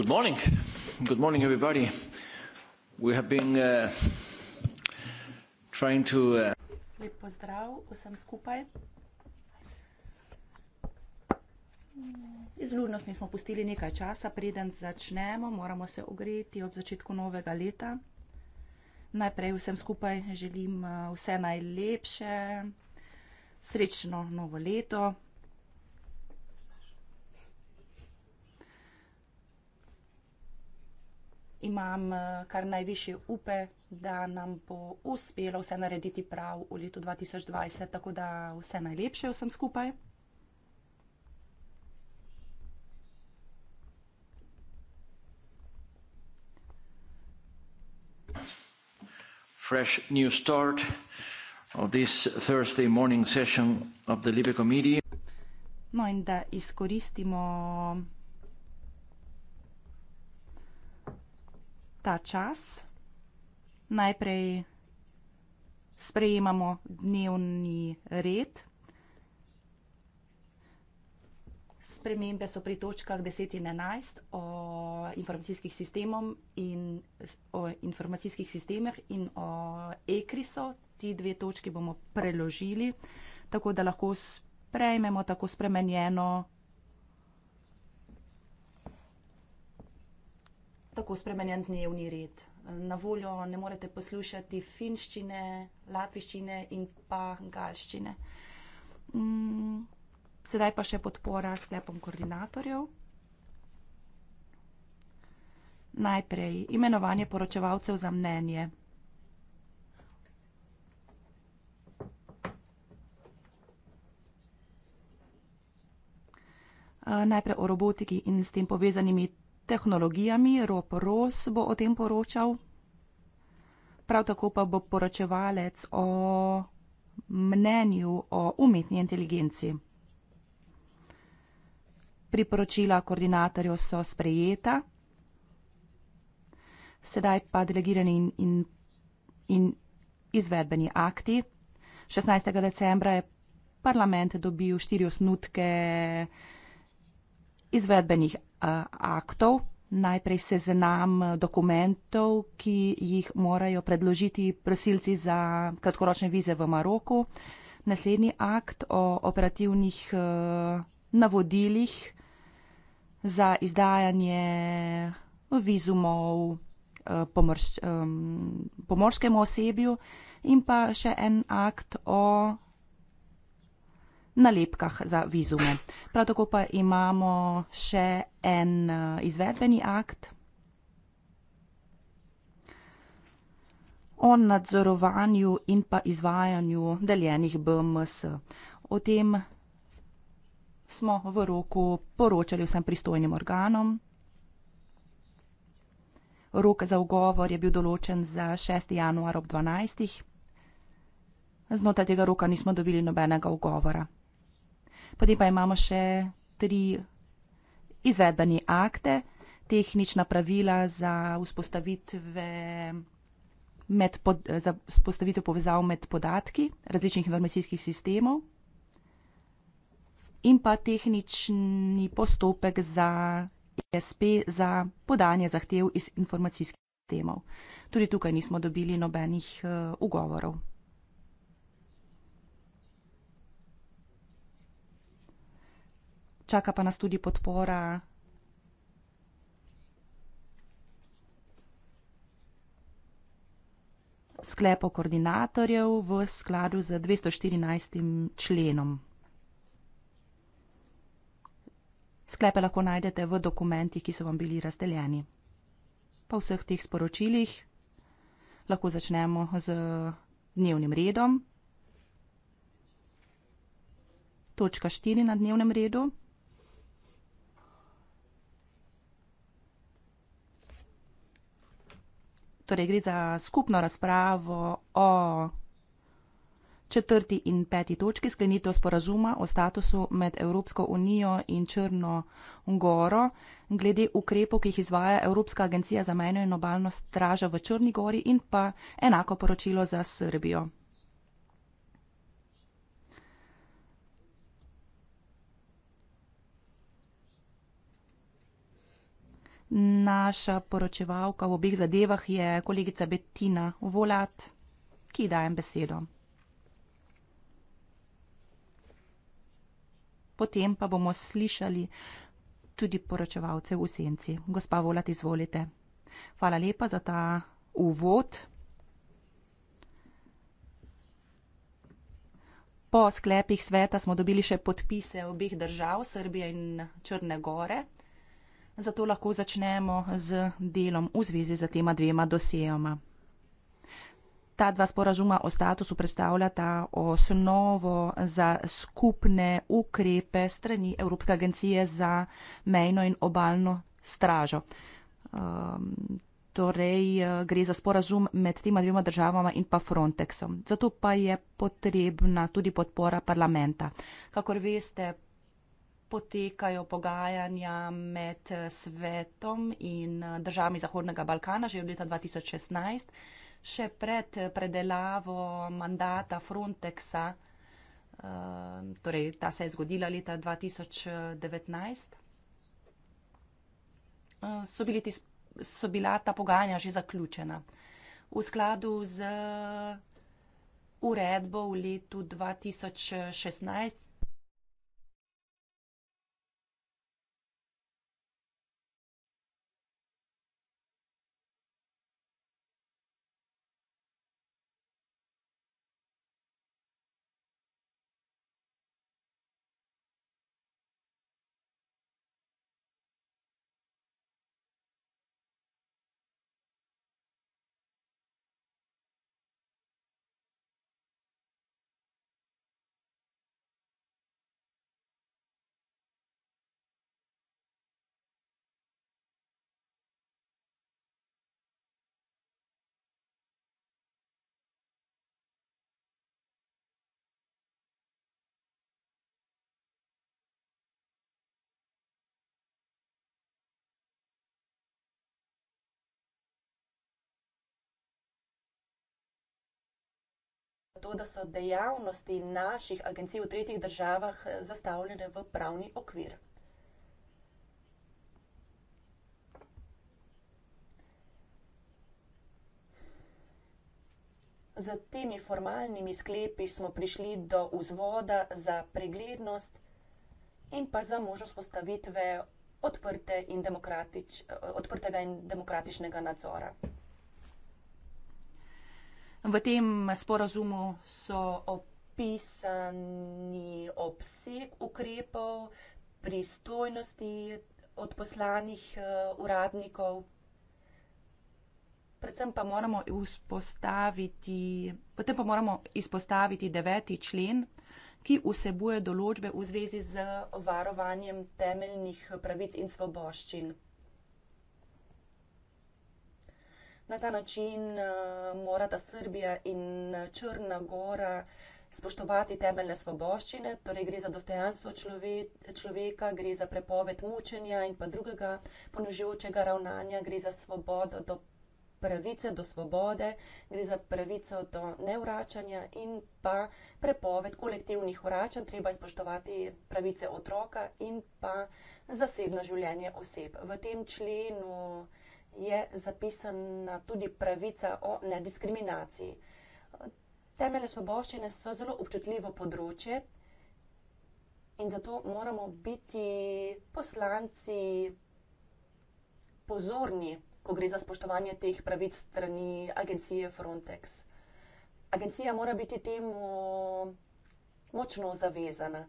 Good morning. Good morning, everybody. We have been uh, trying to. Uh, Lep pozdrav vsem skupaj. Izludnost nismo pustili nekaj časa, preden začnemo, moramo se ogreti ob začetku novega leta. Najprej vsem skupaj želim uh, vse najlepše, srečno novo leto, imam eh, kar najviše upe, da nam bo uspelo vse narediti prav v letu 2020. Tako da vse najlepše vsem skupaj. Fresh new start of this Thursday morning session of the Libe Committee. No, in da izkoristimo ta čas, najprej sprejemamo dnevni red. Spremembe so pri točkah 10 in 11 o informacijskih, in, o informacijskih sistemih in o ekriso. Ti dve točki bomo preložili, tako da lahko sprejmemo tako spremenjeno tako spremenjen dnevni red. Na voljo ne morete poslušati finščine, latviščine in pa galščine. Mm, sedaj pa še podpora sklepom koordinatorjev. Najprej imenovanje poročevalcev za mnenje. Najprej o robotiki in s tem povezanimi tehnologijami. Rob Ross bo o tem poročal. Prav tako pa bo poročevalec o mnenju o umetni inteligenci. Priporočila koordinatorjev so sprejeta. Sedaj pa delegirani in, in, in izvedbeni akti. 16. decembra je parlament dobil štiri osnutke izvedbenih Eh, aktov, najprej seznam eh, dokumentov, ki jih morajo predložiti prosilci za kratkoročne vize v Maroku, naslednji akt o operativnih eh, navodilih za izdajanje vizumov pomorskemu osebju in pa še en akt o nalepkah za vizume. Prav tako pa imamo še en eh, izvedbeni akt o nadzorovanju in pa izvajanju deljenih BMS. O tem smo v roku poročali vsem pristojnim organom. Rok za ugovor je bil določen za 6. januar ob 12. Znotraj tega roka nismo dobili nobenega ugovora. Potem pa imamo še tri izvedbene akte, tehnična pravila za vzpostavitve. Med pod, za spostavitev povezav med podatki različnih informacijskih sistemov in pa tehnični postopek za ESP za podanje zahtev iz informacijskih sistemov. Tudi tukaj nismo dobili nobenih uh, ugovorov. čaka pa nas tudi podpora. sklepov koordinatorjev v skladu z 214. členom. Sklepe lahko najdete v dokumentih, ki so vam bili razdeljeni. Po vseh teh sporočilih lahko začnemo z dnevnim redom. Točka 4 na dnevnem redu. torej gre za skupno razpravo o četrti in peti točki sklenitev sporazuma o statusu med Evropsko unijo in Črno Goro glede ukrepov, ki jih izvaja Evropska agencija za mejno in obalno stražo v Črni Gori in pa enako poročilo za Srbijo. Naša poročevalka v obeh zadevah je kolegica Bettina Volat, ki ji dajem besedo. Potem pa bomo slišali tudi poročevalce v senci. Gospa Volat, izvolite. Hvala lepa za ta uvod. Po sklepih sveta smo dobili še podpise obih držav, Srbije in Črne Gore. Zato lahko začnemo z delom v zvezi z tema dvema dosejoma. Ta dva sporazuma o statusu predstavljata osnovo za skupne ukrepe strani Evropske agencije za mejno in obalno stražo. Um, torej, eh, gre za sporazum med tema dvema državama in pa Frontexom. Zato pa je potrebna tudi podpora parlamenta. Kakor veste, potekajo pogajanja med svetom in eh, državami Zahodnega Balkana že od leta 2016, še pred predelavo mandata Frontexa, eh, torej ta se je zgodila leta 2019. Eh, so, bili ti, so bila ta pogajanja že zaključena. V skladu z uredbo v letu 2016 to, da so dejavnosti naših agencij v tretjih državah eh, zastavljene v pravni okvir. Z temi formalnimi sklepi smo prišli do vzvoda za preglednost in pa za možnost postavitve odprte in eh, odprtega in demokratičnega nadzora. V tem sporazumu so opisani obseg ukrepov, pristojnosti od poslanih eh, uradnikov. Predvsem pa moramo vzpostaviti, potem pa moramo izpostaviti deveti člen, ki vsebuje določbe v zvezi z varovanjem temeljnih pravic in svoboščin. Na ta način uh, morata Srbija in eh, Črna Gora spoštovati temeljne svoboščine, torej gre za dostojanstvo človek, človeka, gre za prepoved mučenja in pa drugega ponužujočega ravnanja, gre za svobodo do pravice do svobode, gre za pravico do nevračanja in pa prepoved kolektivnih vračanj, treba spoštovati pravice otroka in pa zasebno življenje oseb. V tem členu je zapisana tudi pravica o nediskriminaciji. Temelje svoboščine so zelo občutljivo področje in zato moramo biti poslanci pozorni, ko gre za spoštovanje teh pravic strani agencije Frontex. Agencija mora biti temu močno zavezana.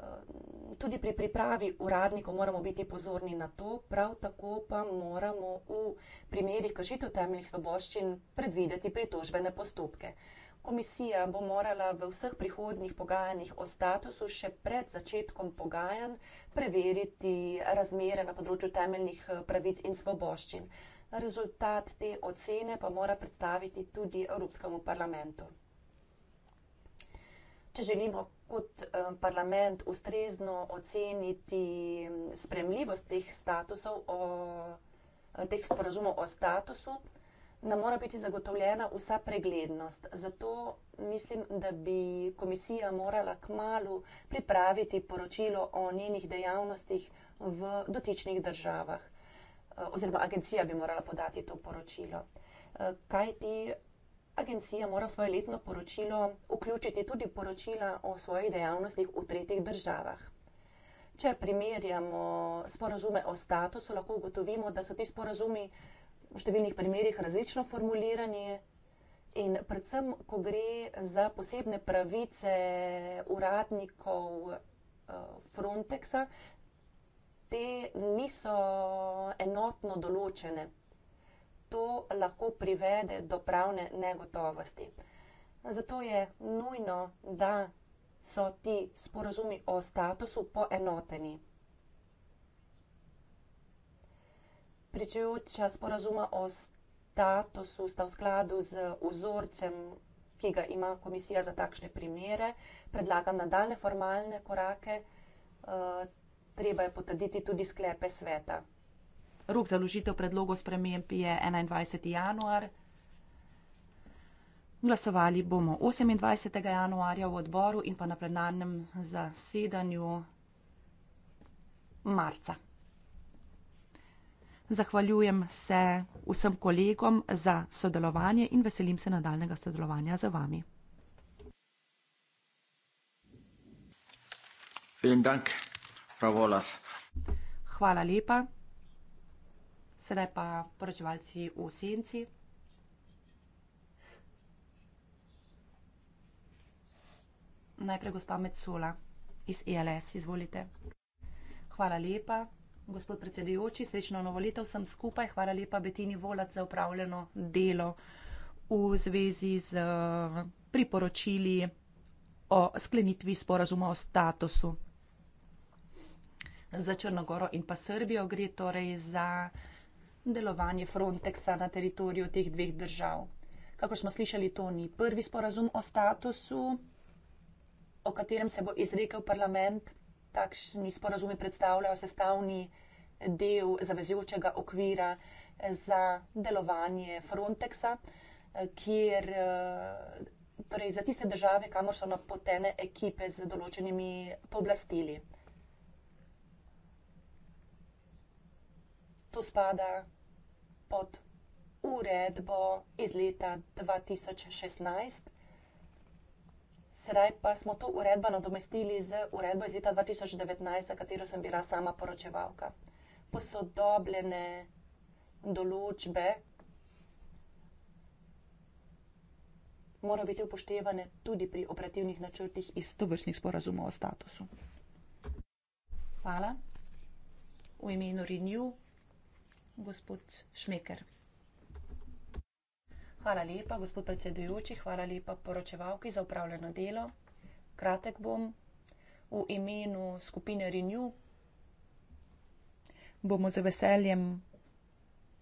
Ehm, tudi pri pripravi uradnikov moramo biti pozorni na to, prav tako pa moramo v primerih kršitev temeljnih svoboščin predvideti pritožbene postopke. Komisija bo morala v vseh prihodnih pogajanjih o statusu še pred začetkom pogajanj preveriti razmere na področju temeljnih eh, pravic in svoboščin. Rezultat te ocene pa mora predstaviti tudi Evropskemu parlamentu če želimo kot eh, parlament ustrezno oceniti mm, spremljivost teh statusov, o, eh, teh sporazumov o statusu, nam mora biti zagotovljena vsa preglednost. Zato mislim, da bi komisija morala k malu pripraviti poročilo o njenih dejavnostih v dotičnih državah. Eh, oziroma, agencija bi morala podati to poročilo. Kaj ti agencija mora v svoje letno poročilo vključiti tudi poročila o svojih dejavnostih v tretjih državah. Če primerjamo sporazume o statusu, lahko ugotovimo, da so ti sporazumi v številnih primerjih različno formulirani. In predvsem, ko gre za posebne pravice uradnikov eh, Frontexa, te niso enotno določene to lahko privede do pravne negotovosti. Zato je nujno, da so ti sporozumi o statusu poenoteni. Pričujoča sporozuma o statusu sta v skladu z vzorcem, ki ga ima komisija za takšne primere. Predlagam nadaljne formalne korake, eh, treba je potrditi tudi sklepe sveta. Rok za ložitev predlogov sprememb je 21. januar. Glasovali bomo 28. januarja v odboru in pa na plenarnem zasedanju marca. Zahvaljujem se vsem kolegom za sodelovanje in veselim se nadaljnega sodelovanja z vami. Hvala lepa sedaj pa poročevalci v senci. Najprej gospa Metsula iz ELS, izvolite. Hvala lepa, gospod predsedujoči, srečno novoletov sem skupaj. Hvala lepa Betini Volac za upravljeno delo v zvezi z eh, priporočili o sklenitvi sporazuma o statusu. Za Črnogoro in pa Srbijo gre torej za delovanje Frontexa na teritoriju teh dveh držav. Kako smo slišali, to ni prvi sporazum o statusu, o katerem se bo izrekel parlament. Takšni sporazumi predstavljajo sestavni del zavezujočega okvira za delovanje Frontexa, kjer eh, torej za tiste države, kamor so napotene ekipe z določenimi pooblastili. to spada pod uredbo iz leta 2016. Sedaj pa smo to uredbo nadomestili z uredbo iz leta 2019, za katero sem bila sama poročevalka. Posodobljene določbe morajo biti upoštevane tudi pri operativnih načrtih iz tovršnih sporazumov o statusu. Hvala. V imenu Renew gospod Šmeker. Hvala lepa, gospod predsedujoči, hvala lepa poročevalki za upravljeno delo. Kratek bom. V imenu skupine Renew bomo z veseljem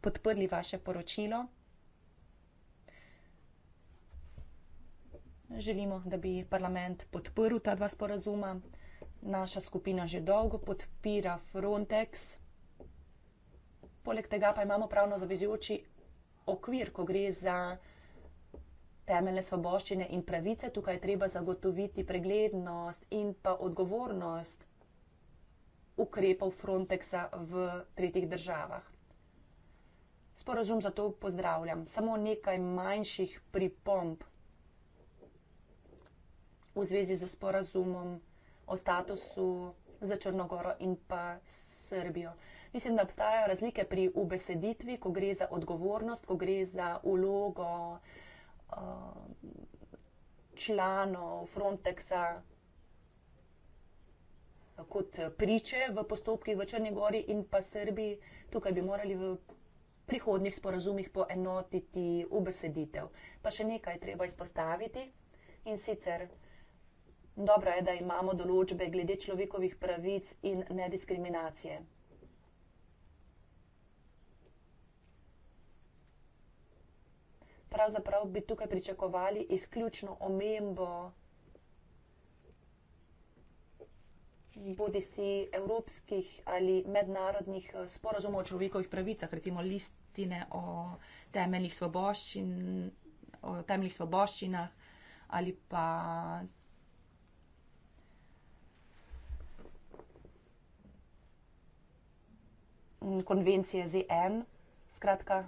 podprli vaše poročilo. Želimo, da bi parlament podprl ta dva sporazuma. Naša skupina že dolgo podpira Frontex poleg tega pa imamo pravno zavezujoči okvir, ko gre za temeljne svoboščine in pravice. Tukaj je treba zagotoviti preglednost in pa odgovornost ukrepov Frontexa v tretjih državah. Sporozum zato pozdravljam. Samo nekaj manjših pripomb v zvezi z sporozumom o statusu za Črnogoro in pa Srbijo. Mislim, da obstajajo razlike pri ubeseditvi, ko gre za odgovornost, ko gre za ulogo uh, članov Frontexa kot priče v postopkih v Črnegori in pa Srbiji. Tukaj bi morali v prihodnih sporazumih poenotiti ubeseditev. Pa še nekaj je treba izpostaviti in sicer. Dobro je, da imamo določbe glede človekovih pravic in nediskriminacije. pravzaprav bi tukaj pričakovali izključno omembo bodi si evropskih ali mednarodnih eh, sporozumov o človekovih pravicah, recimo listine o temeljnih, svoboščin, o temeljnih svoboščinah ali pa konvencije ZN. Skratka,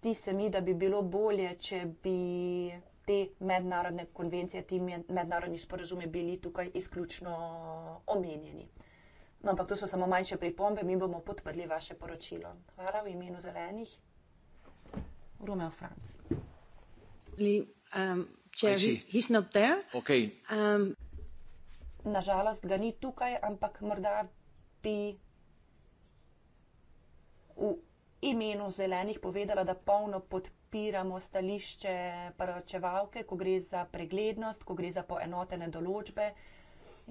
zdi se mi, da bi bilo bolje, če bi te mednarodne konvencije, ti mednarodni sporazumi bili tukaj izključno omenjeni. No, ampak to so samo manjše pripombe, mi bomo podprli vaše poročilo. Hvala v imenu zelenih. Romeo Franc. Okay. Um, Nažalost ga ni tukaj, ampak morda bi imenu zelenih povedala, da polno podpiramo stališče poročevalke, ko gre za preglednost, ko gre za poenotene določbe.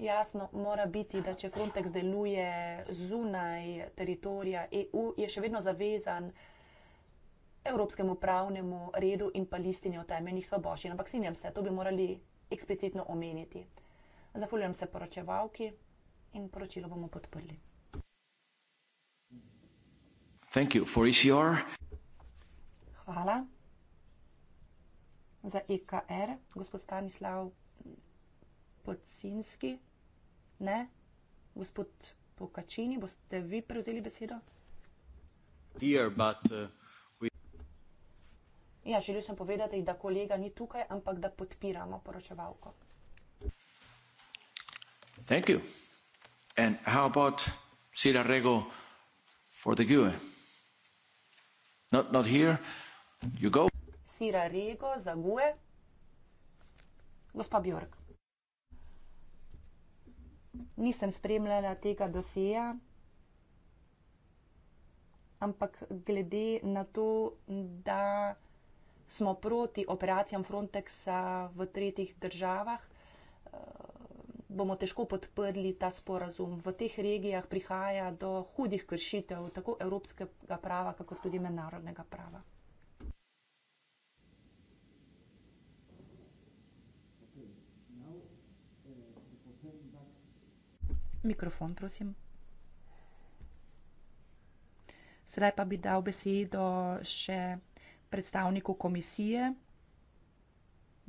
Jasno mora biti, da če Frontex deluje zunaj teritorija EU, je še vedno zavezan evropskemu pravnemu redu in pa listini o temeljnih svoboščin. Ampak sinjam se, to bi morali eksplicitno omeniti. Zahvaljujem se poročevalki in poročilo bomo podprli. Thank you for ECR. Hvala za EKR, gospod Stanislav Pocinski. Ne, gospod Pokačini, boste vi prevzeli besedo? Here, but, uh, we... Ja, želel sem povedati, da kolega ni tukaj, ampak da podpiramo poročevalko. Thank you. And how about Sira Rego for the GUE? Not, not here. You go. Sira Rego, Zague. Gospa Bjork. Nisem spremljala tega dosija, ampak glede na to, da smo proti operacijam Frontexa v tretjih državah, eh, bomo težko podprli ta sporazum. V teh regijah prihaja do hudih kršitev tako evropskega prava, kakor tudi mednarodnega prava. Mikrofon, prosim. Sedaj pa bi dal besedo še predstavniku komisije,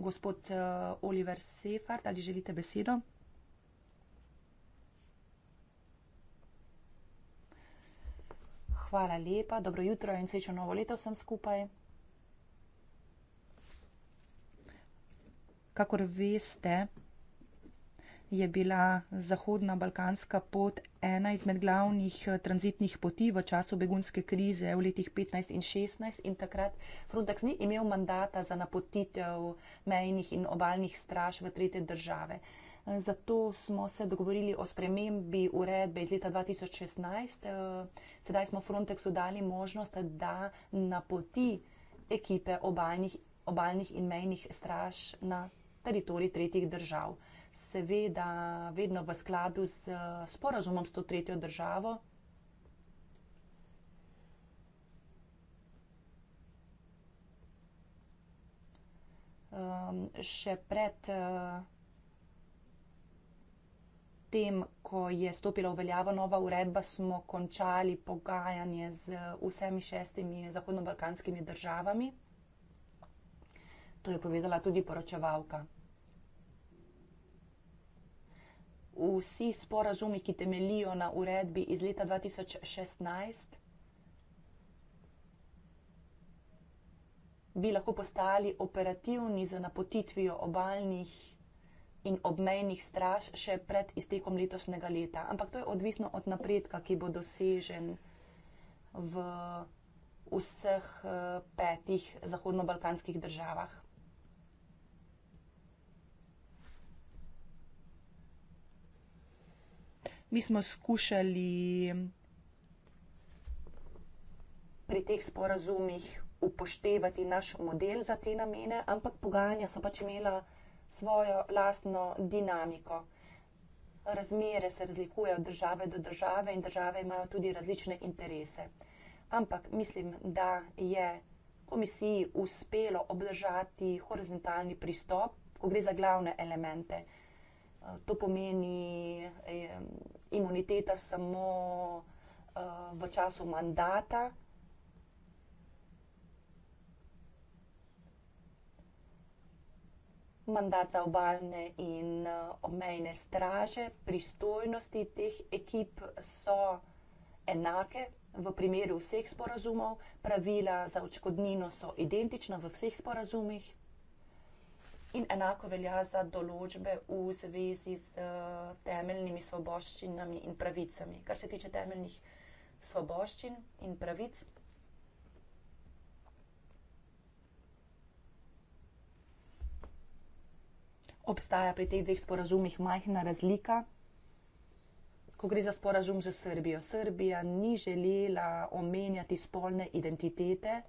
gospod eh, Oliver Sefard, ali želite besedo? Hvala lepa, dobro jutro in srečno novo leto vsem skupaj. Kakor veste, je bila Zahodna balkanska pot ena izmed glavnih eh, tranzitnih poti v času begunske krize v letih 15 in 16 in takrat Frontex ni imel mandata za napotitev mejnih in obaljnih straž v tretje države. Zato smo se dogovorili o spremembi uredbe iz leta 2016. Eh, sedaj smo Frontexu dali možnost, da napoti ekipe obaljnih, obaljnih in mejnih straž na teritorij tretjih držav. Seveda, vedno v skladu z eh, sporazumom s to tretjo državo. Um, še pred uh, potem, ko je stopila v veljavo nova uredba, smo končali pogajanje z vsemi šestimi zahodnobalkanskimi državami. To je povedala tudi poročevalka. Vsi sporazumi, ki temelijo na uredbi iz leta 2016, bi lahko postali operativni z napotitvijo obaljnih državljanov in obmejnih straž še pred iztekom letošnjega leta. Ampak to je odvisno od napredka, ki bo dosežen v vseh eh, petih zahodno-balkanskih državah. Mi smo skušali pri teh sporazumih upoštevati naš model za te namene, ampak pogajanja so pač imela svojo lastno dinamiko. Razmere se razlikujejo od države do države in države imajo tudi različne interese. Ampak mislim, da je komisiji uspelo obdržati horizontalni pristop, ko gre za glavne elemente. To pomeni eh, imuniteta samo eh, v času mandata mandat za obaljne in eh, omejne straže, pristojnosti teh ekip so enake v primeru vseh sporazumov, pravila za očkodnino so identična v vseh sporazumih in enako velja za določbe v zvezi z eh, temeljnimi svoboščinami in pravicami. Kar se tiče temeljnih svoboščin in pravic, obstaja pri teh dveh sporazumih majhna razlika. Ko gre za sporazum za Srbijo, Srbija ni želela omenjati spolne identitete.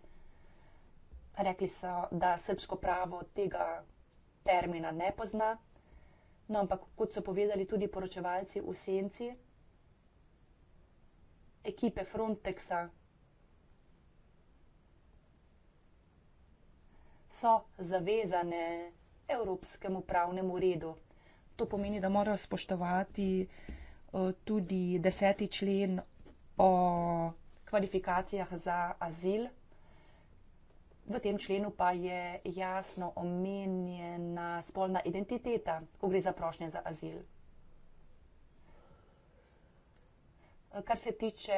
Rekli so, da srpsko pravo tega termina ne pozna. No, ampak kot so povedali tudi poročevalci v senci, ekipe Frontexa so zavezane evropskemu pravnemu redu. To pomeni, da morajo spoštovati eh, tudi deseti člen o kvalifikacijah za azil. V tem členu pa je jasno omenjena spolna identiteta, ko gre za prošnje za azil. kar se tiče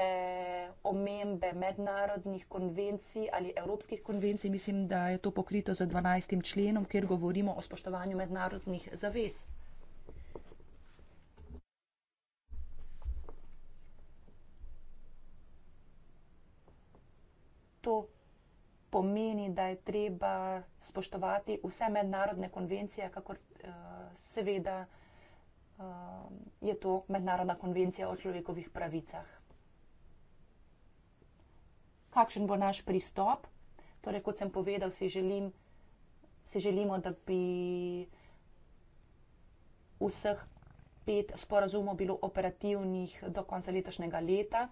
omembe mednarodnih konvencij ali evropskih konvencij, mislim, da je to pokrito z 12. členom, kjer govorimo o spoštovanju mednarodnih zavez. To pomeni, da je treba spoštovati vse mednarodne konvencije, kakor uh, seveda. Um, je to mednarodna konvencija o človekovih pravicah. Kakšen bo naš pristop? Torej, kot sem povedal, si, želim, si želimo, da bi vseh pet sporazumov bilo operativnih do konca letošnjega leta.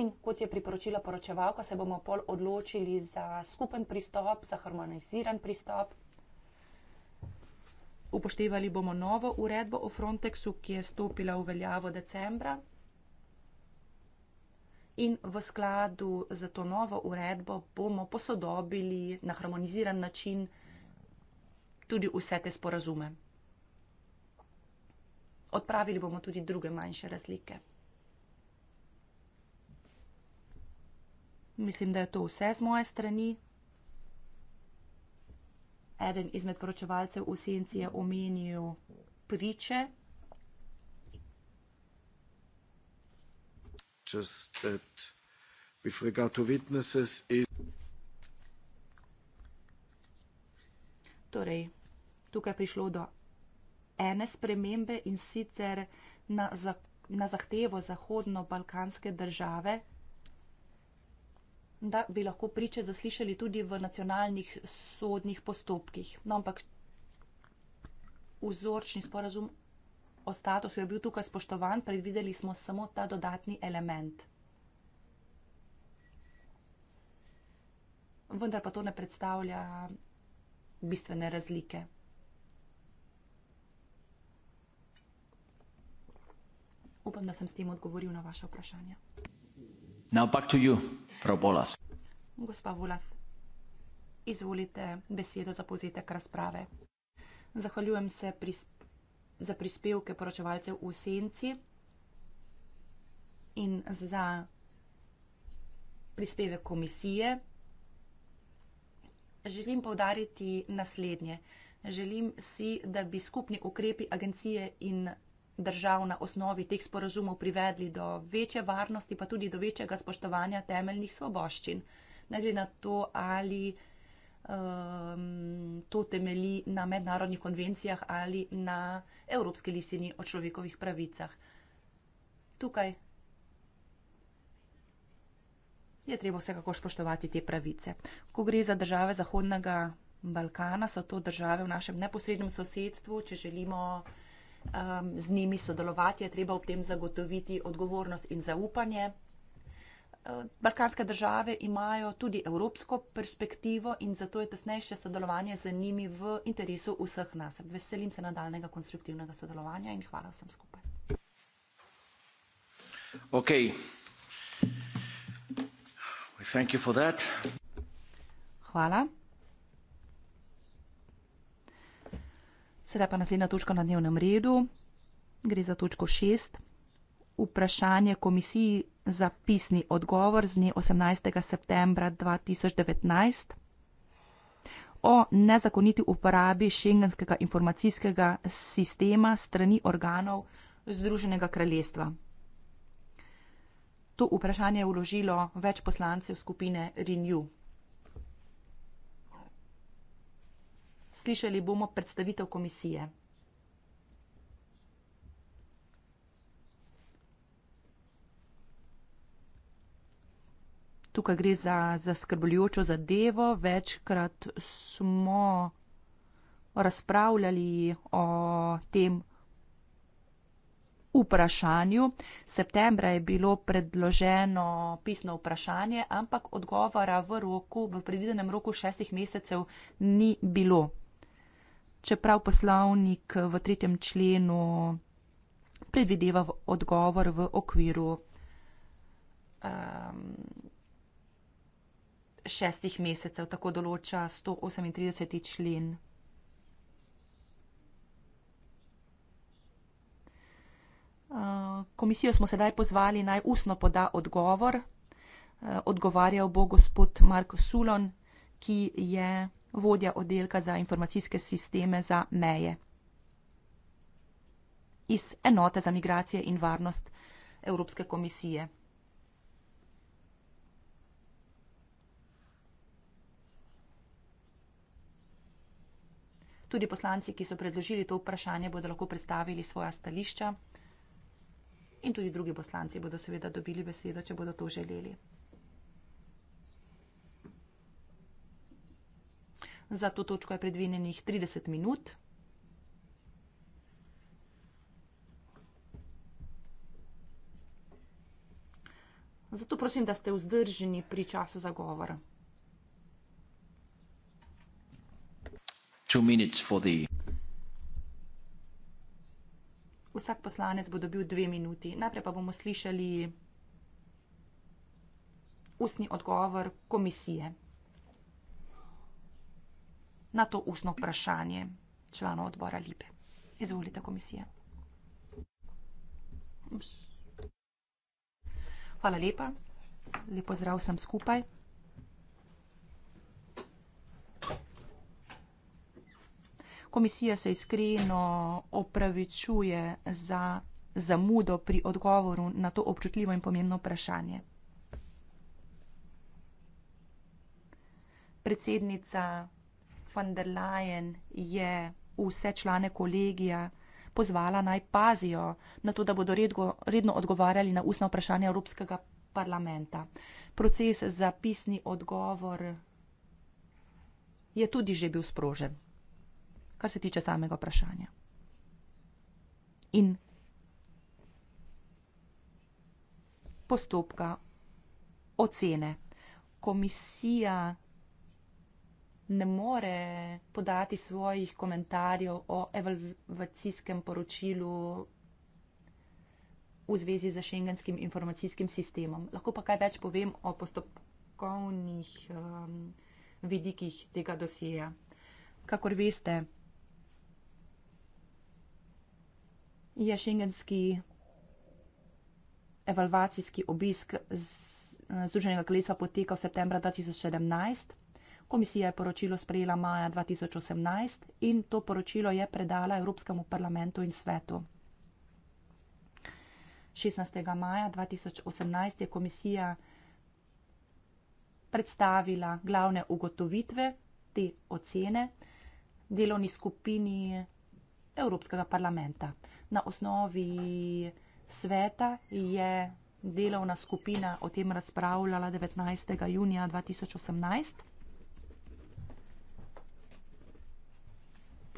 In kot je priporočila poročevalka, se bomo pol odločili za skupen pristop, za harmoniziran pristop. Upoštevali bomo novo uredbo o Frontexu, ki je stopila v veljavo decembra. In v skladu z to novo uredbo bomo posodobili na harmoniziran način tudi vse te sporazume. Odpravili bomo tudi druge manjše razlike. Mislim, da je to vse z moje strani eden izmed poročevalcev v senci je omenil priče. Torej, tukaj je prišlo do ene spremembe in sicer na, za, na zahtevo Zahodno-Balkanske države, da bi lahko priče zaslišali tudi v nacionalnih sodnih postopkih. No, ampak vzorčni sporazum o statusu je bil tukaj spoštovan, predvideli smo samo ta dodatni element. Vendar pa to ne predstavlja bistvene razlike. Upam, da sem s tem odgovoril na vaše vprašanje. Now back to you. Prav bolas. Gospa Vulas, izvolite besedo za povzetek razprave. Zahvaljujem se pris za prispevke poročevalcev v senci in za prispeve komisije. Želim povdariti naslednje. Želim si, da bi skupni ukrepi agencije in držav na osnovi teh sporazumov privedli do večje varnosti, pa tudi do večjega spoštovanja temeljnih svoboščin. Ne glede na to, ali um, to temeli na mednarodnih konvencijah ali na Evropski listini o človekovih pravicah. Tukaj je treba vsekako spoštovati te pravice. Ko gre za države Zahodnega Balkana, so to države v našem neposrednem sosedstvu, če želimo um, z njimi sodelovati, je treba ob tem zagotoviti odgovornost in zaupanje. Uh, balkanske države imajo tudi evropsko perspektivo in zato je tesnejše sodelovanje z njimi v interesu vseh nas. Veselim se nadaljnega konstruktivnega sodelovanja in hvala vsem skupaj. Okay. Hvala. Sedaj pa naslednja točka na dnevnem redu. Gre za točko 6. Vprašanje komisiji za pisni odgovor z dne 18. septembra 2019 o nezakoniti uporabi šengenskega informacijskega sistema strani organov Združenega kraljestva. To vprašanje je vložilo več poslancev skupine Renew. slišali bomo predstavitev komisije. Tukaj gre za zaskrbljujočo zadevo. Večkrat smo razpravljali o tem vprašanju. Septembra je bilo predloženo pisno vprašanje, ampak odgovora v, roku, v predvidenem roku šestih mesecev ni bilo čeprav poslovnik v tretjem členu predvideva odgovor v okviru um, šestih mesecev, tako določa 138. člen. Uh, komisijo smo sedaj pozvali naj ustno poda odgovor. Uh, odgovarjal bo gospod Marko Sulon, ki je vodja oddelka za informacijske sisteme za meje iz enote za migracije in varnost Evropske komisije. Tudi poslanci, ki so predložili to vprašanje, bodo lahko predstavili svoja stališča in tudi drugi poslanci bodo seveda dobili besedo, če bodo to želeli. Za to točko je predvinjenih 30 minut. Zato prosim, da ste vzdrženi pri času zagovora. Vsak poslanec bo dobil dve minuti. Najprej pa bomo slišali ustni odgovor komisije na to ustno vprašanje članov odbora Libe. Izvolite, komisija. Hvala lepa. Lepo zdrav vsem skupaj. Komisija se iskreno opravičuje za zamudo pri odgovoru na to občutljivo in pomembno vprašanje. Predsednica von der Leyen je vse člane kolegija pozvala naj pazijo na to, da bodo redgo, redno odgovarjali na ustna vprašanja Evropskega parlamenta. Proces za pisni odgovor je tudi že bil sprožen, kar se tiče samega vprašanja. In postopka ocene. Komisija ne more podati svojih komentarjev o evalvacijskem poročilu v zvezi z šengenskim informacijskim sistemom. Lahko pa kaj več povem o postopkovnih um, vidikih tega dosjeja. Kakor veste, je šengenski evalvacijski obisk eh, Združenega kraljestva potekal v septembra 2017. Komisija je poročilo sprejela maja 2018 in to poročilo je predala Evropskemu parlamentu in svetu. 16. maja 2018 je komisija predstavila glavne ugotovitve te ocene delovni skupini Evropskega parlamenta. Na osnovi sveta je delovna skupina o tem razpravljala 19. junija 2018.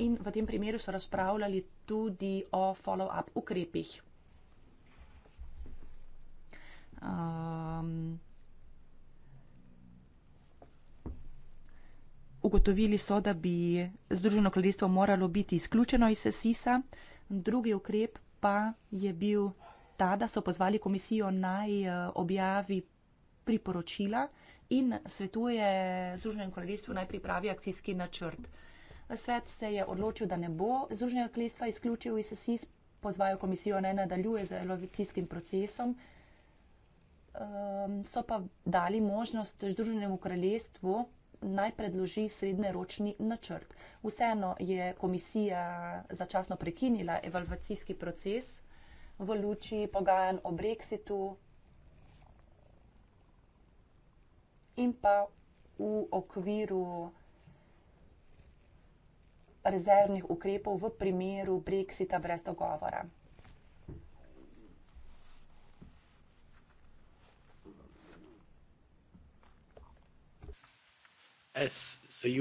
in v tem primeru so razpravljali tudi o follow-up ukrepih. Um, ugotovili so, da bi Združeno kraljestvo moralo biti izključeno iz SESIS-a. Drugi ukrep pa je bil ta, da so pozvali komisijo naj eh, objavi priporočila in svetuje Združenem kraljestvu naj pripravi akcijski načrt. Uh, svet se je odločil, da ne bo združnega kljestva izključil iz SIS, pozvajo komisijo naj nadaljuje z elovicijskim procesom. Um, so pa dali možnost združenemu kraljestvu naj predloži srednjeročni načrt. Vseeno je komisija začasno prekinila evalvacijski proces v luči pogajan o brexitu in pa v okviru rezervnih ukrepov v primeru brexita brez dogovora? Uh,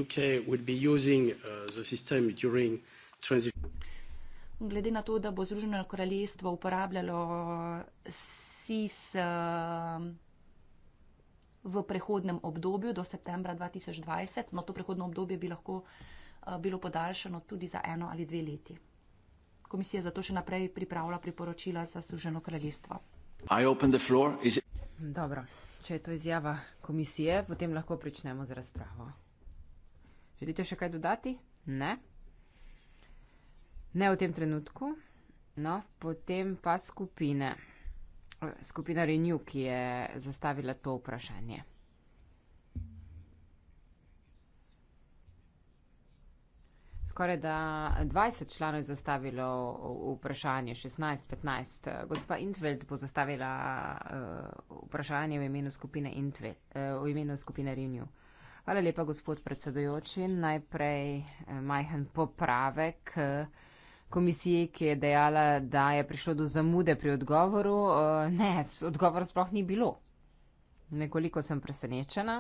Glede na to, da bo Združeno kraljestvo uporabljalo SIS um, v prehodnem obdobju do septembra 2020, no to prehodno obdobje bi lahko uh, Eh, bilo podaljšano tudi za eno ali dve leti. Komisija zato še naprej pripravlja priporočila za Združeno kraljestvo. Dobro, če je to izjava komisije, potem lahko pričnemo z razpravo. Želite še kaj dodati? Ne. Ne v tem trenutku. No, potem pa skupine. Eh, skupina Renew, ki je zastavila to vprašanje. skoraj da 20 članov je zastavilo vprašanje, 16-15. Gospa Intveld bo zastavila uh, vprašanje v imenu skupine Intveld, uh, eh, v imenu skupine Rinju. Hvala lepa, gospod predsedojoči. Najprej uh, majhen popravek. Uh, Komisiji, ki je dejala, da je prišlo do zamude pri odgovoru, ne, odgovor sploh ni bilo. Nekoliko sem presenečena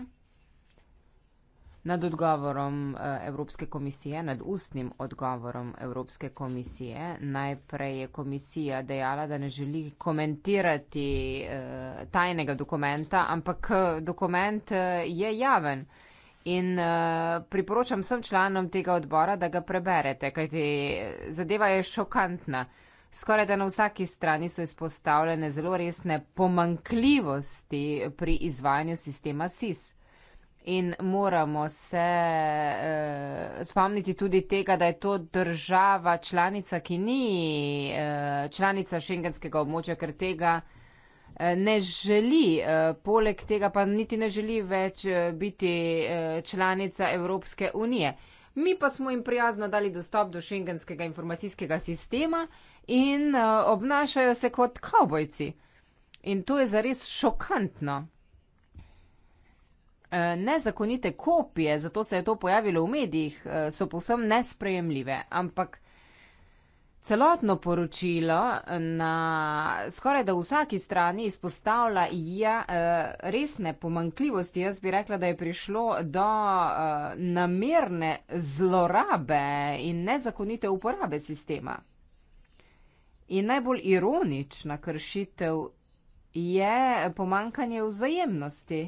nad odgovorom eh, Evropske komisije, nad ustnim odgovorom Evropske komisije. Najprej je komisija dejala, da ne želi komentirati eh, tajnega dokumenta, ampak eh, dokument je javen. In priporočam vsem članom tega odbora, da ga preberete, kajti zadeva je šokantna. Skoraj da na vsaki strani so izpostavljene zelo resne pomankljivosti pri izvajanju sistema SIS in moramo se eh, spomniti tudi tega, da je to država članica, ki ni eh, članica šengenskega območja, ker tega eh, ne želi. Eh, poleg tega pa niti ne želi več eh, biti eh, članica Evropske unije. Mi pa smo jim prijazno dali dostop do šengenskega informacijskega sistema in eh, obnašajo se kot kavbojci. In to je zares šokantno. Eh, nezakonite kopije, zato se je to pojavilo v medijih, eh, so povsem nesprejemljive. Ampak celotno poročilo eh, na skoraj da vsaki strani izpostavlja ja, resne pomankljivosti. Jaz bi rekla, da je prišlo do namerne zlorabe in nezakonite uporabe sistema. In najbolj ironična kršitev je pomankanje vzajemnosti.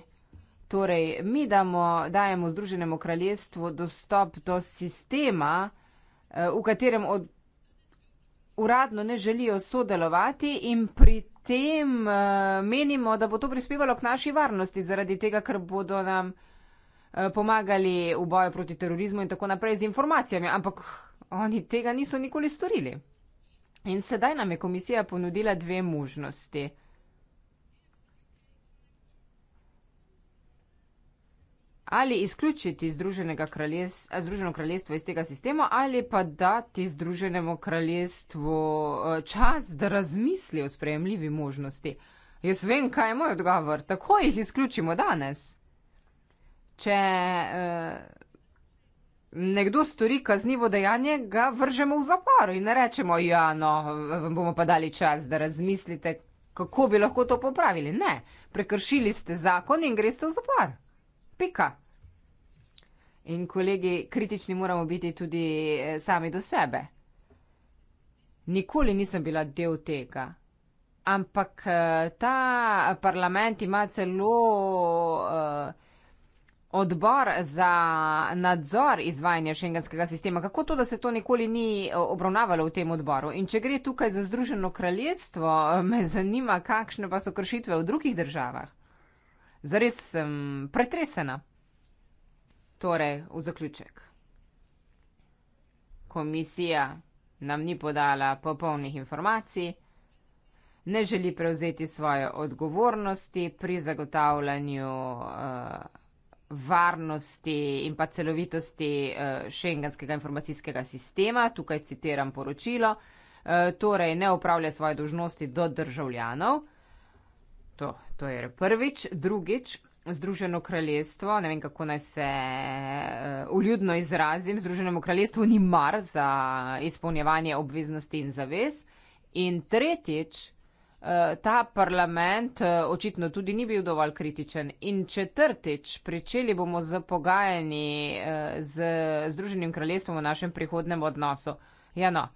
Torej, mi damo, dajemo Združenemu kraljestvu dostop do sistema, eh, v katerem od, uradno ne želijo sodelovati in pri tem eh, menimo, da bo to prispevalo k naši varnosti, zaradi tega, ker bodo nam eh, pomagali v boju proti terorizmu in tako naprej z informacijami, ampak oni tega niso nikoli storili. In sedaj nam je komisija ponudila dve možnosti. ali izključiti kraljest, Združeno kraljestvo iz tega sistema ali pa dati Združenemu kraljestvu eh, čas, da razmisli o sprejemljivi možnosti. Jaz vem, kaj je moj odgovor. Tako jih izključimo danes. Če eh, nekdo stori kaznivo dejanje, ga vržemo v zapor in ne rečemo, ja, no, vam bomo pa dali čas, da razmislite, kako bi lahko to popravili. Ne, prekršili ste zakon in greste v zapor. Pika. In kolegi, kritični moramo biti tudi eh, sami do sebe. Nikoli nisem bila del tega. Ampak eh, ta parlament ima celo uh, odbor za nadzor izvajanja šengenskega sistema. Kako to, da se to nikoli ni obravnavalo v tem odboru? In če gre tukaj za Združeno kraljestvo, me zanima, kakšne pa so kršitve v drugih državah. Zares sem pretresena. Torej, v zaključek. Komisija nam ni podala popolnih informacij, ne želi prevzeti svoje odgovornosti pri zagotavljanju uh, varnosti in pa celovitosti uh, šengenskega informacijskega sistema. Tukaj citiram poročilo. Uh, torej, ne upravlja svoje dožnosti do državljanov. To, to je prvič. Drugič, Združeno kraljestvo, ne vem kako naj se eh, uljudno izrazim, Združenemu kraljestvu ni mar za izpolnjevanje obveznosti in zavez. In tretjič, eh, ta parlament eh, očitno tudi ni bil dovolj kritičen. In četrtič, pričeli bomo z pogajanji z Združenim kraljestvom o našem prihodnem odnosu. Ja, no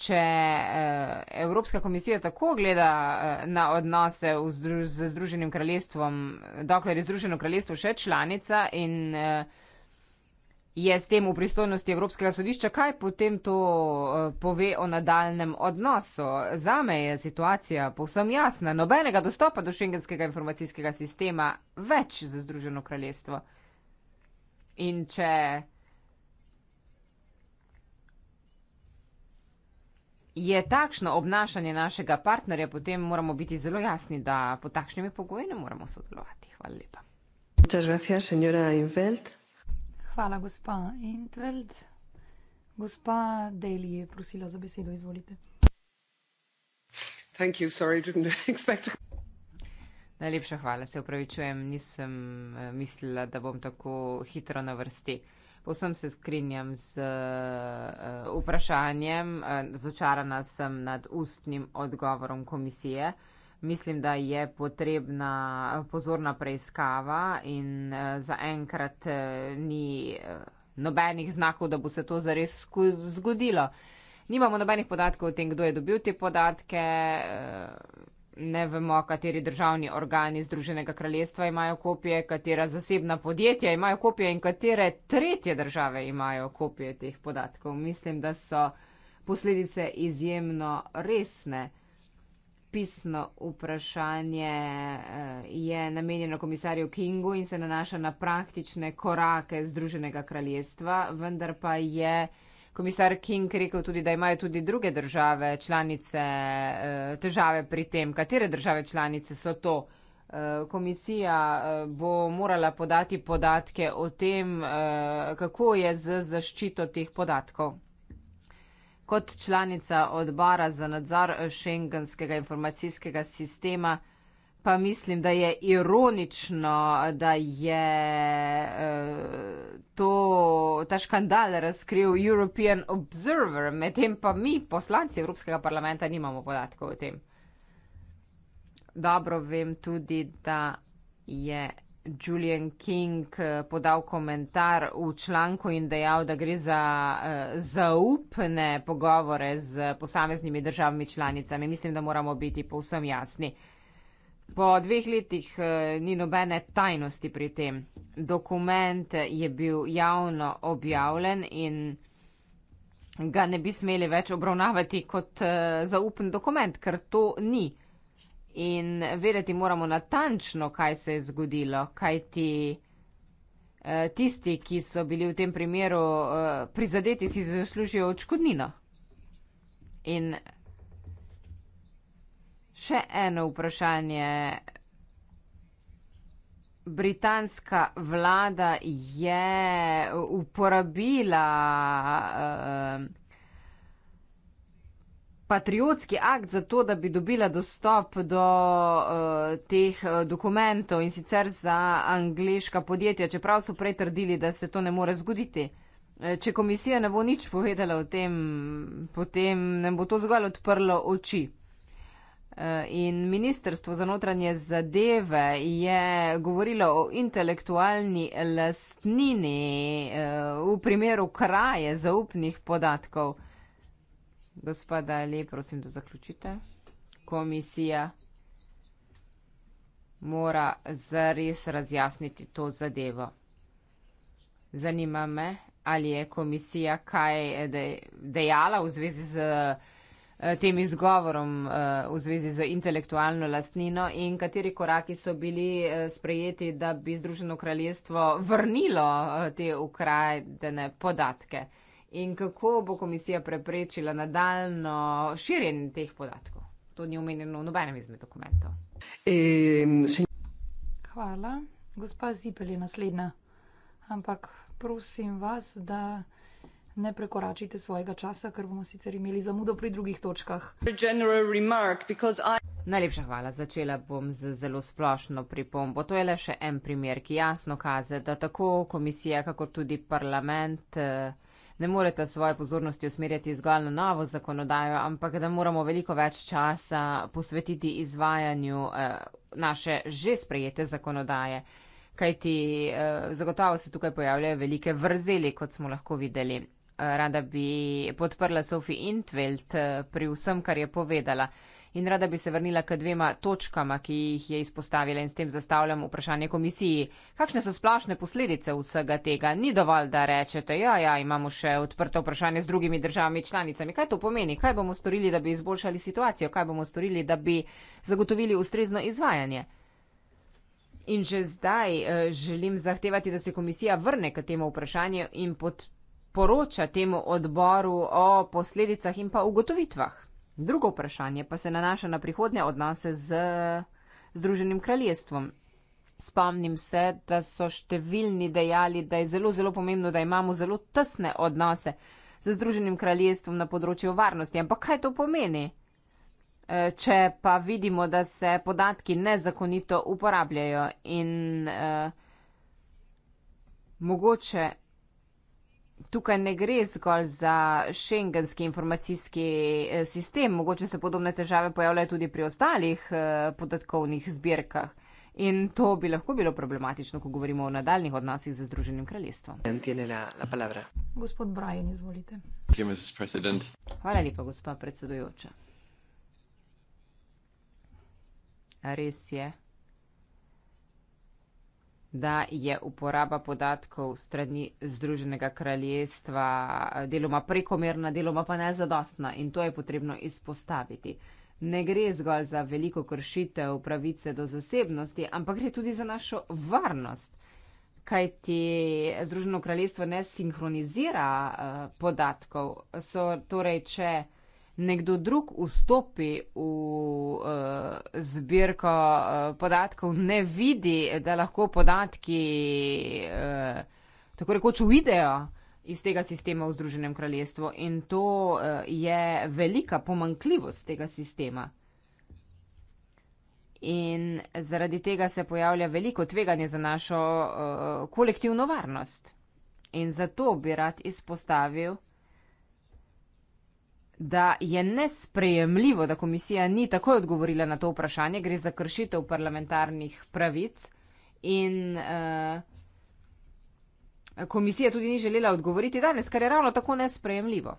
če eh, Evropska komisija tako gleda eh, na odnose z Združenim kraljestvom, dokler je Združeno kraljestvo še članica in eh, je s tem v pristojnosti Evropskega sodišča, kaj potem to pove o nadaljnem odnosu? Za me je situacija povsem jasna. Nobenega dostopa do šengenskega informacijskega sistema več za Združeno kraljestvo. In če je takšno obnašanje našega partnerja, potem moramo biti zelo jasni, da pod takšnimi pogoji ne moramo sodelovati. Hvala lepa. Hvala, gospa Intveld. Gospa Deli je prosila za besedo, izvolite. Najlepša hvala, se upravičujem, nisem eh, mislila, da bom tako hitro na vrsti. Povsem se strinjam z uh, vprašanjem, eh, začarana sem nad ustnim odgovorom komisije. Mislim, da je potrebna pozorna preiskava in uh, zaenkrat uh, ni uh, nobenih znakov, da bo se to zares zgodilo. Nimamo nobenih podatkov o tem, kdo je dobil te podatke. Uh, ne vemo, kateri državni organi Združenega kraljestva imajo kopije, katera zasebna podjetja imajo kopije in katere tretje države imajo kopije teh podatkov. Mislim, da so posledice izjemno resne. Pisno vprašanje eh, je namenjeno komisarju Kingu in se nanaša na praktične korake Združenega kraljestva, vendar pa je komisar King rekel tudi, da imajo tudi druge države članice eh, težave pri tem, katere države članice so to. Eh, komisija eh, bo morala podati podatke o tem, kako je z zaščito teh podatkov. Kot članica odbora za nadzor šengenskega informacijskega sistema, Pa mislim, da je ironično, da je uh, to, ta škandal razkril European Observer, medtem pa mi, poslanci Evropskega parlamenta, nimamo podatkov o tem. Dobro vem tudi, da je Julian King eh, podal komentar v članku in dejal, da gre za uh, zaupne pogovore z posameznimi državami članicami. Mislim, da moramo biti povsem jasni. Po dveh letih eh, ni nobene tajnosti pri tem. Dokument je bil javno objavljen in ga ne bi smeli več obravnavati kot eh, zaupen dokument, ker to ni. In vedeti moramo natančno, kaj se je zgodilo, kaj ti eh, tisti, ki so bili v tem primeru prizadeti, si zaslužijo odškodnino. In Še eno vprašanje. Britanska vlada je uporabila eh, patriotski akt za to, da bi dobila dostop do uh, teh eh, dokumentov in sicer za angliška podjetja, čeprav so prej trdili, da se to ne more zgoditi. Če komisija ne bo nič povedala o tem, potem ne bo to zgolj odprlo oči. Eh, in ministrstvo za notranje zadeve je govorilo o intelektualni lastnini eh, v primeru kraje zaupnih podatkov. Gospoda Ali, prosim, da zaključite. Komisija mora zares razjasniti to zadevo. Zanima me, ali je komisija kaj dejala v zvezi z. Eh, tem izgovorom eh, v zvezi z intelektualno lastnino in kateri koraki so bili eh, sprejeti, da bi Združeno kraljestvo vrnilo te ukradene podatke in kako bo komisija preprečila nadaljno širjenje teh podatkov. To ni omenjeno v nobenem izmed dokumentov. Hvala. Gospa Zipel je naslednja. Ampak prosim vas, da. Ne prekoračite svojega časa, ker bomo sicer imeli zamudo pri drugih točkah. Najlepša hvala. Začela bom z zelo splošno pripombo. To je le še en primer, ki jasno kaže, da tako komisija, kakor tudi parlament eh, ne morete svoje pozornosti usmerjati zgolj na novo zakonodajo, ampak da moramo veliko več časa posvetiti izvajanju eh, naše že sprejete zakonodaje. Kajti eh, zagotovo se tukaj pojavljajo velike vrzeli, kot smo lahko videli rada bi podprla Sofi Intveld eh, pri vsem, kar je povedala. In rada bi se vrnila k dvema točkama, ki jih je izpostavila in s tem zastavljam vprašanje komisiji. Kakšne so splošne posledice vsega tega? Ni dovolj, da rečete, ja, ja, imamo še odprto vprašanje z drugimi državami članicami. Kaj to pomeni? Kaj bomo storili, da bi izboljšali situacijo? Kaj bomo storili, da bi zagotovili ustrezno izvajanje? In že zdaj eh, želim zahtevati, da se komisija vrne k temu vprašanju in podpira poroča temu odboru o posledicah in pa ugotovitvah. Drugo vprašanje pa se nanaša na prihodne odnose z Združenim kraljestvom. Spomnim se, da so številni dejali, da je zelo, zelo pomembno, da imamo zelo tesne odnose z Združenim kraljestvom na področju varnosti. Ampak kaj to pomeni? E, če pa vidimo, da se podatki nezakonito uporabljajo in eh, mogoče tukaj ne gre zgolj za šengenski informacijski eh, sistem, mogoče se podobne težave pojavljajo tudi pri ostalih eh, podatkovnih zbirkah. In to bi lahko bilo problematično, ko govorimo o nadaljnih odnosih z Združenim kraljestvom. Gospod Brian, izvolite. Hvala lepa, gospa predsedujoča. Res je da je uporaba podatkov strani Združenega kraljestva eh, deloma prekomerna, deloma pa nezadostna in to je potrebno izpostaviti. Ne gre zgolj za veliko kršitev pravice do zasebnosti, ampak gre tudi za našo varnost, kaj ti Združeno kraljestvo ne sinhronizira eh, podatkov. So, torej, nekdo drug vstopi v uh, zbirko uh, podatkov, ne vidi, da lahko podatki uh, tako rekoč uidejo iz tega sistema v Združenem kraljestvu. In to uh, je velika pomankljivost tega sistema. In zaradi tega se pojavlja veliko tveganje za našo uh, kolektivno varnost. In zato bi rad izpostavil, da je nesprejemljivo, da komisija ni takoj odgovorila na to vprašanje, gre za kršitev parlamentarnih pravic in uh, komisija tudi ni želela odgovoriti danes, kar je ravno tako nesprejemljivo.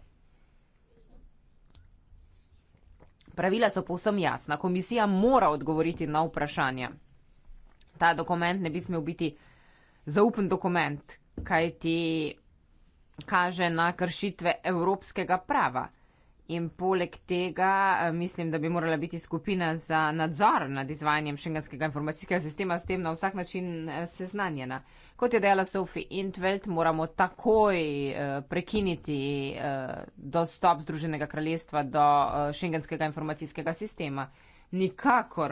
Pravila so povsem jasna. Komisija mora odgovoriti na vprašanje. Ta dokument ne bi smel biti zaupen dokument, kaj ti kaže na kršitve evropskega prava. In poleg tega eh, mislim, da bi morala biti skupina za nadzor nad izvajanjem šengenskega informacijskega sistema s tem na vsak način eh, seznanjena. Kot je dejala Sophie Intveld, moramo takoj eh, prekiniti dostop Združenega kraljestva do šengenskega informacijskega sistema. Nikakor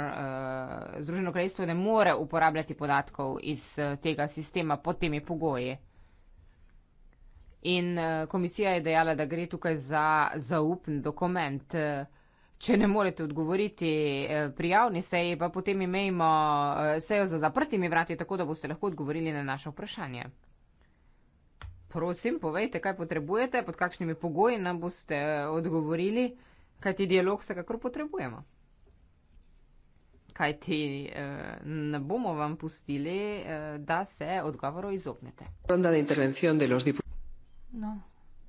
Združeno kraljestvo ne more uporabljati podatkov iz tega sistema pod temi pogoji. In eh, komisija je dejala, da gre tukaj za zaupen dokument. Eh, če ne morete odgovoriti eh, pri javni seji, pa potem imejmo sejo za zaprtimi vrati, tako da boste lahko odgovorili na naše vprašanje. Prosim, povejte, kaj potrebujete, pod kakšnimi pogoji nam boste odgovorili, kajti dialog vsekakor potrebujemo. Kajti ne bomo vam pustili, da se odgovoru izognete. Pronda intervencijo delo zdi. No,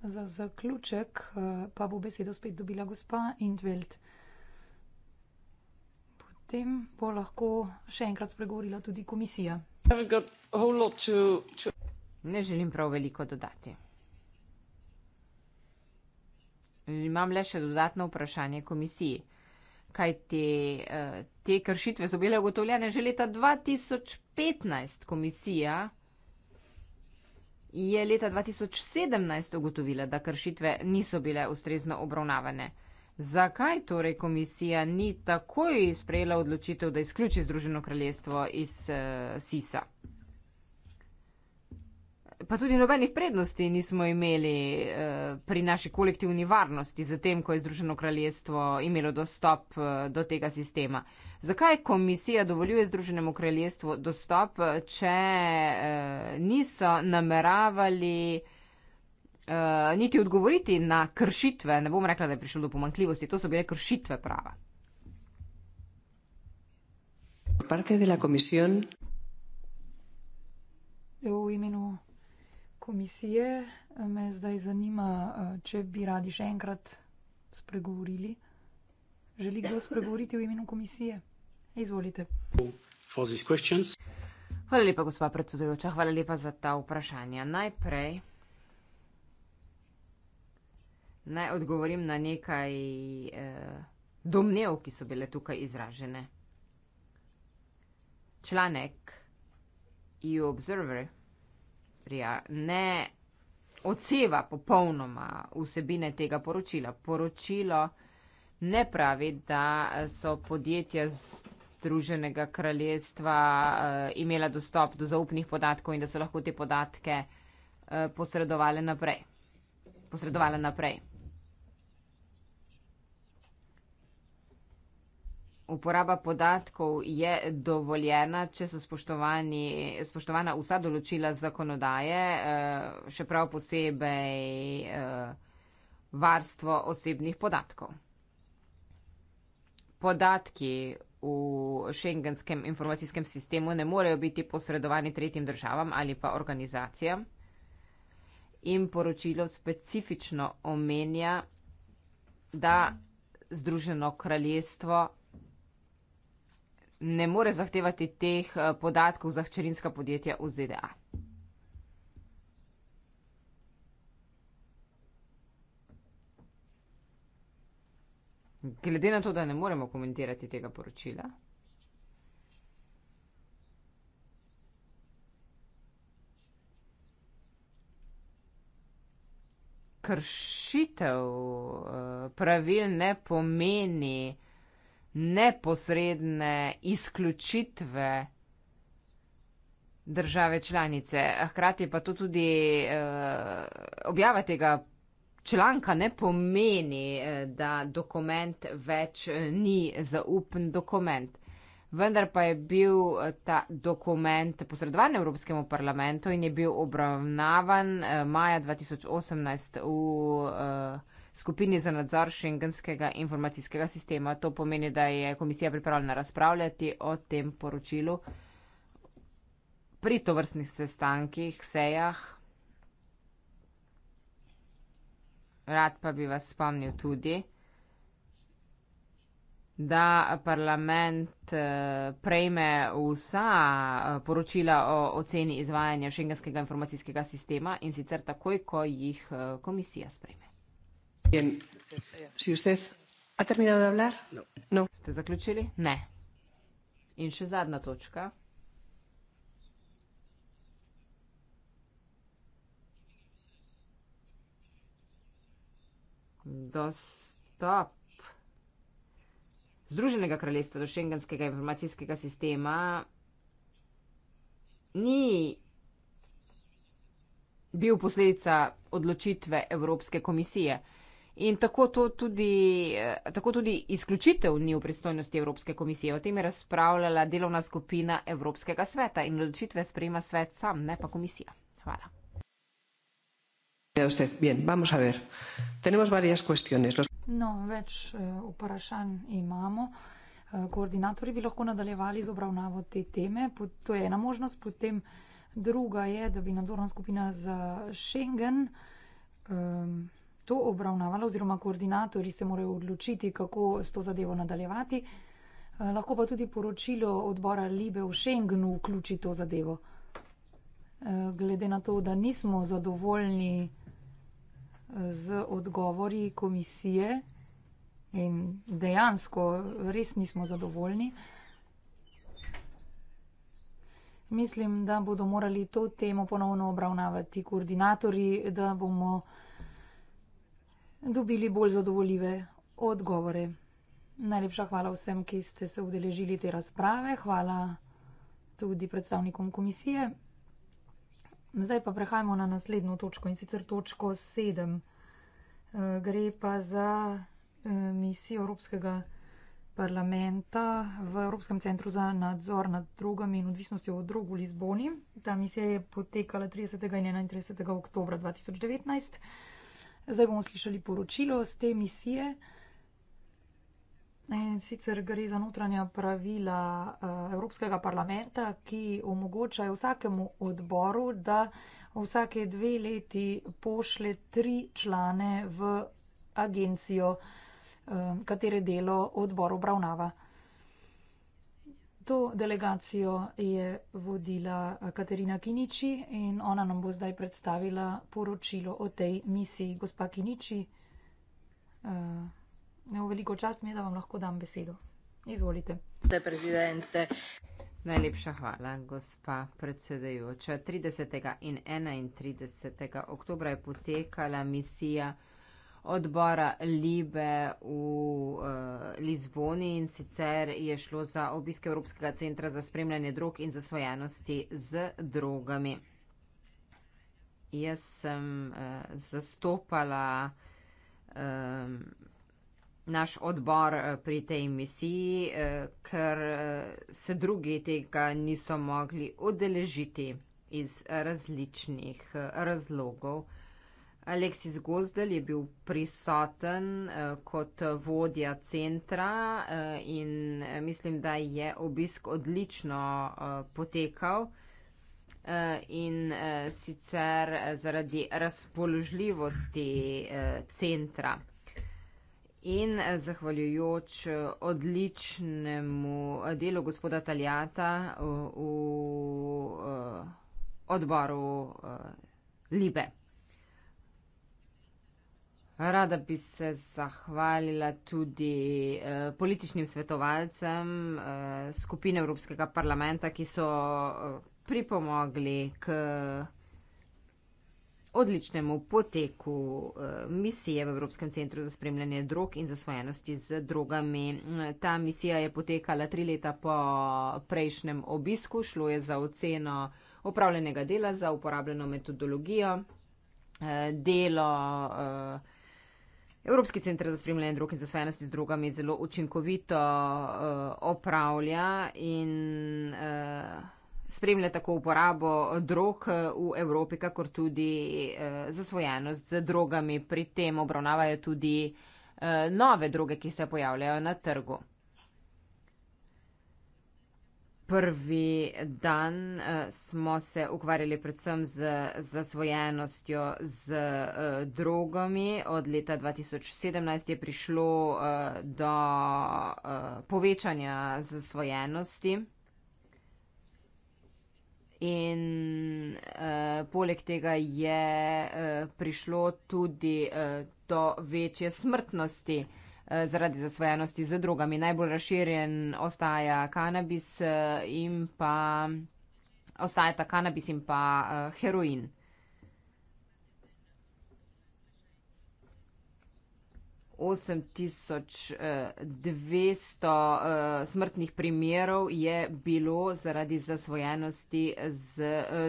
za zaključek eh, pa bo besedo spet dobila gospa Intveld. Potem bo lahko še enkrat spregovorila tudi komisija. Ne želim prav veliko dodati. Imam le še dodatno vprašanje komisiji. Kaj te, eh, te kršitve so bile ugotovljene že leta 2015 komisija? je leta 2017 ugotovila, da kršitve niso bile ustrezno obravnavane. Zakaj torej komisija ni takoj sprejela odločitev, da izključi Združeno kraljestvo iz uh, SIS-a? pa tudi nobenih prednosti nismo imeli eh, pri naši kolektivni varnosti, zatem, ko je Združeno kraljestvo imelo dostop eh, do tega sistema. Zakaj komisija dovoljuje Združenemu kraljestvu dostop, eh, če niso nameravali niti odgovoriti na kršitve? Ne bom rekla, da je prišlo do pomankljivosti, to so bile kršitve prava. Parte de la comisión. Yo imeno komisije, eh, me zdaj zanima, eh, če bi radi še enkrat spregovorili. Želi kdo spregovoriti v imenu komisije? Izvolite. Hvala lepa, gospa predsedujoča. Hvala lepa za ta vprašanja. Najprej naj odgovorim na nekaj eh, domnev, ki so bile tukaj izražene. Članek EU Observer Prija ne odseva popolnoma vsebine tega poročila. Poročilo ne pravi, da so podjetja Združenega kraljestva eh, imela dostop do zaupnih podatkov in da so lahko te podatke eh, posredovale naprej. Posredovale naprej. uporaba podatkov je dovoljena, če so spoštovana vsa določila zakonodaje, eh, še prav posebej eh, varstvo osebnih podatkov. Podatki v šengenskem informacijskem sistemu ne morejo biti posredovani tretjim državam ali pa organizacijam in poročilo specifično omenja, da Združeno kraljestvo ne more zahtevati teh eh, podatkov za hčerinska podjetja v ZDA. Glede na to, da ne moremo komentirati tega poročila. Kršitev eh, pravil ne pomeni, da neposredne izključitve države članice. Hkrati pa to tudi eh, objava tega članka ne pomeni, eh, da dokument več eh, ni zaupen dokument. Vendar pa je bil eh, ta dokument posredovan Evropskemu parlamentu in je bil obravnavan eh, maja 2018 v. Eh, skupini za nadzor šengenskega informacijskega sistema. To pomeni, da je komisija pripravljena razpravljati o tem poročilu pri tovrstnih sestankih, sejah. Rad pa bi vas spomnil tudi, da parlament eh, prejme vsa eh, poročila o oceni izvajanja šengenskega informacijskega sistema in sicer takoj, ko jih eh, komisija sprejme. No. No. Ste zaključili? Ne. In še zadnja točka. Dostop Združenega kraljestva do šengenskega informacijskega sistema ni bil posledica odločitve Evropske komisije. In tako, tudi, eh, tako tudi izključitev ni v pristojnosti Evropske komisije. O tem je razpravljala delovna skupina Evropskega sveta in odločitve sprejema svet sam, ne pa komisija. Hvala. Ja, no, več eh, vprašanj imamo. Eh, Koordinatori bi lahko nadaljevali z obravnavo te teme. To je ena možnost. Potem druga je, da bi nadzorna skupina za Schengen. Um, to obravnavala, oziroma koordinatori se morajo odločiti, kako s to zadevo nadaljevati. Eh, lahko pa tudi poročilo odbora Libe v Schengenu vključi to zadevo. Eh, glede na to, da nismo zadovoljni eh, z odgovori komisije in dejansko res nismo zadovoljni, mislim, da bodo morali to temo ponovno obravnavati koordinatori, da bomo dobili bolj zadovoljive odgovore. Najlepša hvala vsem, ki ste se udeležili te razprave, hvala tudi predstavnikom komisije. Zdaj pa prehajamo na naslednjo točko in sicer točko 7. Eh, gre pa za eh, misijo Evropskega parlamenta v Evropskem centru za nadzor nad drogami in odvisnostjo od drog v Lizboni. Ta misija je potekala 30. in 31. oktober 2019. Zdaj bomo slišali poročilo z te misije. In sicer gre za notranja pravila eh, Evropskega parlamenta, ki omogočajo vsakemu odboru, da vsake dve leti pošle tri člane v agencijo, eh, katere delo odbor obravnava. To delegacijo je vodila eh, Katerina Kiniči in ona nam bo zdaj predstavila poročilo o tej misiji. Gospa Kiniči, eh, ne v veliko čast mi je, da vam lahko dam besedo. Izvolite. Najlepša hvala, gospa predsedujoča. 30. in 31. oktobra je potekala misija odbora Libe v uh, Lizboni in sicer je šlo za obisk Evropskega centra za spremljanje drog in zasvojenosti z drogami. Jaz sem uh, zastopala um, naš odbor pri tej misiji, uh, ker uh, se drugi tega niso mogli odeležiti iz različnih uh, razlogov. Aleksis Gozdel je bil prisoten eh, kot vodja centra eh, in eh, mislim, da je obisk odlično eh, potekal. Eh, in eh, sicer eh, zaradi razpoložljivosti eh, centra in eh, zahvaljujoč eh, odličnemu delu gospoda Taljata v, v, v odboru eh, Libe. Rada bi se zahvalila tudi eh, političnim svetovalcem eh, skupine Evropskega parlamenta, ki so eh, pripomogli k odličnemu poteku eh, misije v Evropskem centru za spremljanje drog in zasvojenosti z drogami. Ta misija je potekala tri leta po prejšnjem obisku, šlo je za oceno opravljenega dela, za uporabljeno metodologijo. Eh, delo Evropski centr za spremljanje drog in zasvojenosti z drogami zelo učinkovito uh, opravlja in uh, spremlja tako uporabo drog eh, v Evropi, kakor tudi uh, zasvojenost z drogami. Pri tem obravnavajo tudi uh, nove droge, ki se pojavljajo na trgu prvi dan uh, smo se ukvarjali predvsem z zasvojenostjo z uh, drogami. Od leta 2017 je prišlo uh, do uh, povečanja zasvojenosti. In uh, poleg tega je uh, prišlo tudi uh, do večje smrtnosti. Uh, Eh, zaradi zasvojenosti z drogami. Najbolj razširjen ostaja kanabis eh, in pa ostajata kanabis in pa eh, heroin. Osem tisoč dvesto smrtnih primerov je bilo zaradi zasvojenosti z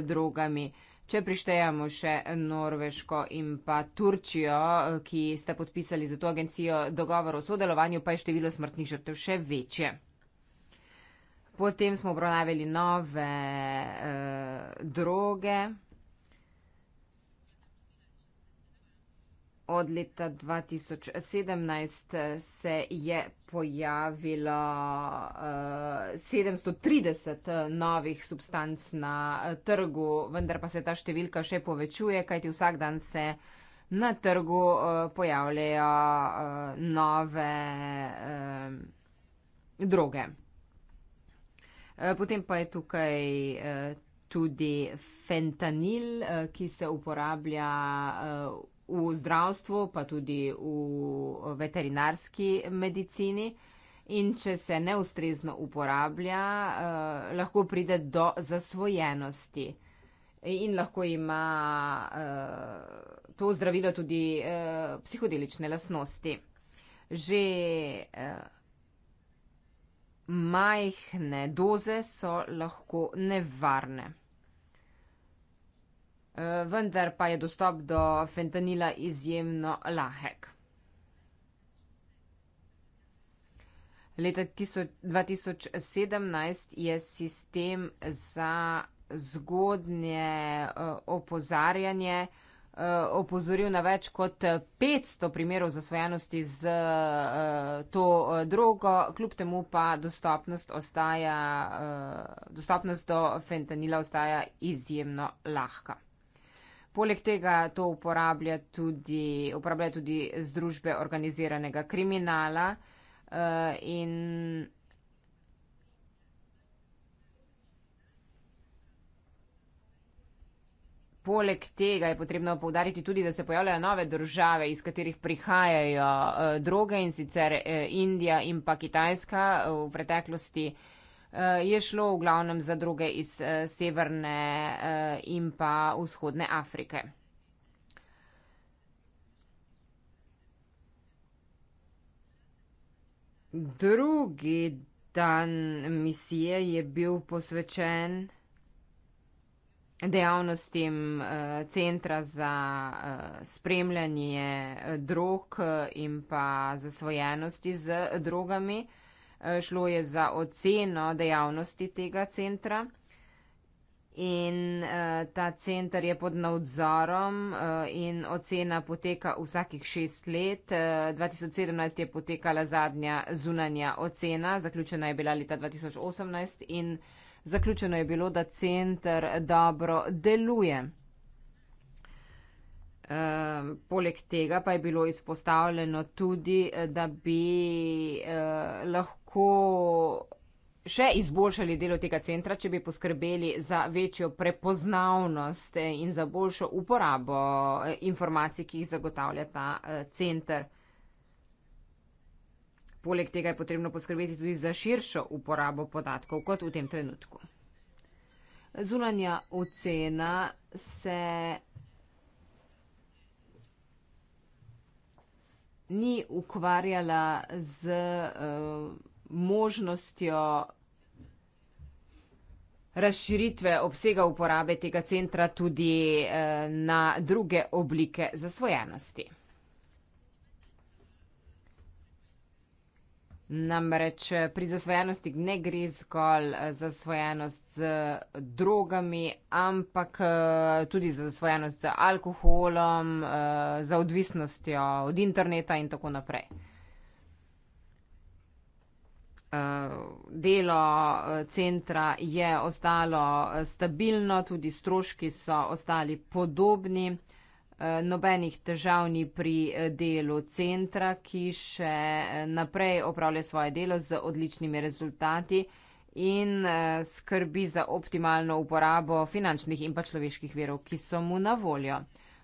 drogami. Če prištejemo še Norveško in pa Turčijo, ki sta podpisali za to agencijo dogovor o sodelovanju, pa je število smrtnih žrtev še večje. Potem smo obravnavali nove eh, droge. od leta 2017 se je pojavilo 730 eh, novih substanc na eh, trgu, vendar pa se ta številka še povečuje, kajti vsak dan se na trgu eh, pojavljajo nove droge. Potem pa je tukaj tudi fentanil, ki se uporablja v zdravstvu, pa tudi v veterinarski medicini. In če se neustrezno uporablja, eh, lahko pride do zasvojenosti. In lahko ima eh, to zdravilo tudi eh, psihodelične lasnosti. Že eh, majhne doze so lahko nevarne vendar pa je dostop do fentanila izjemno lahek. Leta 2017 je sistem za zgodnje e, opozarjanje e, opozoril na več kot 500 primerov zasvojenosti z e, to drogo, kljub temu pa dostopnost, ostaja, dostopnost do fentanila ostaja izjemno lahka. Poleg tega to uporablja tudi, uporablja tudi združbe organiziranega kriminala uh, in Poleg tega je potrebno povdariti tudi, da se pojavljajo nove države, iz katerih prihajajo uh, droge in sicer uh, Indija in pa Kitajska uh, v preteklosti. Uh, Eh, je šlo v glavnem za druge iz eh, severne eh, in pa vzhodne Afrike. Drugi dan misije je bil posvečen dejavnostim centra za spremljanje drog in pa zasvojenosti z drogami. Eh, šlo je za oceno dejavnosti tega centra. In uh, ta center je pod nadzorom uh, in ocena poteka vsakih šest let. Uh, 2017 je potekala zadnja zunanja ocena, zaključena je bila leta 2018 in zaključeno je bilo, da center dobro deluje. Uh, poleg tega pa je bilo izpostavljeno tudi, da bi uh, lahko lahko še izboljšali delo tega centra, če bi poskrbeli za večjo prepoznavnost eh, in za boljšo uporabo eh, informacij, ki jih zagotavlja ta eh, center. Poleg tega je potrebno poskrbeti tudi za širšo uporabo podatkov, kot v tem trenutku. Zunanja ocena se ni ukvarjala z. Uh, možnostjo razširitve obsega uporabe tega centra tudi eh, na druge oblike zasvojenosti. Namreč eh, pri zasvojenosti ne gre zgolj eh, zasvojenost z drogami, ampak tudi zasvojenost z alkoholom, za odvisnostjo od interneta in tako naprej delo eh, centra je ostalo eh, stabilno, tudi stroški so ostali podobni. Eh, nobenih težav ni pri delu centra, ki še naprej opravlja svoje delo z odličnimi rezultati in skrbi za optimalno uporabo finančnih in pa človeških verov, ki so mu na voljo.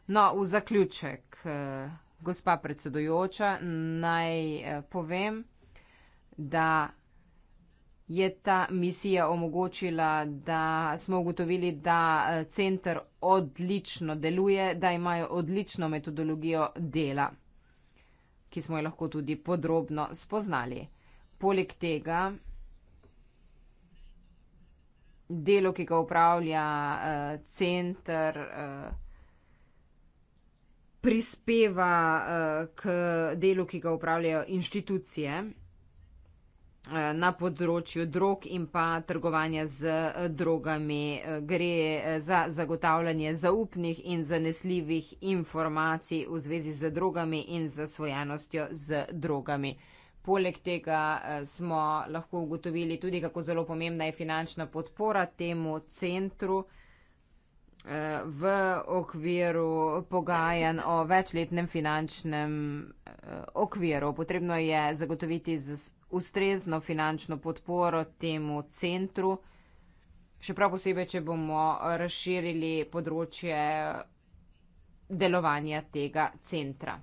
No, v zaključek, gospa predsedujoča, naj povem, da je ta misija omogočila, da smo ugotovili, da eh, center odlično deluje, da imajo odlično metodologijo dela, ki smo jo lahko tudi podrobno spoznali. Poleg tega, delo, ki ga upravlja uh, center, uh, prispeva uh, k delu, ki ga upravljajo inštitucije. Eh, na področju drog in pa trgovanja z eh, drogami. Eh, gre za zagotavljanje zaupnih in zanesljivih informacij v zvezi z drogami in zasvojenostjo z drogami. Poleg tega smo lahko ugotovili tudi, kako zelo pomembna je finančna podpora temu centru v okviru pogajanj o večletnem finančnem eh, okviru. Potrebno je zagotoviti ustrezno finančno podporo temu centru, še prav posebej, če bomo razširili področje delovanja tega centra.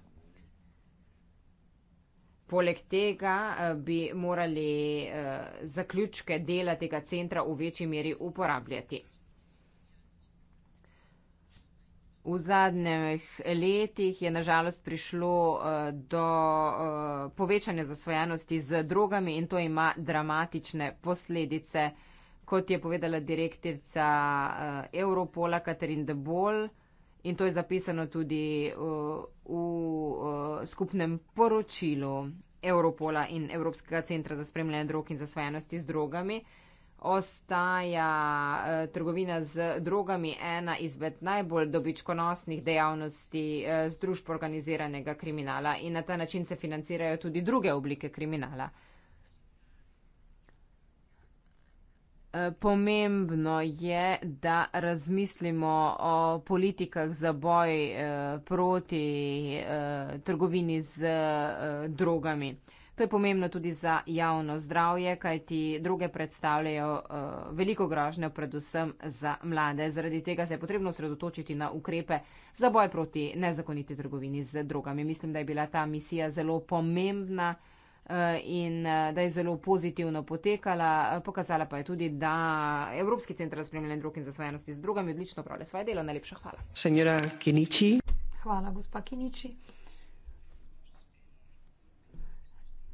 Poleg tega eh, bi morali eh, zaključke dela tega centra v večji meri uporabljati. V zadnjih letih je nažalost prišlo eh, do eh, povečanja zasvojenosti z drogami in to ima dramatične posledice. Kot je povedala direktorica eh, Europola Katarin de Bol in to je zapisano tudi v skupnem poročilu Europola in Evropskega centra za spremljanje drog in zasvojenosti z drogami ostaja eh, trgovina z drogami ena izmed najbolj dobičkonosnih dejavnosti eh, združb organiziranega kriminala in na ta način se financirajo tudi druge oblike kriminala. Eh, pomembno je, da razmislimo o politikah za boj proti trgovini z drogami. To je pomembno tudi za javno zdravje, kajti druge predstavljajo uh, veliko grožnjo, predvsem za mlade. Zaradi tega se je potrebno sredotočiti na ukrepe za boj proti nezakoniti trgovini z drogami. Mislim, da je bila ta misija zelo pomembna uh, in uh, da je zelo pozitivno potekala. Uh, pokazala pa je tudi, da Evropski centr za spremljanje drog in zasvojenosti z drogami odlično pravlja svoje delo. Najlepša hvala. Senjora Kiniči. Hvala, gospa Kiniči.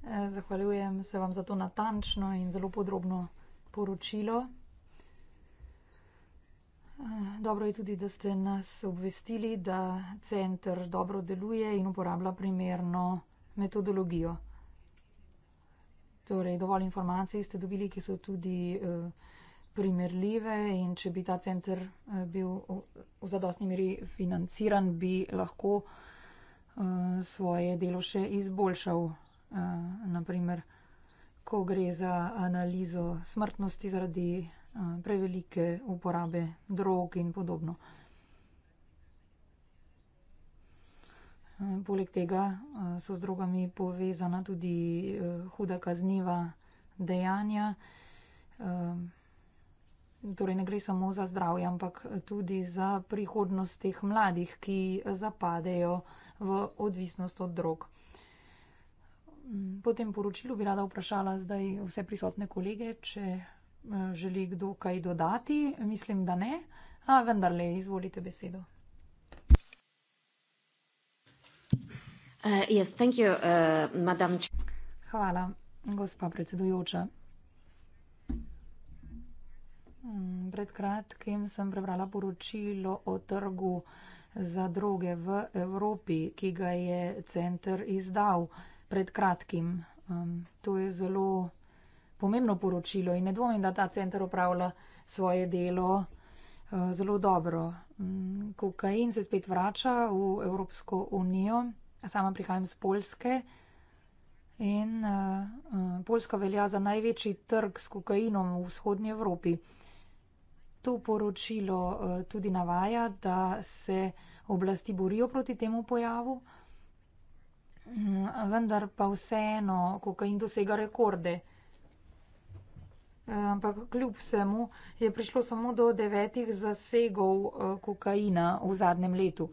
Eh, zahvaljujem se vam za to natančno in zelo podrobno poročilo. Eh, dobro je tudi, da ste nas obvestili, da center dobro deluje in uporablja primerno metodologijo. Torej, dovolj informacij ste dobili, ki so tudi eh, primerljive in če bi ta center bil v zadostni meri financiran, bi lahko svoje delo še izboljšal. Eh, naprimer, ko gre za analizo smrtnosti zaradi eh, prevelike uporabe drog in podobno. Eh, poleg tega so z drogami povezana tudi huda kazniva dejanja. Torej ne gre samo za zdravje, ampak tudi za prihodnost teh mladih, ki zapadejo v odvisnost od drog. Po tem poročilu bi rada vprašala zdaj vse prisotne kolege, če eh, želi kdo kaj dodati. Mislim, da ne, a vendar le izvolite besedo. Uh, yes, you, uh, Hvala, gospa predsedujoča. Mm, pred kratkim sem prebrala poročilo o trgu za droge v Evropi, ki ga je center izdal pred kratkim. Um, to je zelo pomembno poročilo in ne dvomim, da ta center upravlja svoje delo uh, zelo dobro. Um, kokain se spet vrača v Evropsko unijo, sama prihajam z Polske in uh, uh, Polska velja za največji trg s kokainom v vzhodnji Evropi. To poročilo uh, tudi navaja, da se oblasti borijo proti temu pojavu. Mhm, vendar pa vseeno kokain dosega rekorde. Ampak kljub vsemu je prišlo samo do devetih zasegov eh, kokaina v zadnjem letu.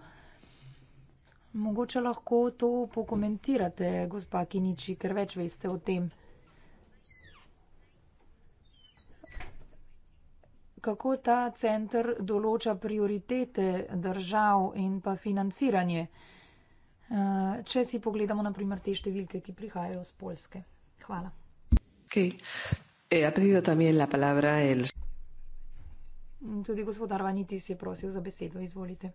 Mogoče lahko to pokomentirate, gospa Kiniči, ker več veste o tem. Kako ta center določa prioritete držav in pa financiranje? Uh, Eh, če si pogledamo naprimer te številke, ki prihajajo z Polske. Hvala. Okay. E, el... Tudi gospod Arvanitis je prosil za besedo, izvolite.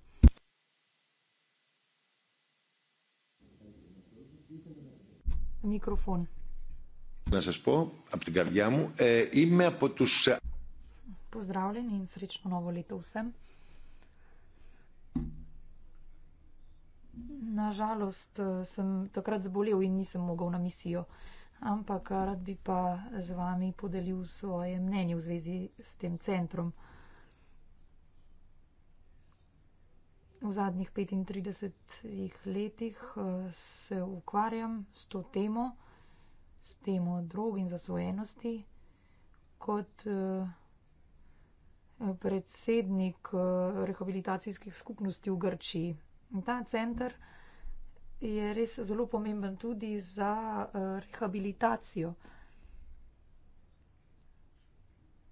Mikrofon. Na sespo, aptigardjamu, e, eh, ime potuša. Pozdravljeni in srečno novo leto vsem. Nažalost eh, sem takrat zbolel in nisem mogel na misijo, ampak rad bi pa z vami podelil svoje mnenje v zvezi s tem centrom. V zadnjih 35 letih eh, se ukvarjam s to temo, s temo drog in zasvojenosti, kot eh, predsednik rehabilitacijskih skupnosti v Grčiji. Ta center je res zelo pomemben tudi za eh, rehabilitacijo.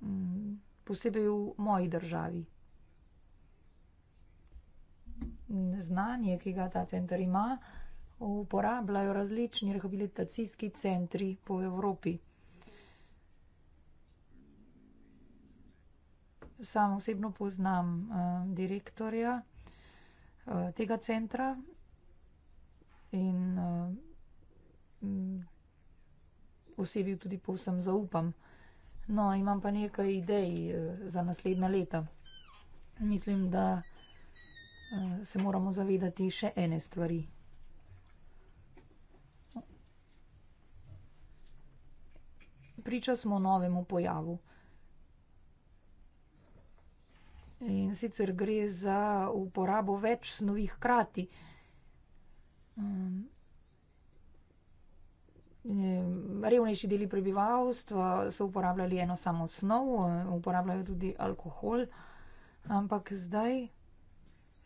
Mm, posebej v moji državi. Znanje, ki ga ta center ima, uporabljajo različni rehabilitacijski centri po Evropi. Sam osebno poznam uh, direktorja uh, tega centra, in uh, eh, osebi tudi povsem zaupam. No, imam pa nekaj idej uh, za naslednja leta. Mislim, da uh, se moramo zavedati še ene stvari. Priča smo novemu pojavu. In sicer gre za uporabo več snovih krati. Uh, Um, revnejši deli prebivalstva so uporabljali eno samo snov, uporabljajo tudi alkohol, ampak zdaj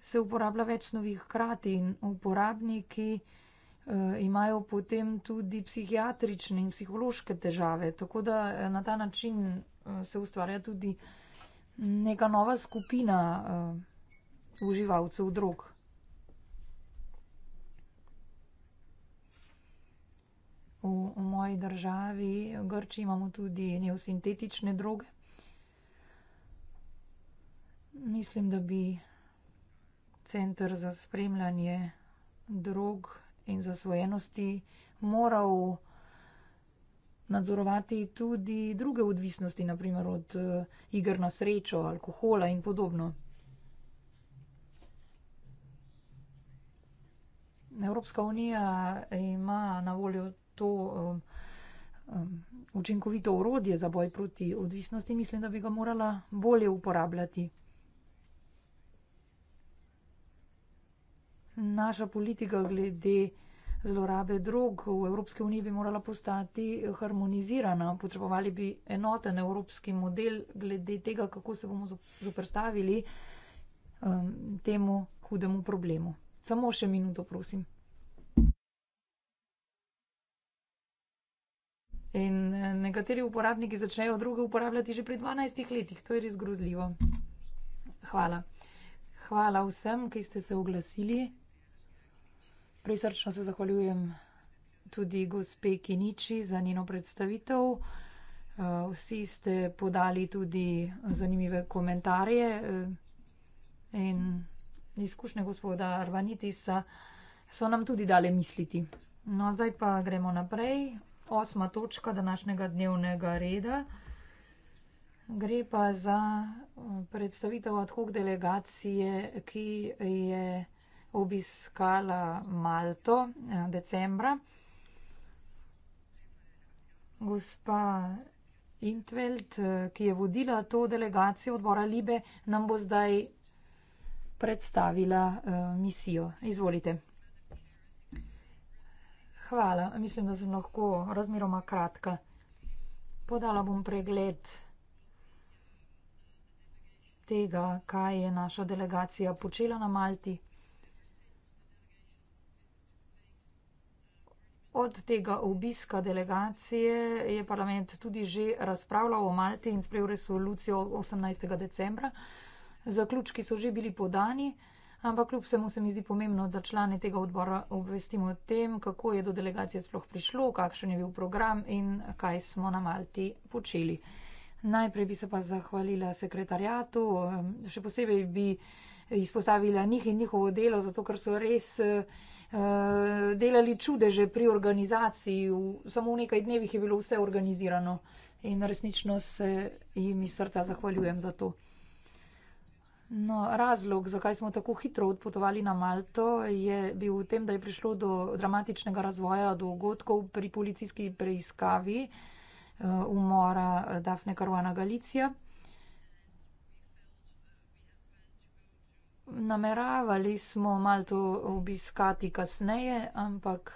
se uporablja več snovi hkrati in uporabniki eh, imajo potem tudi psihiatrične in psihološke težave. Tako da eh, na ta način eh, se ustvarja tudi neka nova skupina uh, uživalcev drog. v moji državi, v Grči, imamo tudi neosintetične droge. Mislim, da bi centr za spremljanje drog in zasvojenosti moral nadzorovati tudi druge odvisnosti, naprimer od eh, igr na srečo, alkohola in podobno. Evropska unija ima na voljo to um, um, učinkovito urodje za boj proti odvisnosti, mislim, da bi ga morala bolje uporabljati. Naša politika glede zlorabe drog v Evropske unije bi morala postati harmonizirana. Potrebovali bi enoten evropski model glede tega, kako se bomo zoprstavili um, temu hudemu problemu. Samo še minuto, prosim. In eh, nekateri uporabniki začnejo druge uporabljati že pri 12 letih. To je res grozljivo. Hvala. Hvala vsem, ki ste se oglasili. Prisrčno se zahvaljujem tudi gospe Kiniči za njeno predstavitev. Eh, vsi ste podali tudi zanimive komentarje eh, in izkušnje gospoda Arvanitisa so nam tudi dale misliti. No, zdaj pa gremo naprej osma točka današnjega dnevnega reda. Gre pa za eh, predstavitev odhok delegacije, ki je obiskala Malto eh, decembra. Gospa Intveld, eh, ki je vodila to delegacijo odbora Libe, nam bo zdaj predstavila misijo. Izvolite. Hvala. Mislim, da sem lahko razmeroma kratka. Podala bom pregled tega, kaj je naša delegacija počela na Malti. Od tega obiska delegacije je parlament tudi že razpravljal o Malti in sprejel resolucijo 18. decembra. Zaključki so že bili podani. Ampak kljub vsemu se mi zdi pomembno, da člani tega odbora obvestimo o tem, kako je do delegacije sploh prišlo, kakšen je bil program in kaj smo na Malti počeli. Najprej bi se pa zahvalila sekretarjatu, še posebej bi izpostavila njih in njihovo delo, zato ker so res eh, delali čudeže pri organizaciji. Samo v nekaj dnevih je bilo vse organizirano in resnično se jim iz srca zahvaljujem za to. No, razlog, zakaj smo tako hitro odpotovali na Malto, je bil v tem, da je prišlo do dramatičnega razvoja dogodkov pri policijski preiskavi eh, umora eh, Dafne Karuana Galicija. Nameravali smo Malto obiskati kasneje, ampak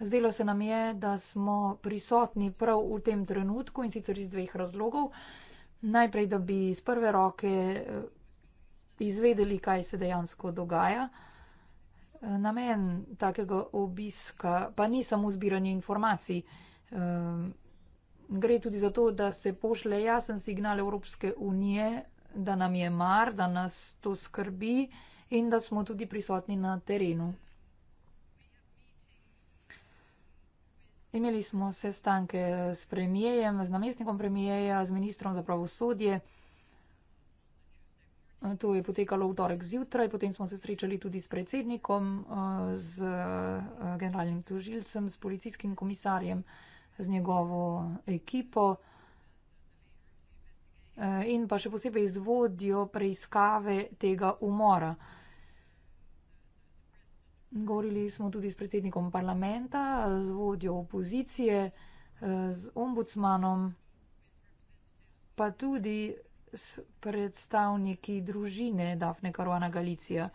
zdelo se nam je, da smo prisotni prav v tem trenutku in sicer iz dveh razlogov. Najprej, da bi iz prve roke eh, izvedeli, kaj se dejansko dogaja. Namen takega obiska pa ni samo zbiranje informacij. Gre tudi za to, da se pošle jasen signal Evropske unije, da nam je mar, da nas to skrbi in da smo tudi prisotni na terenu. Imeli smo sestanke s premijejem, z namestnikom premijeja, z ministrom za pravosodje. Eh, to je potekalo v torek zjutraj, potem smo se srečali tudi s predsednikom, eh, z eh, generalnim tožilcem, s policijskim komisarjem, z njegovo ekipo in pa še posebej z vodjo preiskave tega umora. Govorili smo tudi s predsednikom parlamenta, z vodjo opozicije, z ombudsmanom, pa tudi s predstavniki družine Dafne Karuana Galicija.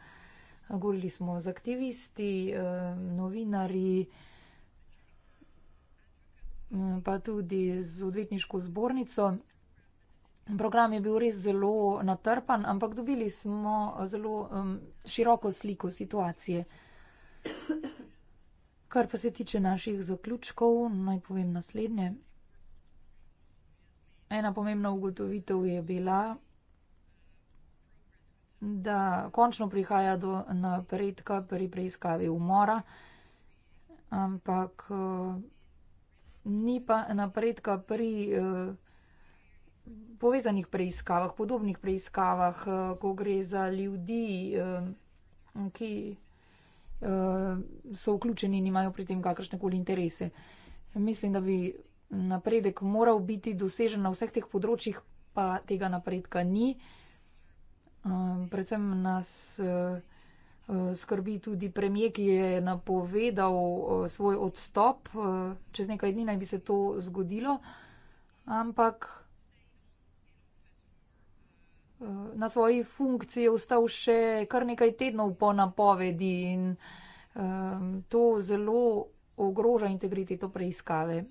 Govorili smo z aktivisti, eh, novinari, mm, pa tudi z odvetniško zbornico. Program je bil res zelo natrpan, ampak dobili smo eh, zelo široko sliko situacije. Kar pa se tiče naših zaključkov, naj povem naslednje. Ena pomembna ugotovitev je bila, da končno prihaja do napredka pri preiskavi umora, ampak ni pa napredka pri povezanih preiskavah, podobnih preiskavah, ko gre za ljudi, ki so vključeni in imajo pri tem kakršne koli interese. Mislim, da bi napredek moral biti dosežen na vseh teh področjih, pa tega napredka ni. Eh, predvsem nas eh, eh, skrbi tudi premijer, ki je napovedal svoj odstop. Čez nekaj dni naj bi se to zgodilo, ampak na svoji funkciji je ostal še kar nekaj tednov po napovedi in to zelo ogroža integriteto preiskave.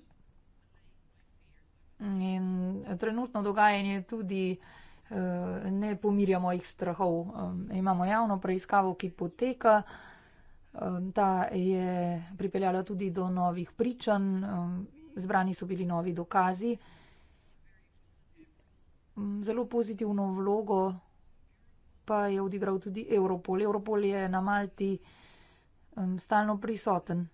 In trenutno dogajanje je tudi, eh, ne pomirjamo jih strahov. Imamo javno preiskavo, ki poteka. Ta je pripeljala tudi do novih pričanj, zbrani so bili novi dokazi. Zelo pozitivno vlogo pa je odigral tudi Europol. Europol je na Malti stalno prisoten.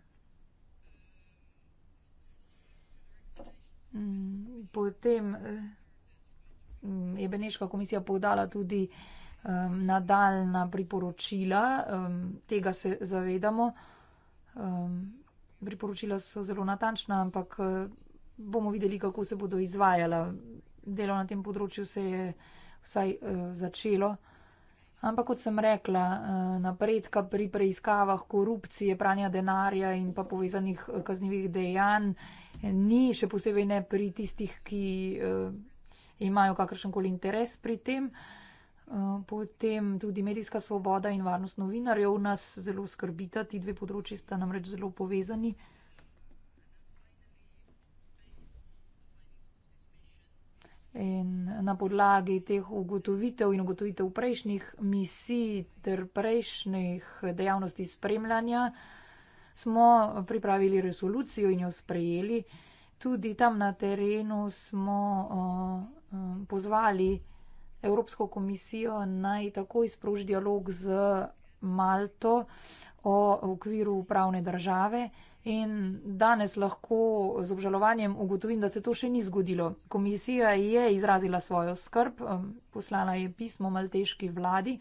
Potem eh, je Beneška komisija povdala tudi um, nadaljna priporočila, um, tega se zavedamo. Um, priporočila so zelo natančna, ampak bomo videli, kako se bodo izvajala. Delo na tem področju se je vsaj uh, začelo. Ampak kot sem rekla, eh, napredka pri preiskavah korupcije, pranja denarja in pa povezanih eh, kaznjivih dejanj ni, še posebej ne pri tistih, ki eh, imajo kakršenkoli interes pri tem. Potem tudi medijska svoboda in varnost novinarjev nas zelo skrbita, ti dve področji sta namreč zelo povezani. In na podlagi teh ugotovitev in ugotovitev prejšnjih misij ter prejšnjih dejavnosti spremljanja smo pripravili resolucijo in jo sprejeli. Tudi tam na terenu smo uh, pozvali Evropsko komisijo naj takoj sproži dialog z Malto o okviru pravne države. In danes lahko z obžalovanjem ugotovim, da se to še ni zgodilo. Komisija je izrazila svojo skrb, poslala je pismo malteški vladi,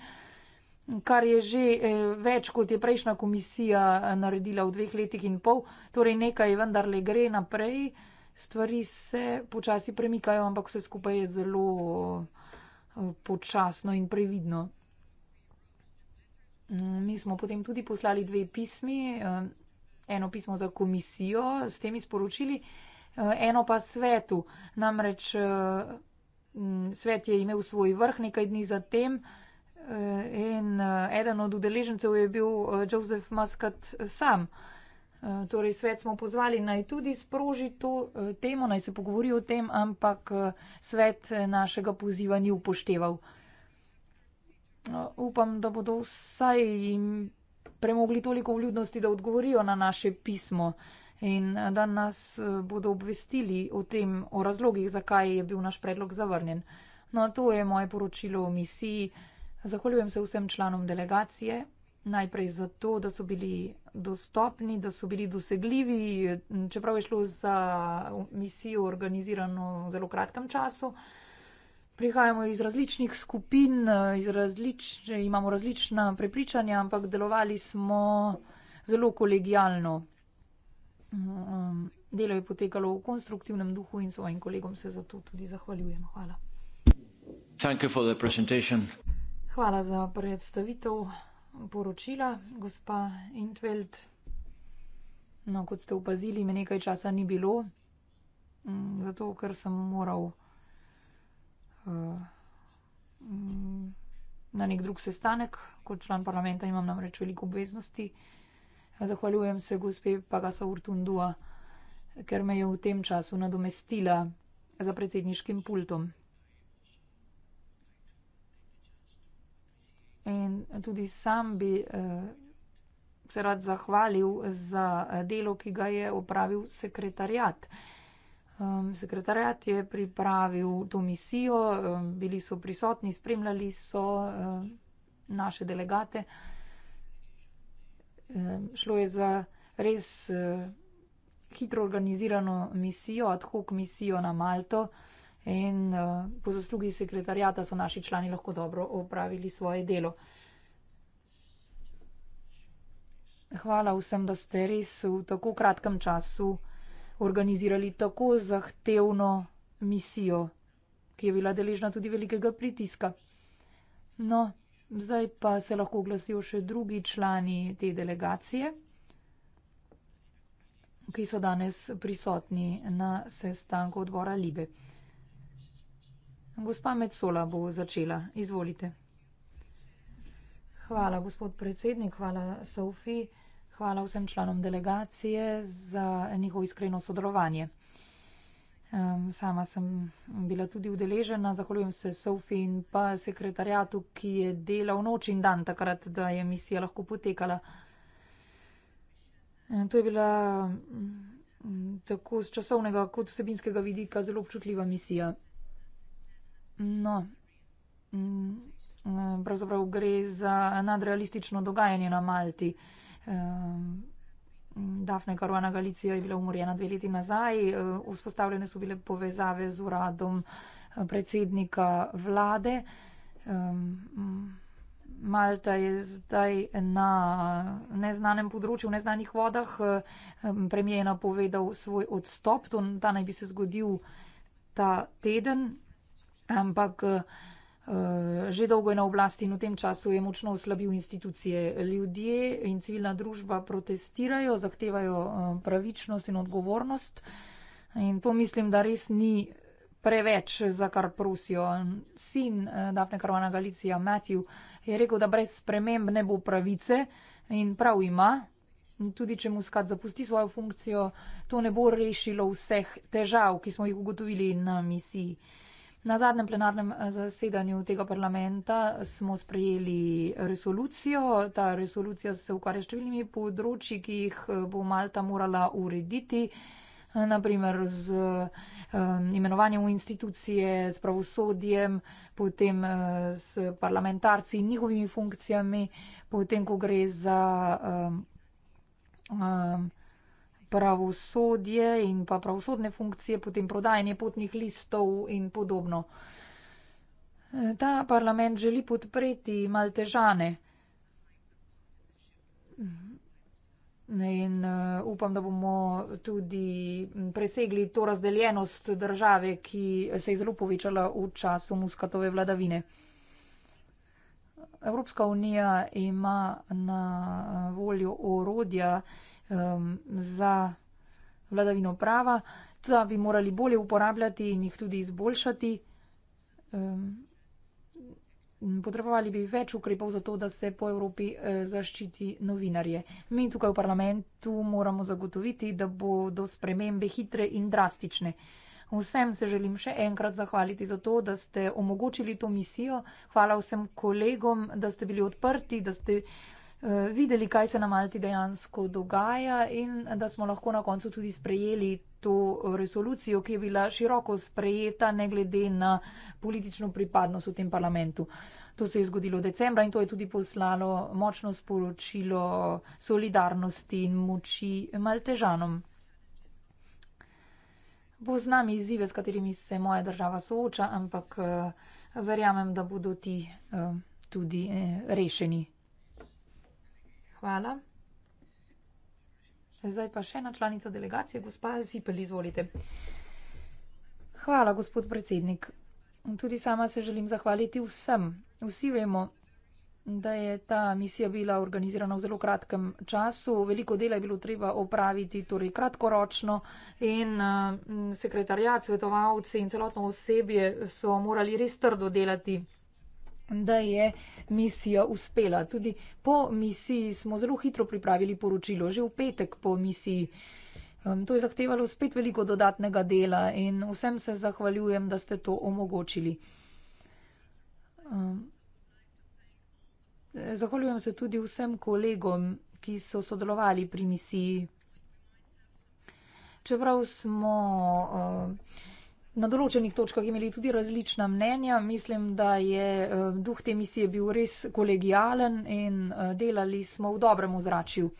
kar je že eh, več kot je prejšnja komisija eh, naredila v dveh letih in pol, torej nekaj vendarle gre naprej, stvari se počasi premikajo, ampak vse skupaj je zelo eh, počasno in previdno. Mm, mi smo potem tudi poslali dve pismi eno pismo za komisijo s temi sporočili, eh, eno pa svetu. Namreč eh, svet je imel svoj vrh nekaj dni zatem eh, in eden od udeležencev je bil Joseph Muscat sam. Torej, svet smo pozvali naj tudi sproži to temo, naj se pogovori o tem, ampak svet našega poziva ni upošteval. Upam, da bodo vsaj premogli toliko vljudnosti, da odgovorijo na naše pismo in eh, da nas eh, bodo obvestili o tem, o razlogih, zakaj je bil naš predlog zavrnjen. No, to je moje poročilo o misiji. Zahvaljujem se vsem članom delegacije, najprej zato, da so bili dostopni, da so bili dosegljivi, eh, čeprav je šlo za misijo organizirano v zelo kratkem času prihajamo iz različnih skupin, eh, iz različ, imamo različna prepričanja, ampak delovali smo zelo kolegijalno. Mm, mm, delo je potekalo v konstruktivnem duhu in svojim kolegom se za to tudi zahvaljujem. Hvala. Hvala za predstavitev poročila, gospa Intveld. No, kot ste opazili, me nekaj časa ni bilo, mm, zato ker sem moral. Eh, mm, na nek drug sestanek. Kot član parlamenta imam namreč veliko obveznosti. Zahvaljujem se gospe Pagasa Urtundua, ker me je v tem času nadomestila za predsedniškim pultom. In tudi sam bi eh, se rad zahvalil za eh, delo, ki ga je opravil sekretarjat. Eh, Um, sekretarjat je pripravil to misijo, um, bili so prisotni, spremljali so um, naše delegate. Um, šlo je za res uh, hitro organizirano misijo, ad hoc misijo na Malto in uh, po zaslugi sekretarjata so naši člani lahko dobro opravili svoje delo. Hvala vsem, da ste res v tako kratkem času organizirali tako zahtevno misijo, ki je bila deležna tudi velikega pritiska. No, zdaj pa se lahko oglasijo še drugi člani te delegacije, ki so danes prisotni na sestanku odbora Libe. Gospa Metsola bo začela. Izvolite. Hvala, gospod predsednik, hvala, Sofi hvala vsem članom delegacije za njihovo iskreno sodelovanje. Sama sem bila tudi udeležena, zahvaljujem se Sofi in pa sekretarjatu, ki je delal noč in dan takrat, da je misija lahko potekala. To je bila mm, tako z časovnega kot vsebinskega vidika zelo občutljiva misija. No, mm, pravzaprav gre za nadrealistično dogajanje na Malti. Ehm, Dafne Karuana Galicija je bila umorjena dve leti nazaj, eh, vzpostavljene so bile povezave z uradom eh, predsednika vlade. Ehm, mm, Malta je zdaj na neznanem področju, v neznanih vodah. Eh, ehm, Premijer je napovedal svoj odstop, to naj bi se zgodil ta teden, ampak Eh, že dolgo je na oblasti in v tem času je močno oslabil institucije. Ljudje in civilna družba protestirajo, zahtevajo eh, pravičnost in odgovornost in to mislim, da res ni preveč, za kar prosijo. Sin eh, Dafne Karvana Galicija, Matthew, je rekel, da brez sprememb ne bo pravice in prav ima. Tudi, če mu skat zapusti svojo funkcijo, to ne bo rešilo vseh težav, ki smo jih ugotovili na misiji. Uh, Na zadnjem plenarnem eh, zasedanju tega parlamenta smo sprejeli resolucijo. Ta resolucija se ukvarja s številnimi področji, ki jih eh, bo Malta morala urediti. Eh, Naprimer z um, imenovanjem v institucije, s pravosodjem, potem uh, s parlamentarci in njihovimi funkcijami, potem ko gre za. Um, um, pravosodje in pa pravosodne funkcije, potem prodajanje potnih listov in podobno. Ta parlament želi podpreti maltežane. In eh, upam, da bomo tudi presegli to razdeljenost države, ki se je zelo povečala v času muskatove vladavine. Evropska unija ima na voljo orodja, um, za vladavino prava, da bi morali bolje uporabljati in jih tudi izboljšati. Um, Potrebovali bi več ukrepov za to, da se po Evropi eh, zaščiti novinarje. Mi tukaj v parlamentu moramo zagotoviti, da bodo spremembe hitre in drastične. Vsem se želim še enkrat zahvaliti za to, da ste omogočili to misijo. Hvala vsem kolegom, da ste bili odprti, da ste Eh, videli, kaj se na Malti dejansko dogaja in da smo lahko na koncu tudi sprejeli to resolucijo, ki je bila široko sprejeta, ne glede na politično pripadnost v tem parlamentu. To se je zgodilo decembra in to je tudi poslalo močno sporočilo solidarnosti in moči maltežanom. Bo z nami izzive, s katerimi se moja država sooča, ampak uh, verjamem, da bodo ti uh, tudi uh, rešeni. Hvala. Zdaj pa še ena članica delegacije, gospa Zipel, izvolite. Hvala, gospod predsednik. Tudi sama se želim zahvaliti vsem. Vsi vemo, da je ta misija bila organizirana v zelo kratkem času. Veliko dela je bilo treba opraviti, torej kratkoročno in uh, mm, sekretarjat, svetovalci in celotno osebje so morali res trdo delati da je misija uspela. Tudi po misiji smo zelo hitro pripravili poročilo, že v petek po misiji. Um, to je zahtevalo spet veliko dodatnega dela in vsem se zahvaljujem, da ste to omogočili. Um, zahvaljujem se tudi vsem kolegom, ki so sodelovali pri misiji. Čeprav smo uh, na določenih točkah imeli tudi različna mnenja. Mislim, da je eh, duh te misije bil res kolegijalen in eh, delali smo v dobrem ozračju.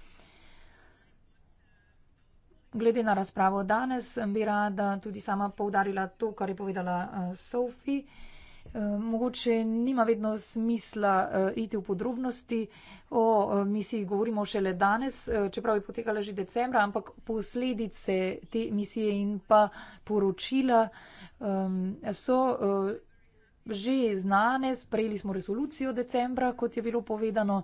Glede na razpravo danes bi rada tudi sama povdarila to, kar je povedala eh, Sophie. Eh, mogoče nima vedno smisla eh, iti v podrobnosti. O eh, misiji govorimo šele danes, čeprav je potekala že decembra, ampak posledice te misije in pa poročila ehm, so že znane. Sprejeli smo resolucijo decembra, kot je bilo povedano.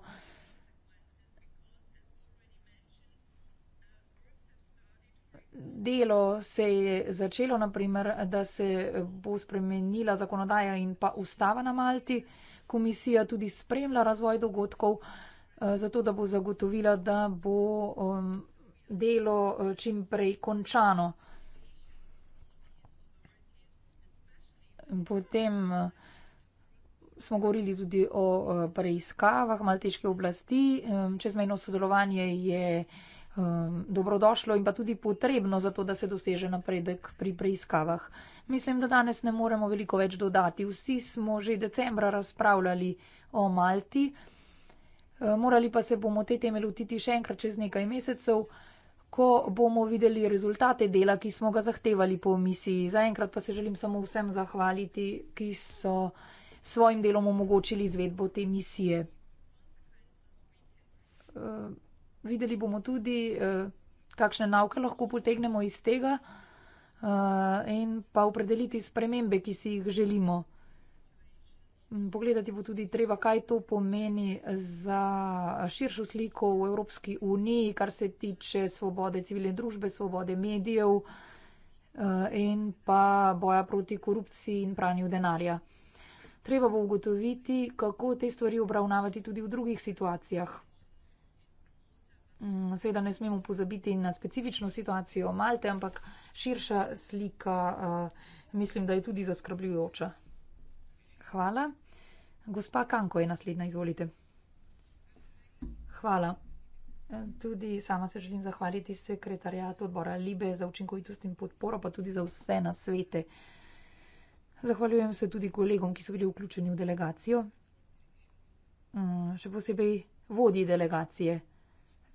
delo se je začelo, naprimer, da se bo spremenila zakonodaja in pa ustava na Malti. Komisija tudi spremlja razvoj dogodkov, eh, zato da bo zagotovila, da bo um, delo eh, čim prej končano. Potem eh, smo govorili tudi o preiskavah malteške oblasti. Čezmejno sodelovanje je um, dobrodošlo in pa tudi potrebno za to, da se doseže napredek pri preiskavah. Mislim, da danes ne moremo veliko več dodati. Vsi smo že decembra razpravljali o Malti, uh, morali pa se bomo te teme lotiti še enkrat čez nekaj mesecev, ko bomo videli rezultate dela, ki smo ga zahtevali po misiji. Zaenkrat pa se želim samo vsem zahvaliti, ki so svojim delom omogočili izvedbo te misije. Uh videli bomo tudi, eh, kakšne nauke lahko potegnemo iz tega eh, in pa opredeliti spremembe, ki si jih želimo. Mm, pogledati bo tudi treba, kaj to pomeni za širšo sliko v Evropski uniji, kar se tiče svobode civilne družbe, svobode medijev eh, in pa boja proti korupciji in pranju denarja. Treba bo ugotoviti, kako te stvari obravnavati tudi v drugih situacijah. Mm, seveda ne smemo pozabiti na specifično situacijo Malte, ampak širša slika eh, mislim, da je tudi zaskrbljujoča. Hvala. Gospa Kanko je naslednja, izvolite. Hvala. Eh, tudi sama se želim zahvaliti sekretarjatu odbora Libe za učinkovitost in podporo, pa tudi za vse na svete. Zahvaljujem se tudi kolegom, ki so bili vključeni v delegacijo, mm, še posebej vodji delegacije.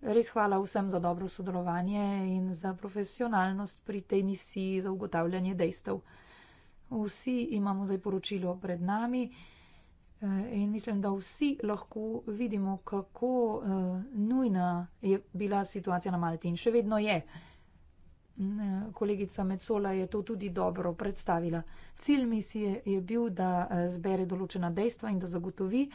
Res hvala vsem za dobro sodelovanje in za profesionalnost pri tej misiji za ugotavljanje dejstev. Vsi imamo zdaj poročilo pred nami eh, in mislim, da vsi lahko vidimo, kako eh, nujna je bila situacija na Malti in še vedno je. Eh, kolegica Mecola je to tudi dobro predstavila. Cilj misije je bil, da zbere določena dejstva in da zagotovi,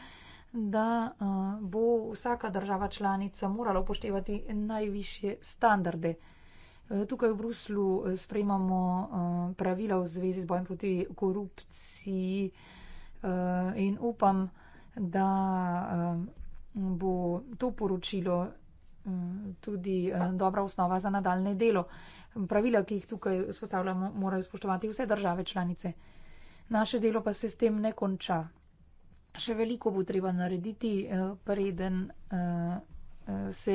da eh, bo vsaka država članica morala upoštevati najvišje standarde. Eh, tukaj v Bruslu eh, sprejmamo pravila v zvezi z bojem proti korupciji in upam, da bo to poročilo tudi dobra osnova za nadaljne delo. Pravila, ki jih tukaj spostavljamo, morajo spoštovati vse države članice. Naše delo pa se s tem ne konča še veliko bo treba narediti, eh, preden, eh, eh, se,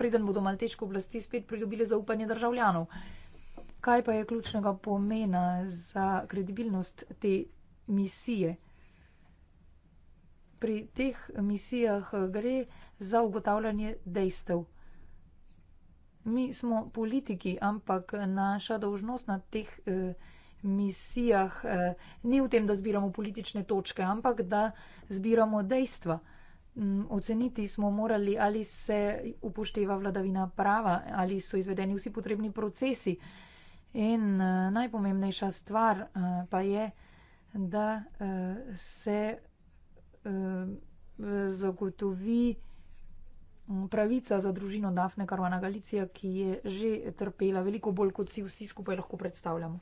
preden bodo malteške oblasti spet pridobile zaupanje državljanov. Kaj pa je ključnega pomena za kredibilnost te misije? Pri teh misijah gre za ugotavljanje dejstev. Mi smo politiki, ampak naša dožnost na teh eh, misijah eh, ni v tem, da zbiramo politične točke, ampak da zbiramo dejstva. Mm, oceniti smo morali, ali se upošteva vladavina prava, ali so izvedeni vsi potrebni procesi. In eh, najpomembnejša stvar eh, pa je, da se zagotovi mm, pravica za družino Dafne Karvana Galicija, ki je že trpela veliko bolj, kot si vsi skupaj lahko predstavljamo.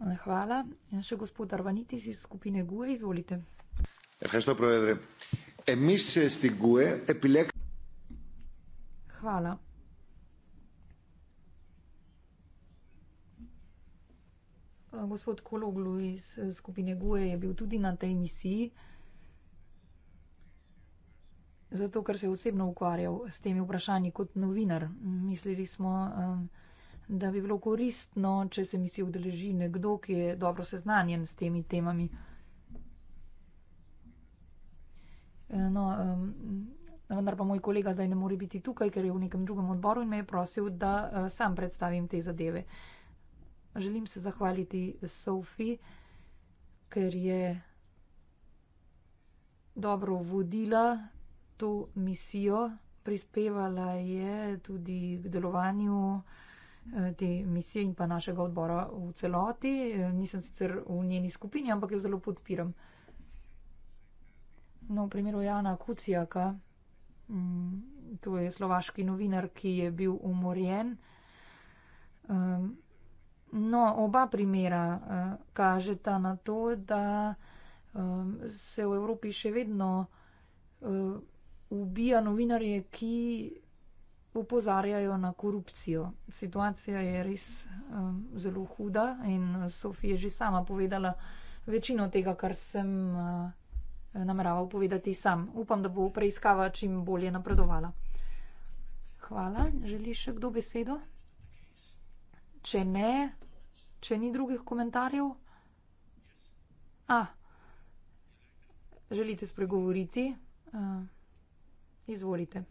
Hvala. Še gospod Arvanitis iz skupine GUE, izvolite. Hvala. Gospod Kologlu iz e, skupine GUE je bil tudi na tej misiji, zato ker se je osebno ukvarjal s temi vprašanji kot novinar. Mislili smo, um, da bi bilo koristno, če se misijo udeleži nekdo, ki je dobro seznanjen s temi temami. E, no, um, vendar pa moj kolega zdaj ne more biti tukaj, ker je v nekem drugem odboru in me je prosil, da uh, sam predstavim te zadeve. Želim se zahvaliti Sofiji, ker je dobro vodila to misijo, prispevala je tudi k delovanju uh, Eh, te misije in pa našega odbora v celoti. Eh, nisem sicer v njeni skupini, ampak jo zelo podpiram. No, v primeru Jana Kucijaka, mm, to je slovaški novinar, ki je bil umorjen. No, oba primera eh, kažeta na to, da se v Evropi še vedno ubija novinarje, ki opozarjajo na korupcijo. Situacija je res um, zelo huda in Sofija je že sama povedala večino tega, kar sem uh, nameraval povedati sam. Upam, da bo preiskava čim bolje napredovala. Hvala. Želi še kdo besedo? Če ne, če ni drugih komentarjev? A, ah, želite spregovoriti? Uh, izvolite.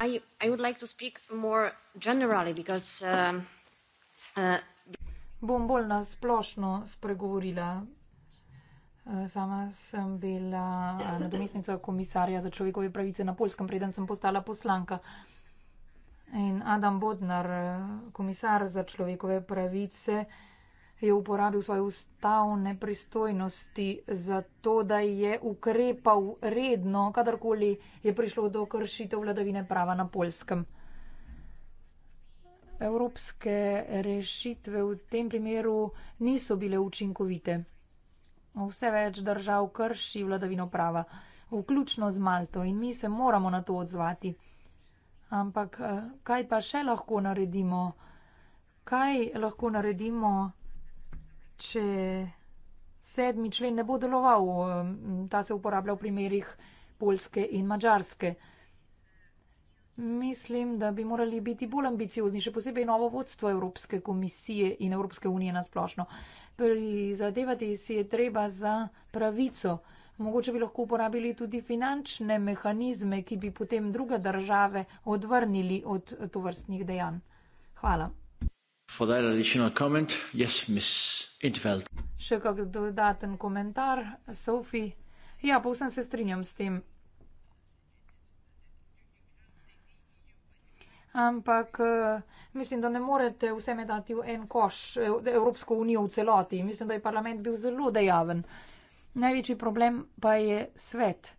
I, I would like to speak more generally because um, uh, bom splošno spregovorila. Eh, sama sem bila eh, nadomestnica komisarja za človekove pravice na Polskem, preden sem postala poslanka. In Adam Bodnar, eh, komisar za človekove pravice, uh, je uporabil svoje ustavne pristojnosti za to, da je ukrepal redno, kadarkoli je prišlo do kršitev vladavine prava na polskem. Evropske rešitve v tem primeru niso bile učinkovite. Vse več držav krši vladavino prava, vključno z Malto in mi se moramo na to odzvati. Ampak eh, kaj pa še lahko naredimo? Kaj lahko naredimo? če sedmi člen ne bo deloval, ta se uporablja v primerih Polske in Mačarske. Mislim, da bi morali biti bolj ambiciozni, še posebej novo vodstvo Evropske komisije in Evropske unije nasplošno. Prizadevati si je treba za pravico. Mogoče bi lahko uporabili tudi finančne mehanizme, ki bi potem druge države odvrnili od tovrstnih dejanj. Hvala. For that additional comment, yes, Ms. Intveld. Še kak dodaten komentar, Sofi? Ja, povsem se strinjam s tem. Ampak eh, mislim, da ne morete vse medati v en koš, eh, Evropsko unijo v celoti. Mislim, da je parlament bil zelo dejaven. Največji problem pa je svet.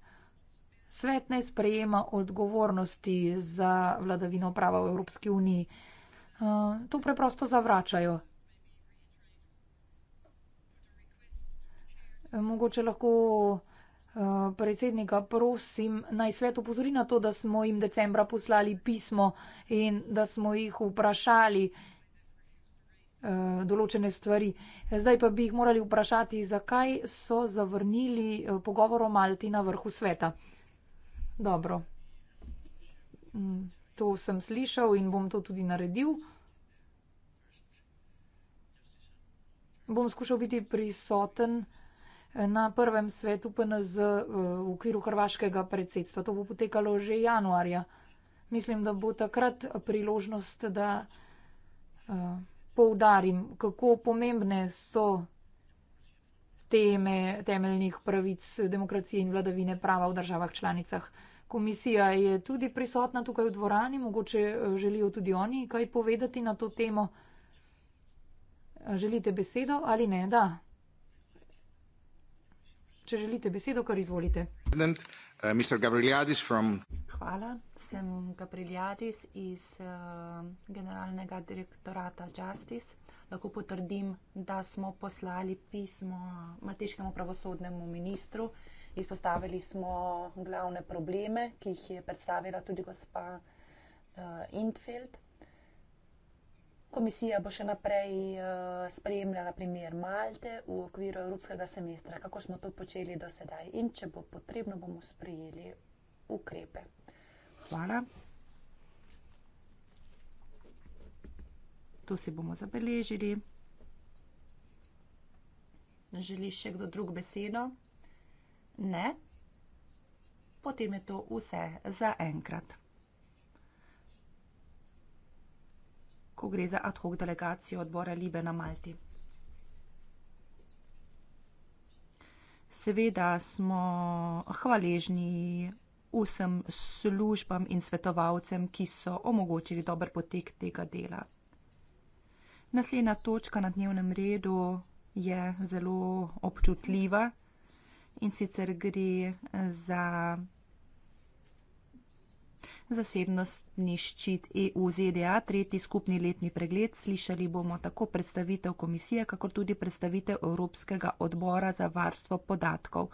Svet ne sprejema odgovornosti za vladavino prava v Evropski uniji. Eh, to preprosto zavračajo. Eh, mogoče lahko eh, predsednika prosim naj svet upozori na to, da smo jim decembra poslali pismo in da smo jih vprašali določene stvari. Zdaj pa bi jih morali vprašati, zakaj so zavrnili pogovor o Malti na vrhu sveta. Dobro. Mm to sem slišal in bom to tudi naredil. Bom skušal biti prisoten eh, na prvem svetu PNZ eh, v okviru hrvaškega predsedstva. To bo potekalo že januarja. Mislim, da bo takrat priložnost, da uh, poudarim, kako pomembne so teme temeljnih pravic demokracije in vladavine prava v državah članicah. Komisija je tudi prisotna tukaj v dvorani, mogoče eh, želijo tudi oni kaj povedati na to temo. Eh, želite besedo ali ne? Da. Če želite besedo, kar izvolite. Eh, Hvala, sem Gabriljadis iz Generalnega direktorata Justice. Lahko potrdim, da smo poslali pismo Matiškemu pravosodnemu ministru. Izpostavili smo glavne probleme, ki jih je predstavila tudi gospa uh, Intfeld. Komisija bo še naprej uh, spremljala primer Malte v okviru Evropskega semestra, kako smo to počeli do sedaj in če bo potrebno, bomo sprejeli ukrepe. Hvala. To si bomo zabeležili. Želi še kdo drug besedo? ne, potem je to vse za enkrat. Ko gre za ad hoc delegacijo odbora Libe na Malti. Seveda smo hvaležni vsem službam in svetovalcem, ki so omogočili dober potek tega dela. Naslednja točka na dnevnem redu je zelo občutljiva in sicer gre eh, za zasebnostni ščit EU-ZDA, tretji skupni letni pregled. Slišali bomo tako predstavitev komisije, kakor tudi predstavitev Evropskega odbora za varstvo podatkov.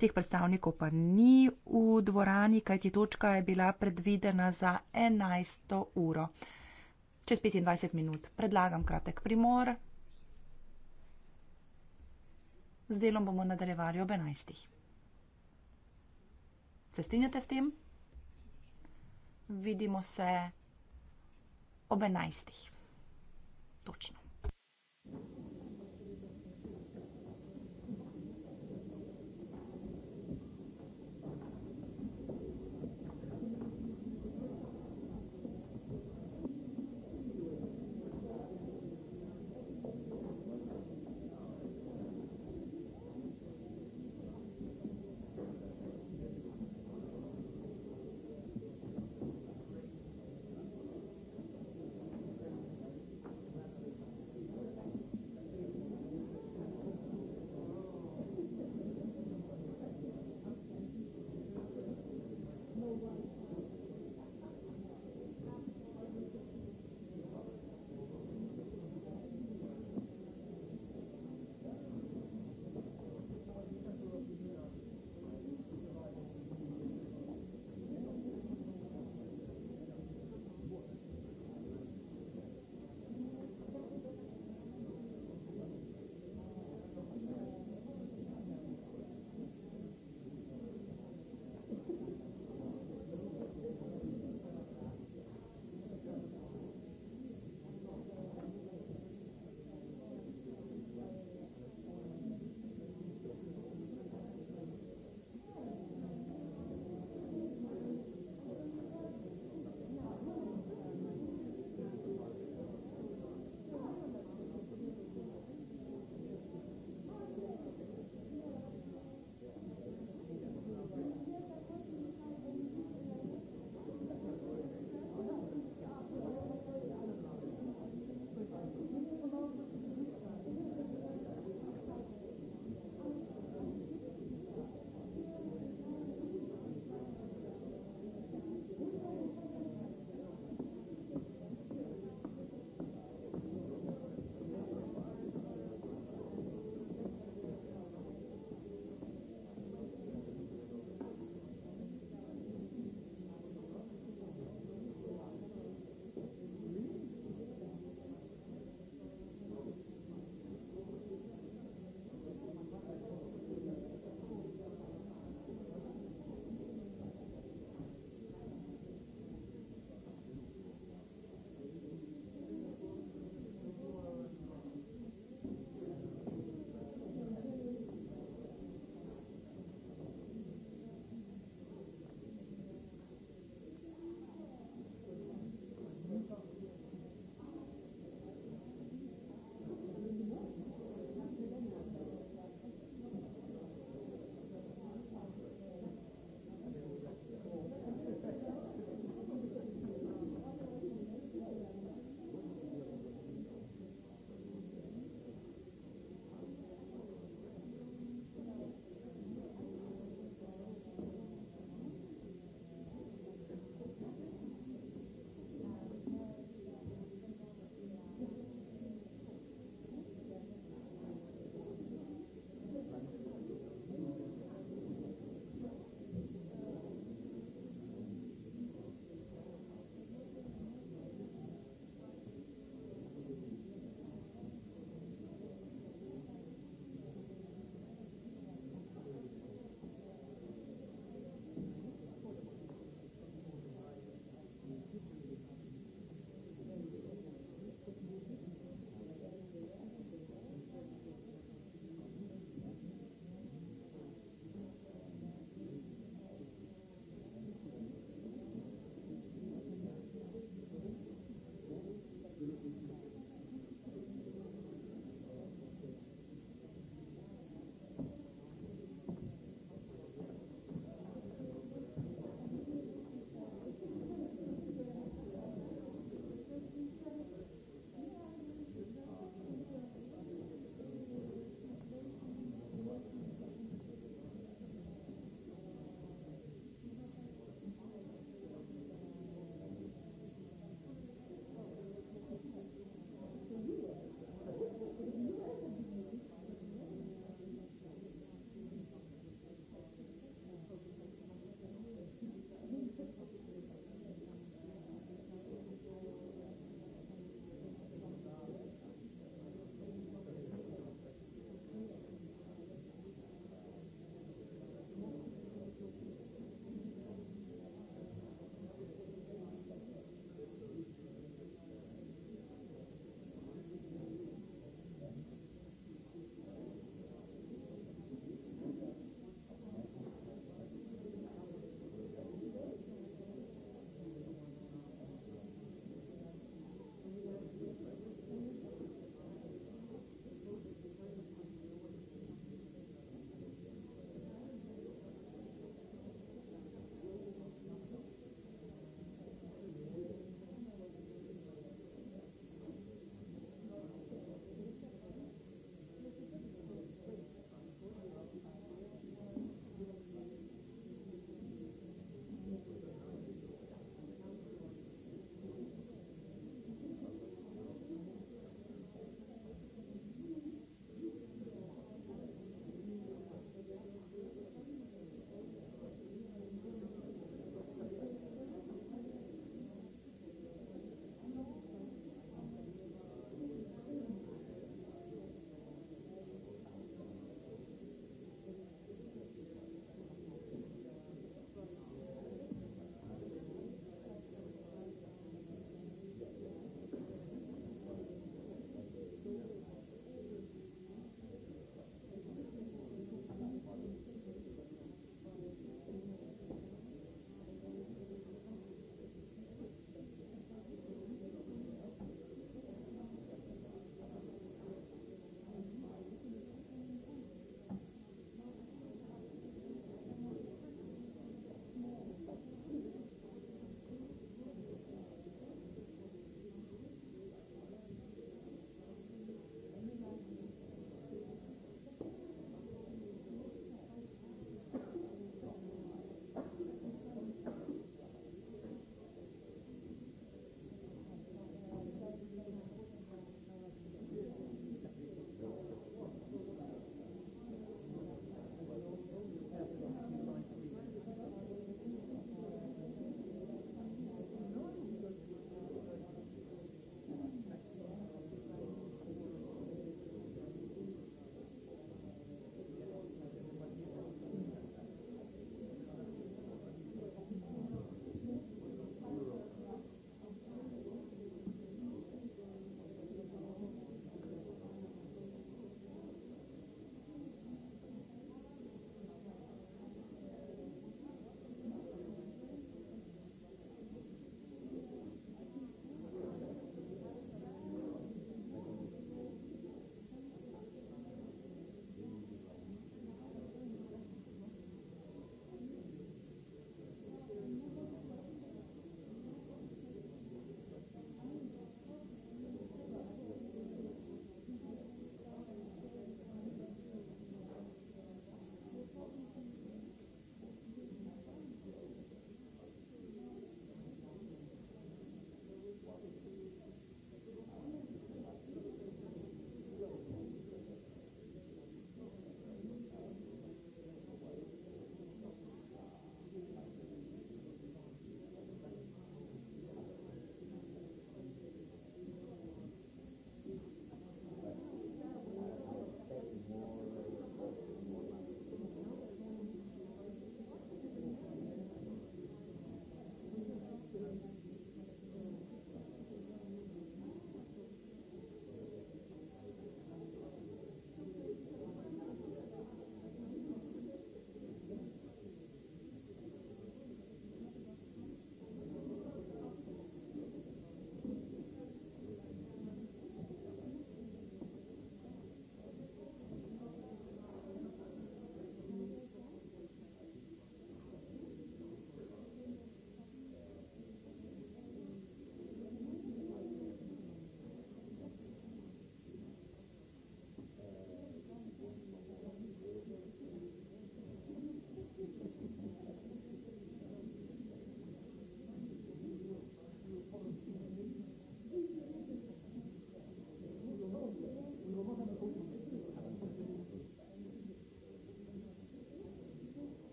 Teh predstavnikov pa ni v dvorani, kajti točka je bila predvidena za 11. uro. Čez 25 minut predlagam kratek primor z delom bomo nadaljevali ob 11. Se strinjate s tem? Vidimo se ob 11. Točno.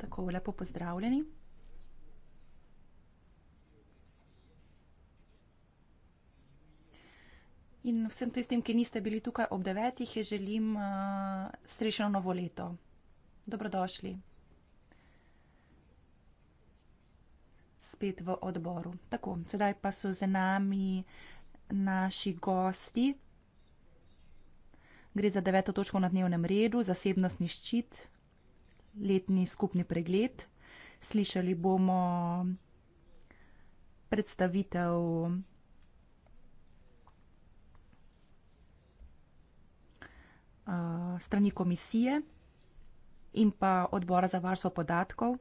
Tako, lepo pozdravljeni. In vsem tistim, ki niste bili tukaj ob devetih, želim uh, srečno novo leto. Dobrodošli. Spet v odboru. Tako, sedaj pa so z nami naši gosti. Gre za deveto točko na dnevnem redu, zasebnostni ščit, letni skupni pregled. Slišali bomo predstavitev eh, strani komisije in pa odbora za varstvo podatkov.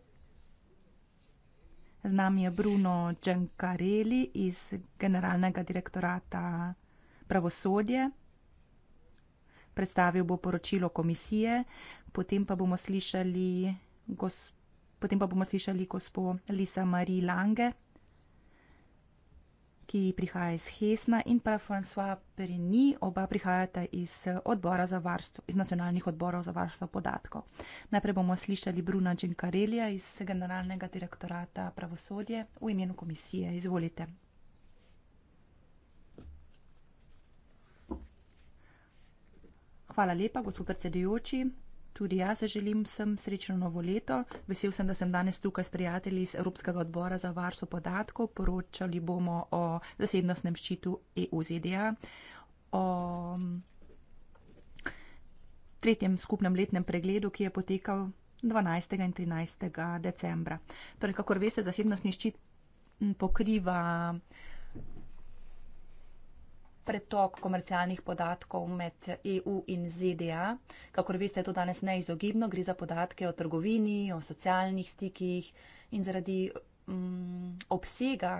Z nami je Bruno Džankareli iz generalnega direktorata pravosodje predstavil bo poročilo komisije, potem pa bomo slišali, gos, potem pa bomo slišali gospo Lisa Marie Lange, ki prihaja iz Hesna in pa François Perini, oba prihajata iz, za varstvo, iz nacionalnih odborov za varstvo podatkov. Najprej bomo slišali Bruna Džinkarelija iz Generalnega direktorata pravosodje v imenu komisije. Izvolite, Hvala lepa, gospod predsedujoči. Tudi jaz želim vsem srečno novo leto. Vesel sem, da sem danes tukaj s prijatelji iz Evropskega odbora za varstvo podatkov. Poročali bomo o zasebnostnem ščitu EU-ZDA, o mm, tretjem skupnem letnem pregledu, ki je potekal 12. in 13. decembra. Torej, kakor veste, zasebnostni ščit mm, pokriva pretok komercialnih podatkov med EU in ZDA. Kakor veste, je to danes neizogibno, gre za podatke o trgovini, o socialnih stikih in zaradi m, mm, obsega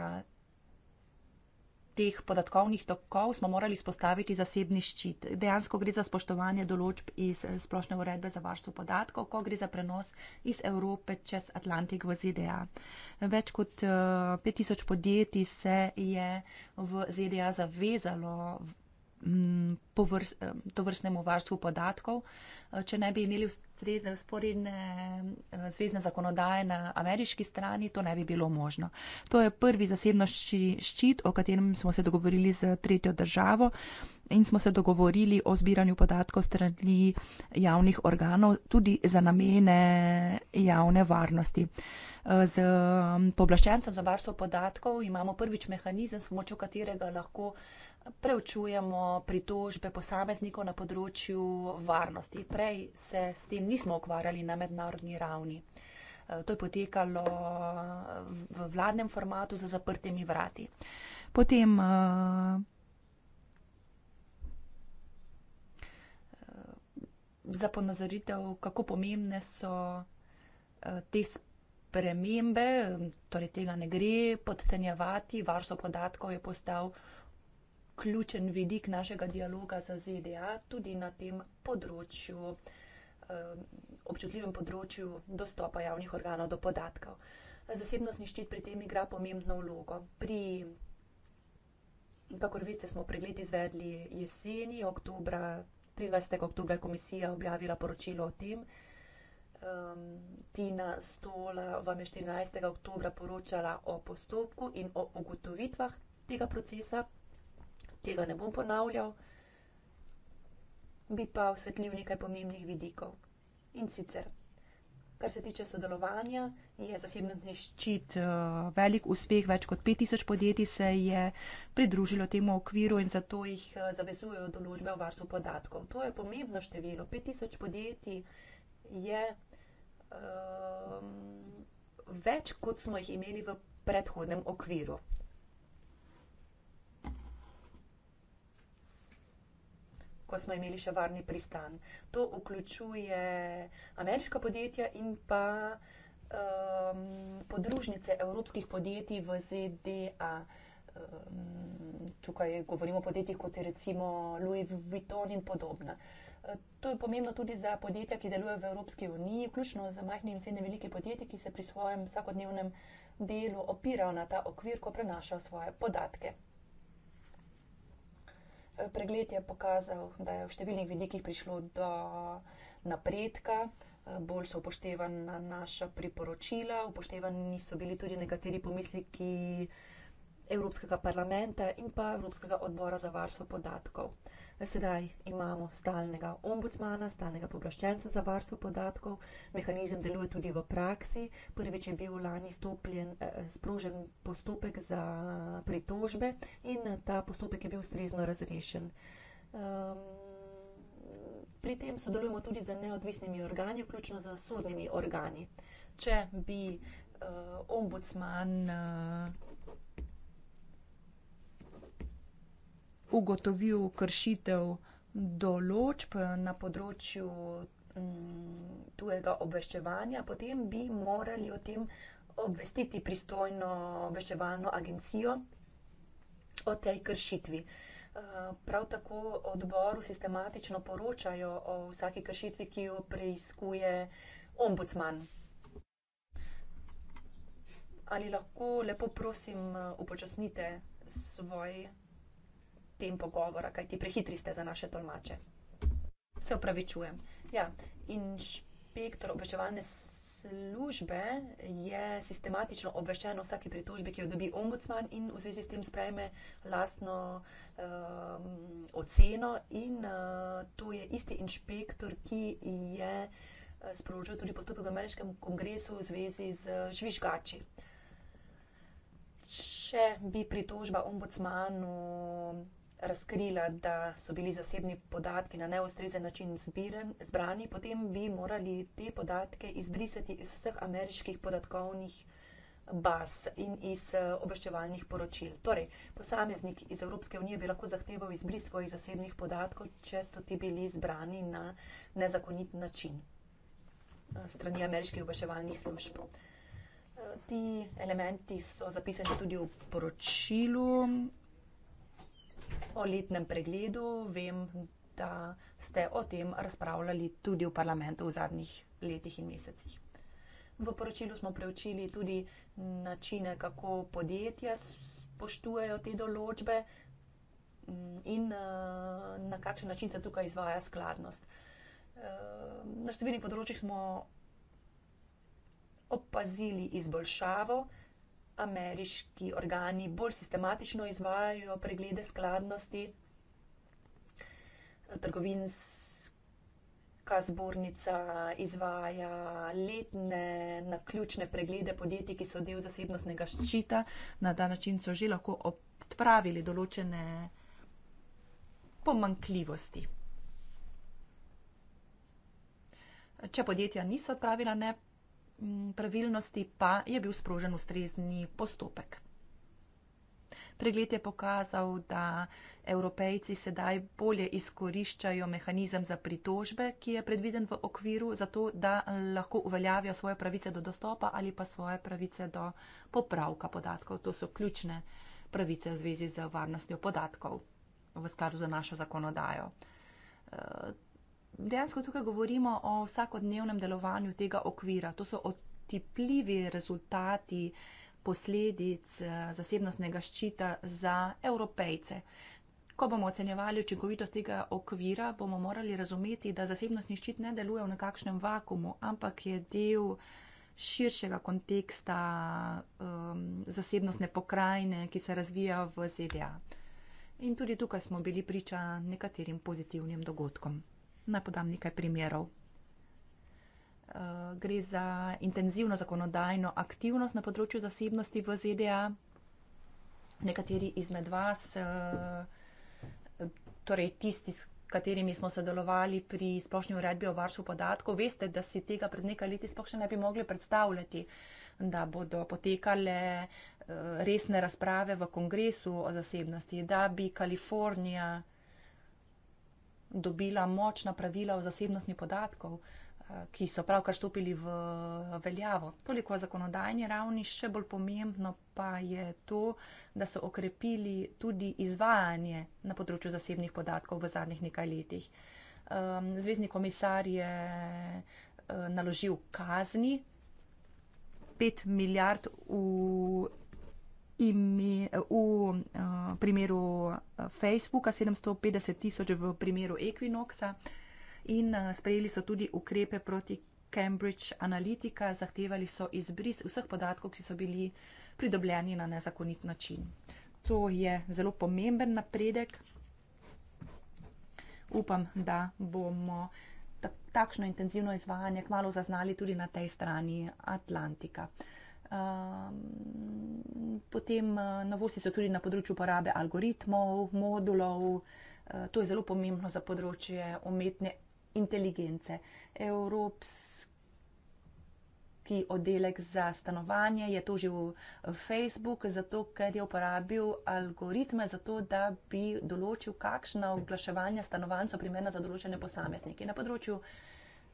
teh podatkovnih tokov smo morali spostaviti zasebni ščit. Dejansko gre za spoštovanje določb iz eh, splošne uredbe za varstvo podatkov, ko gre za prenos iz Evrope čez Atlantik v ZDA. Več kot 5000 eh, podjetij se je v ZDA zavezalo Mm, po vrst, to vrstnemu varstvu podatkov, eh, če ne bi imeli ustrezne usporedne eh, zvezdne zakonodaje na ameriški strani, to ne bi bilo možno. To je prvi zasebno ščit, o katerem smo se dogovorili z tretjo državo in smo se dogovorili o zbiranju podatkov strani javnih organov tudi za namene javne varnosti. Eh, z pooblaščencem za varstvo podatkov imamo prvič mehanizem, s pomočjo katerega lahko preučujemo pritožbe posameznikov na področju varnosti. Prej se s tem nismo ukvarjali na mednarodni ravni. Eh, to je potekalo v vladnem formatu za zaprtimi vrati. Potem uh, za ponazoritev, kako pomembne so uh, te spremembe, torej tega ne gre podcenjevati, varstvo podatkov je postal uh, ključen vidik našega dialoga za ZDA, tudi na tem področju, eh, občutljivem področju dostopa javnih organov do podatkov. Zasebnostni ščit pri tem igra pomembno vlogo. Pri, kakor veste, smo pregled izvedli jeseni, oktobra, 23. oktober je komisija objavila poročilo o tem. Um, Tina Stola vam je 14. oktober poročala o postopku in o ugotovitvah tega procesa tega ne bom ponavljal, bi pa osvetlil nekaj pomembnih vidikov. In sicer, kar se tiče sodelovanja, je zasebnostni ščit eh, velik uspeh, več kot 5000 podjetij se je pridružilo temu okviru in zato jih eh, zavezujejo določbe o varstvu podatkov. To je pomembno število. 5000 podjetij je um, več, kot smo jih imeli v predhodnem okviru. ko smo imeli še varni pristan. To vključuje ameriška podjetja in pa um, podružnice evropskih podjetij v ZDA. Um, tukaj govorimo o podjetjih kot je recimo Louis Vuitton in podobna. Uh, to je pomembno tudi za podjetja, ki delujejo v Evropski uniji, vključno z majhnimi in srednjimi velikimi podjetji, ki se pri svojem vsakodnevnem delu opirajo na ta okvir, ko prenašajo svoje podatke pregled je pokazal, da je v številnih vidikih prišlo do napredka, eh, bolj so upoštevana naša priporočila, upoštevani so bili tudi nekateri pomisliki Evropskega parlamenta in pa Evropskega odbora za varstvo podatkov. Sedaj imamo stalnega ombudsmana, stalnega pooblaščenca za varstvo podatkov. Mehanizem deluje tudi v praksi. Prvič je bil lani stopljen, eh, eh, sprožen postopek za eh, pritožbe in ta postopek je bil ustrezno razrešen. Um, pri tem sodelujemo tudi z neodvisnimi organi, vključno z sodnimi organi. Če bi uh, ombudsman uh, ugotovil kršitev določb na področju mm, tujega obveščevanja, potem bi morali o tem obvestiti pristojno obveščevalno agencijo o tej kršitvi. Eh, prav tako odboru sistematično poročajo o vsaki kršitvi, ki jo preiskuje ombudsman. Ali lahko lepo prosim eh, upočasnite svoj tempo govora, kaj ti prehitri ste za naše tolmače. Se upravičujem. Ja, inšpektor obveščevalne službe je sistematično obveščen o vsaki pritožbi, ki jo dobi ombudsman in v zvezi s tem sprejme lastno um, oceno. In uh, to je isti inšpektor, ki je eh, sporočil tudi postopek v ameriškem kongresu v zvezi z eh, žvižgači. Če bi pritožba ombudsmanu razkrila, da so bili zasebni podatki na neustrezen način zbiren, zbrani, potem bi morali te podatke izbrisati iz vseh ameriških podatkovnih baz in iz eh, obveščevalnih poročil. Torej, posameznik iz Evropske unije bi lahko zahteval izbris svojih zasebnih podatkov, če so ti bili zbrani na nezakonit način eh, strani ameriških obveščevalnih služb. Eh, ti elementi so zapisani tudi v poročilu, O letnem pregledu vem, da ste o tem razpravljali tudi v parlamentu v zadnjih letih in mesecih. V poročilu smo preučili tudi načine, kako podjetja spoštujejo te določbe mm, in eh, na kakšen način se tukaj izvaja skladnost. Eh, na številnih področjih smo opazili izboljšavo, ameriški organi bolj sistematično izvajajo preglede skladnosti trgovin. Ka zbornica izvaja letne naključne preglede podjetij, ki so del zasebnostnega ščita. Na ta način so že lahko odpravili določene pomankljivosti. Če podjetja niso odpravila ne pravilnosti pa je bil sprožen ustrezni postopek. Pregled je pokazal, da evropejci sedaj bolje izkoriščajo mehanizem za pritožbe, ki je predviden v okviru, zato da lahko uveljavijo svoje pravice do dostopa ali pa svoje pravice do popravka podatkov. To so ključne pravice v zvezi z varnostjo podatkov v skladu z našo zakonodajo. E, dejansko tukaj govorimo o vsakodnevnem delovanju tega okvira. To so otipljivi rezultati posledic eh, zasebnostnega ščita za evropejce. Ko bomo ocenjevali učinkovitost tega okvira, bomo morali razumeti, da zasebnostni ščit ne deluje v nekakšnem vakumu, ampak je del širšega konteksta um, zasebnostne pokrajine, ki se razvija v ZDA. In tudi tukaj smo bili priča nekaterim pozitivnim dogodkom. Naj podam nekaj primerov. Eh, gre za intenzivno zakonodajno aktivnost na področju zasebnosti v ZDA. Nekateri izmed vas, eh, torej tisti, s katerimi smo sodelovali pri splošni uredbi o varstvu podatkov, veste, da si tega pred nekaj leti sploh še ne bi mogli predstavljati, da bodo potekale eh, resne razprave v kongresu o zasebnosti, da bi Kalifornija dobila močna pravila o zasebnosti podatkov, eh, ki so pravkar stopili v veljavo. Toliko o zakonodajni ravni, še bolj pomembno pa je to, da so okrepili tudi izvajanje na področju zasebnih podatkov v zadnjih nekaj letih. Ehm, zvezdni komisar je eh, naložil kazni 5 milijard v ime, v eh, primeru eh, Facebooka 750 tisoč v primeru Equinoxa in eh, sprejeli so tudi ukrepe proti Cambridge Analytica, zahtevali so izbris vseh podatkov, ki so bili pridobljeni na nezakonit način. To je zelo pomemben napredek. Upam, da bomo takšno intenzivno izvajanje kmalo zaznali tudi na tej strani Atlantika. Ehm, potem eh, novosti so tudi na področju uporabe algoritmov, modulov. Eh, to je zelo pomembno za področje umetne inteligence. Evropski oddelek za stanovanje je tožil eh, Facebook, zato ker je uporabil algoritme za to, da bi določil, kakšna oglaševanja stanovanj so primerna za določene posameznike. Na področju uh,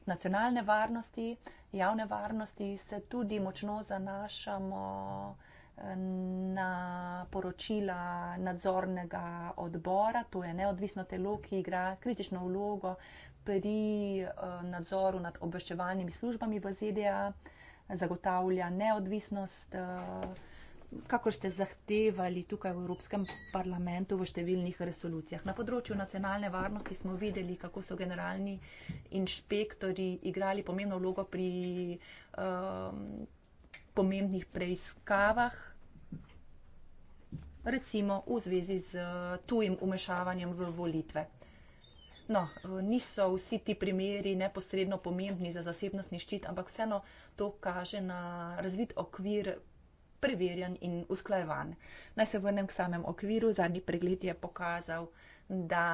nacionalne varnosti, javne varnosti, se tudi močno zanašamo eh, na poročila nadzornega odbora. To je neodvisno telo, ki igra kritično vlogo pri eh, nadzoru nad obveščevalnimi službami v ZDA, zagotavlja neodvisnost. Eh, kakor ste zahtevali tukaj v Evropskem parlamentu v številnih resolucijah. Na področju nacionalne varnosti smo videli, kako so generalni inšpektori igrali pomembno vlogo pri um, pomembnih preiskavah, recimo v zvezi z uh, tujim umešavanjem v volitve. No, uh, niso vsi ti primeri neposredno pomembni za zasebnostni ščit, ampak vseeno to kaže na razvit okvir preverjen in usklajevan. Naj se vrnem k samem okviru. Zadnji pregled je pokazal, da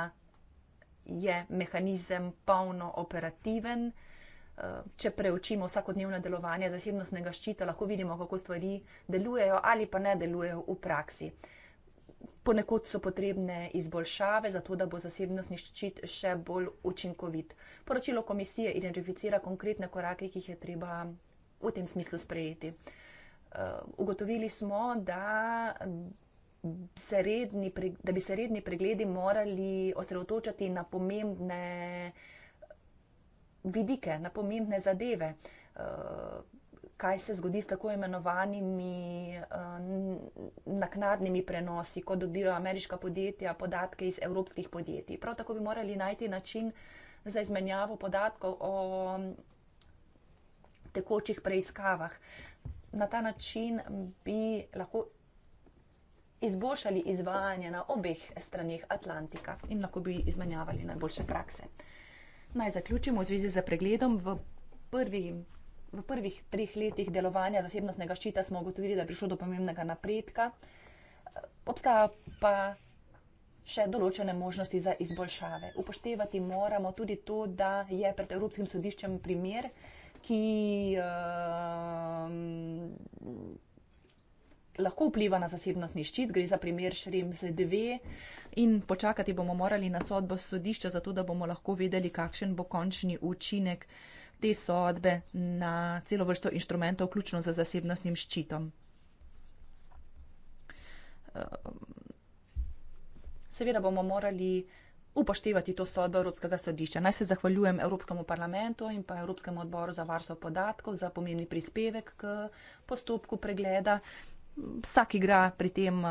je mehanizem polno operativen. Eh, če preučimo vsakodnevno delovanje zasebnostnega ščita, lahko vidimo, kako stvari delujejo ali pa ne delujejo v praksi. Ponekod so potrebne izboljšave, zato da bo zasebnostni ščit še bolj učinkovit. Poročilo komisije identificira konkretne korake, ki jih je treba v tem smislu sprejeti. Eh, ugotovili smo, da, redni, da bi se redni pregledi morali osredotočati na pomembne eh, vidike, na pomembne zadeve. Eh, kaj se zgodi s tako imenovanimi uh, naknadnimi prenosi, ko dobijo ameriška podjetja podatke iz evropskih podjetij? Prav tako bi morali najti način za izmenjavo podatkov o mm, tekočih preiskavah. Uh, na ta način bi lahko izboljšali izvajanje na obeh stranih Atlantika in lahko bi izmenjavali najboljše prakse. Naj zaključimo v zvezi z pregledom. V, prvi, v prvih treh letih delovanja zasebnostnega ščita smo ugotovili, da je prišlo do pomembnega napredka. Obstaja pa še določene možnosti za izboljšave. Upoštevati moramo tudi to, da je pred Evropskim sodiščem primer, ki uh, lahko vpliva na zasebnostni ščit. Gre za primer Šrems 2 in počakati bomo morali na sodbo sodišča, zato da bomo lahko vedeli, kakšen bo končni učinek te sodbe na celo vrsto inštrumentov, vključno z za zasebnostnim ščitom. Uh, seveda bomo morali upoštevati to sodbo Evropskega sodišča. Naj se zahvaljujem Evropskemu parlamentu in pa Evropskemu odboru za varstvo podatkov za pomembni prispevek k postopku pregleda. Vsak igra pri tem uh,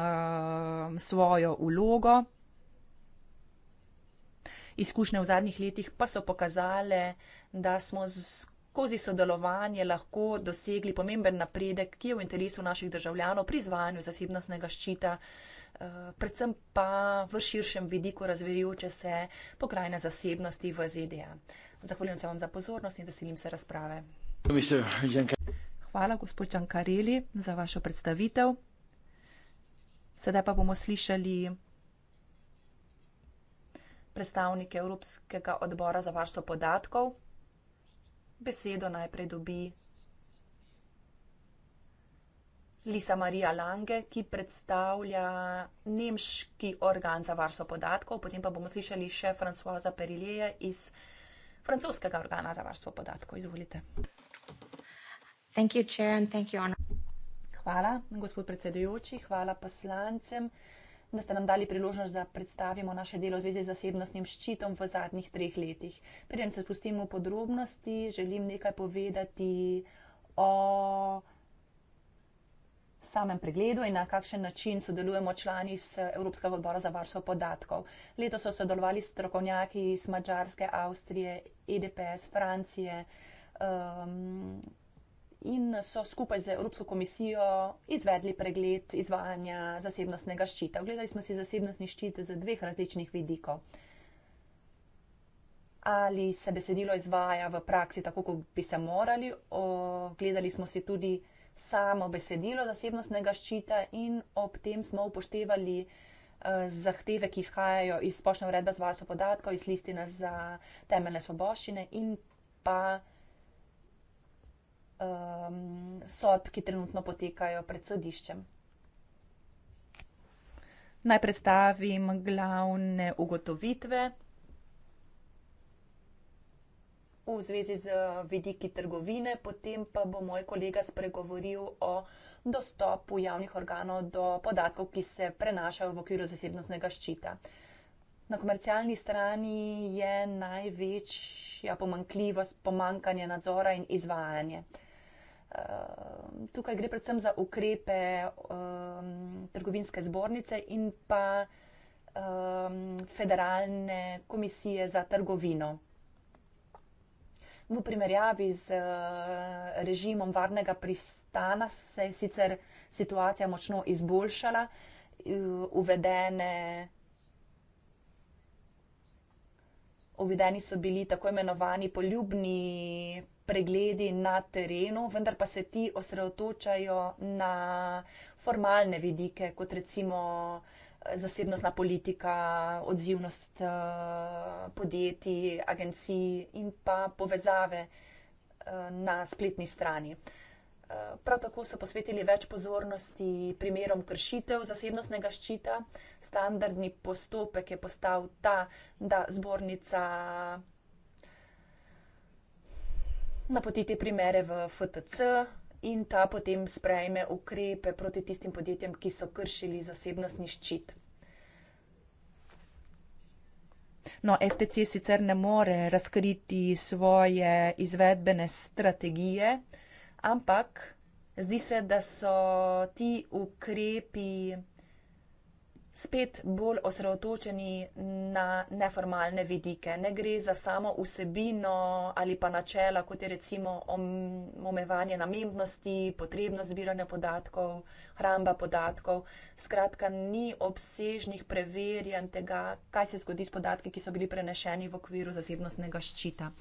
svojo ulogo. Izkušnje v zadnjih letih pa so pokazale, da smo skozi sodelovanje lahko dosegli pomemben napredek, ki je v interesu naših državljanov pri izvajanju zasebnostnega ščita. Uh, Eh, predvsem pa v širšem vidiku razvijajoče se pokrajne zasebnosti v ZDA. Zahvaljujem se vam za pozornost in veselim se razprave. Hvala, gospod Čankareli, za vašo predstavitev. Sedaj pa bomo slišali predstavnike Evropskega odbora za varstvo podatkov. Besedo najprej dobi Lisa Marija Lange, ki predstavlja nemški organ za varstvo podatkov, potem pa bomo slišali še Francoza Perilije iz francoskega organa za varstvo podatkov. Izvolite. You, chair, hvala, gospod predsedujoči, hvala poslancem, da ste nam dali priložnost, da predstavimo naše delo v zvezi z zasebnostnim ščitom v zadnjih treh letih. Preden se spustimo v podrobnosti, želim nekaj povedati o samem pregledu in na kakšen način sodelujemo člani z Evropskega odbora za varstvo podatkov. Leto so sodelovali strokovnjaki iz Mačarske, Avstrije, EDPS, Francije um, in so skupaj z Evropsko komisijo izvedli pregled izvajanja zasebnostnega ščita. Ogledali smo si zasebnostni ščit z dveh različnih vidikov. Ali se besedilo izvaja v praksi tako, kot bi se morali, o, gledali smo si tudi samo besedilo zasebnostnega ščita in ob tem smo upoštevali uh, zahteve, ki izhajajo iz splošne uredbe z vaso podatkov, iz listine za temeljne svoboščine in pa um, sodb, ki trenutno potekajo pred sodiščem. Naj predstavim glavne ugotovitve v zvezi z eh, vidiki trgovine, potem pa bo moj kolega spregovoril o dostopu javnih organov do podatkov, ki se prenašajo v okviru zasebnostnega ščita. Na komercialni strani je največja pomankljivost pomankanje nadzora in izvajanje. Eh, tukaj gre predvsem za ukrepe um, trgovinske zbornice in pa um, federalne komisije za trgovino v primerjavi z eh, režimom varnega pristana se je sicer situacija močno izboljšala, eh, uvedene. Uvedeni so bili tako imenovani poljubni pregledi na terenu, vendar pa se ti osredotočajo na formalne vidike, kot recimo uh, zasebnostna politika, odzivnost uh, podjetij, agencij in pa povezave uh, na spletni strani. Uh, prav tako so posvetili več pozornosti primerom kršitev zasebnostnega ščita. Standardni postopek je postal ta, da zbornica napoti te primere v FTC in ta potem sprejme ukrepe proti tistim podjetjem, ki so kršili zasebnostni ščit. No, FTC sicer ne more razkriti svoje izvedbene strategije, ampak zdi se, da so ti ukrepi spet bolj osredotočeni na neformalne vidike. Ne gre za samo vsebino ali pa načela, kot je recimo omejevanje namembnosti, potrebnost zbiranja podatkov, hramba podatkov. Skratka, ni obsežnih preverjanj tega, kaj se zgodi s podatki, ki so bili prenešeni v okviru zasebnostnega ščita.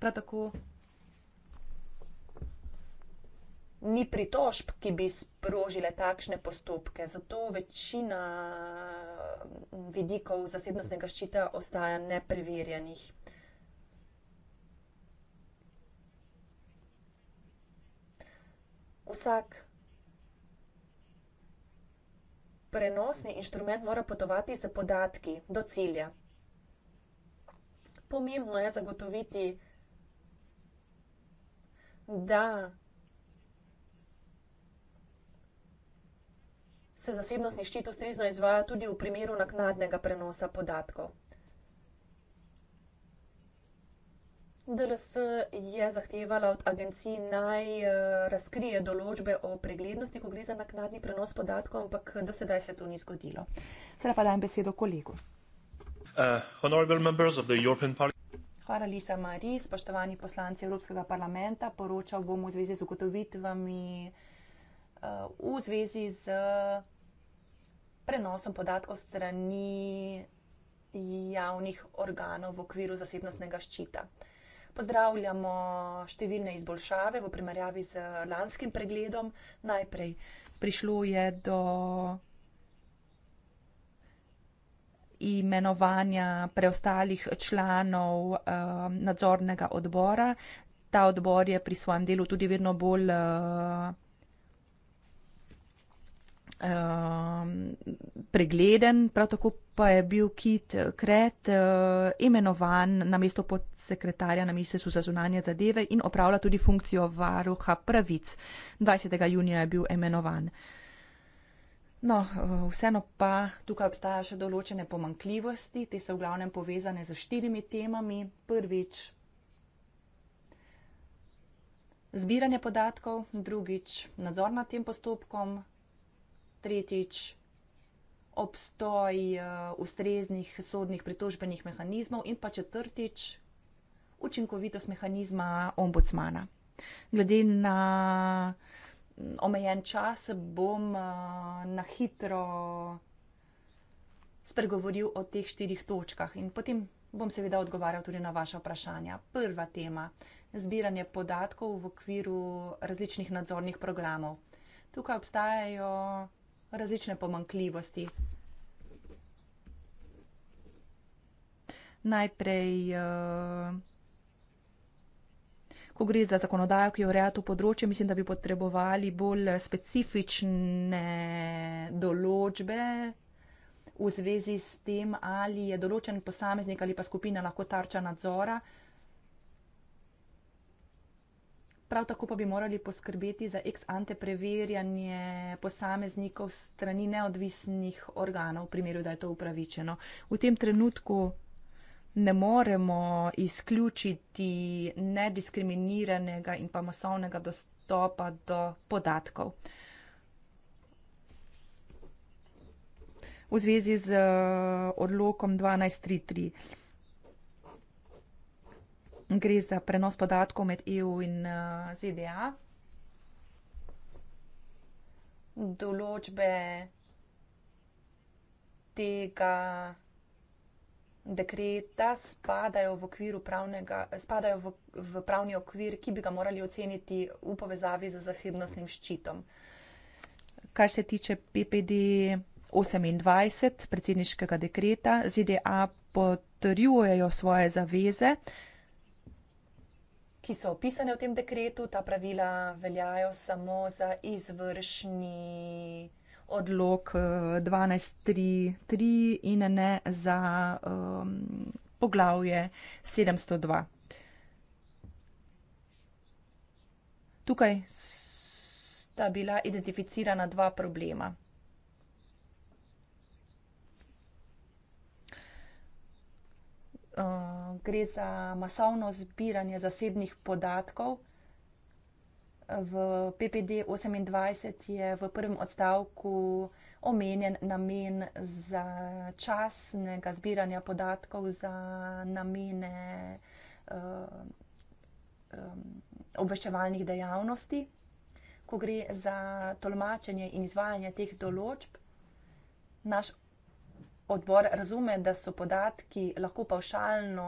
Prav tako ni pritožb, ki bi sprožile takšne postopke. Zato večina mm, vidikov zasebnostnega ščita ostaja nepreverjenih. Vsak prenosni inštrument mora potovati z podatki do cilja. Pomembno je zagotoviti, da se zasebnostni ščit ustrezno izvaja tudi v primeru naknadnega prenosa podatkov. DLS je zahtevala od agencij naj eh, razkrije določbe o preglednosti, ko gre za naknadni prenos podatkov, ampak eh, do sedaj se to ni zgodilo. Zdaj pa dajem besedo kolegu. Uh, Hvala, Lisa Mari, spoštovani poslanci Evropskega parlamenta. Poročal bom v zvezi z ugotovitvami v zvezi z prenosom podatkov strani javnih organov v okviru zasebnostnega ščita. Pozdravljamo številne izboljšave v primerjavi z lanskim pregledom. Najprej prišlo je do imenovanja preostalih članov eh, nadzornega odbora. Ta odbor je pri svojem delu tudi vedno bolj eh, Um, pregleden, prav tako pa je bil Kit Kret uh, imenovan na mesto podsekretarja na ministrstvu za zunanje zadeve in opravlja tudi funkcijo varuha pravic. 20. junija je bil imenovan. No, uh, vseeno pa tukaj obstaja še določene pomankljivosti, te so v glavnem povezane z štirimi temami. Prvič, zbiranje podatkov, drugič, nadzor nad tem postopkom, tretjič, obstoj eh, ustreznih sodnih pritožbenih mehanizmov in pa četrtič, učinkovitost mehanizma ombudsmana. Glede na mm, omejen čas bom eh, na hitro spregovoril o teh štirih točkah in potem bom seveda odgovarjal tudi na vaše vprašanja. Prva tema - zbiranje podatkov v okviru različnih nadzornih programov. Tukaj obstajajo različne pomankljivosti. Najprej, eh, ko gre za zakonodajo, ki ureja to področje, mislim, da bi potrebovali bolj specifične določbe v zvezi s tem, ali je določen posameznik ali pa skupina lahko tarča nadzora. Prav tako pa bi morali poskrbeti za ex ante preverjanje posameznikov strani neodvisnih organov, v primeru, da je to upravičeno. V tem trenutku ne moremo izključiti nediskriminiranega in pa masovnega dostopa do podatkov. V zvezi z eh, odlokom 1233 gre za prenos podatkov med EU in uh, eh, ZDA. Določbe tega dekreta spadajo v, pravnega, spadajo v, v pravni okvir, ki bi ga morali oceniti v povezavi z zasebnostnim ščitom. Kar se tiče PPD 28 predsedniškega dekreta, ZDA potrjujejo svoje zaveze, ki so opisane v tem dekretu. Ta pravila veljajo samo za izvršni odlog 12.3.3 eh, in ne za um, poglavje 702. Tukaj sta bila identificirana dva problema. Eh, gre za masovno zbiranje zasebnih podatkov. V PPD 28 je v prvem odstavku omenjen namen za časnega zbiranja podatkov za namene uh, um, obveščevalnih dejavnosti. Ko gre za tolmačenje in izvajanje teh določb, naš odbor razume, da so podatki lahko pavšalno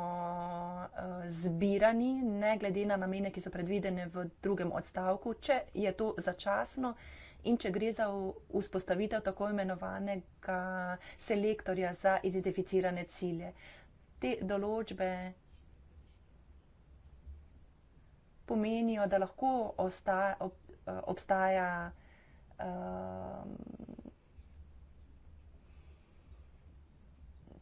eh, zbirani, ne glede na namene, ki so predvidene v drugem odstavku, če je to začasno in če gre za vzpostavitev tako imenovanega selektorja za identificirane cilje. Te določbe pomenijo, da lahko eh, obstaja eh,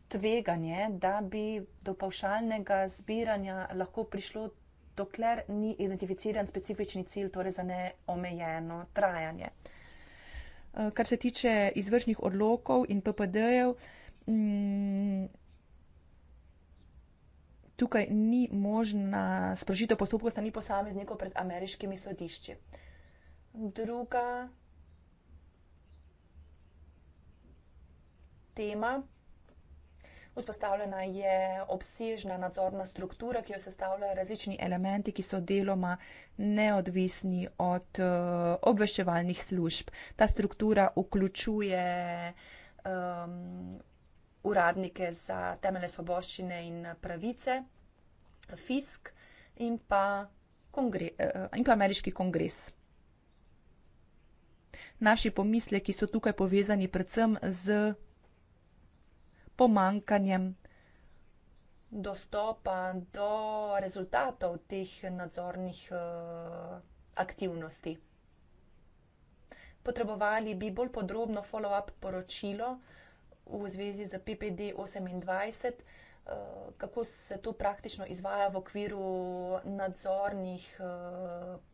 tveganje, da bi do pavšalnega zbiranja lahko prišlo, dokler ni identificiran specifični cilj, torej za neomejeno trajanje. Eh, kar se tiče izvršnih odlokov in PPD-jev, mm, tukaj ni možna sprožitev postopkov strani posameznikov pred ameriškimi sodišči. Druga tema Vzpostavljena je obsežna nadzorna struktura, ki jo sestavljajo različni elementi, ki so deloma neodvisni od uh, obveščevalnih služb. Ta struktura vključuje um, uradnike za temeljne svoboščine in pravice, FISK in pa, kongre, uh, in pa ameriški kongres. Naši pomisleki so tukaj povezani predvsem z pomankanjem dostopa do rezultatov teh nadzornih eh, aktivnosti. Potrebovali bi bolj podrobno follow-up poročilo v zvezi z PPD 28. Eh, kako se to praktično izvaja v okviru nadzornih eh,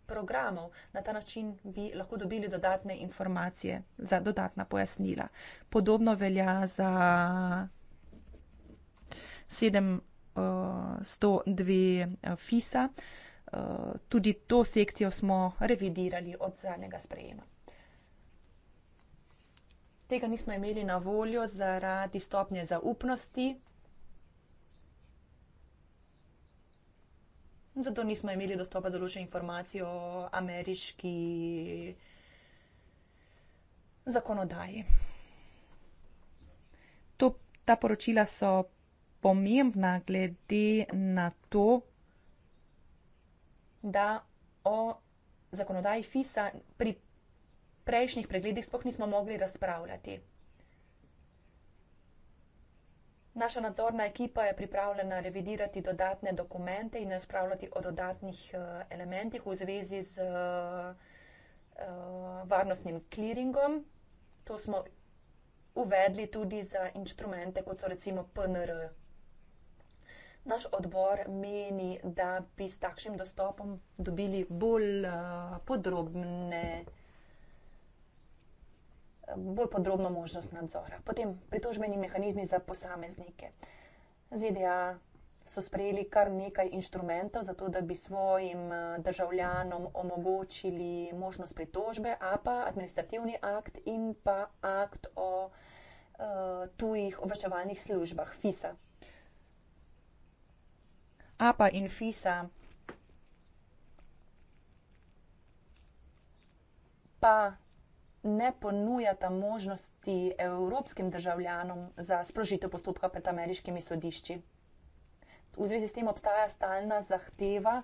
programov. Na ta način bi lahko dobili dodatne informacije za dodatna pojasnila. Podobno velja za 702 eh, FISA. Tudi to sekcijo smo revidirali od zadnjega sprejema. Tega nismo imeli na voljo zaradi stopnje zaupnosti, zato nismo imeli dostopa do določene informacije o ameriški zakonodaji. To, ta poročila so pomembna glede na to, da o zakonodaji FISA pri prejšnjih pregledih spoh nismo mogli razpravljati. Naša nadzorna ekipa je pripravljena revidirati dodatne dokumente in razpravljati o dodatnih eh, elementih v zvezi z eh, eh, varnostnim kliringom. To smo uvedli tudi za inštrumente, kot so recimo PNR. Naš odbor meni, da bi s takšnim dostopom dobili bolj podrobne informacije bolj podrobno možnost nadzora. Potem pritožbeni mehanizmi za posameznike. ZDA so sprejeli kar nekaj inštrumentov, zato da bi svojim eh, državljanom omogočili možnost pritožbe, a pa administrativni akt in pa akt o uh, tujih obveščevalnih službah, FISA. APA in FISA pa ne ponujata možnosti evropskim državljanom za sprožitev postopka pred ameriškimi sodišči. V zvezi s tem obstaja stalna zahteva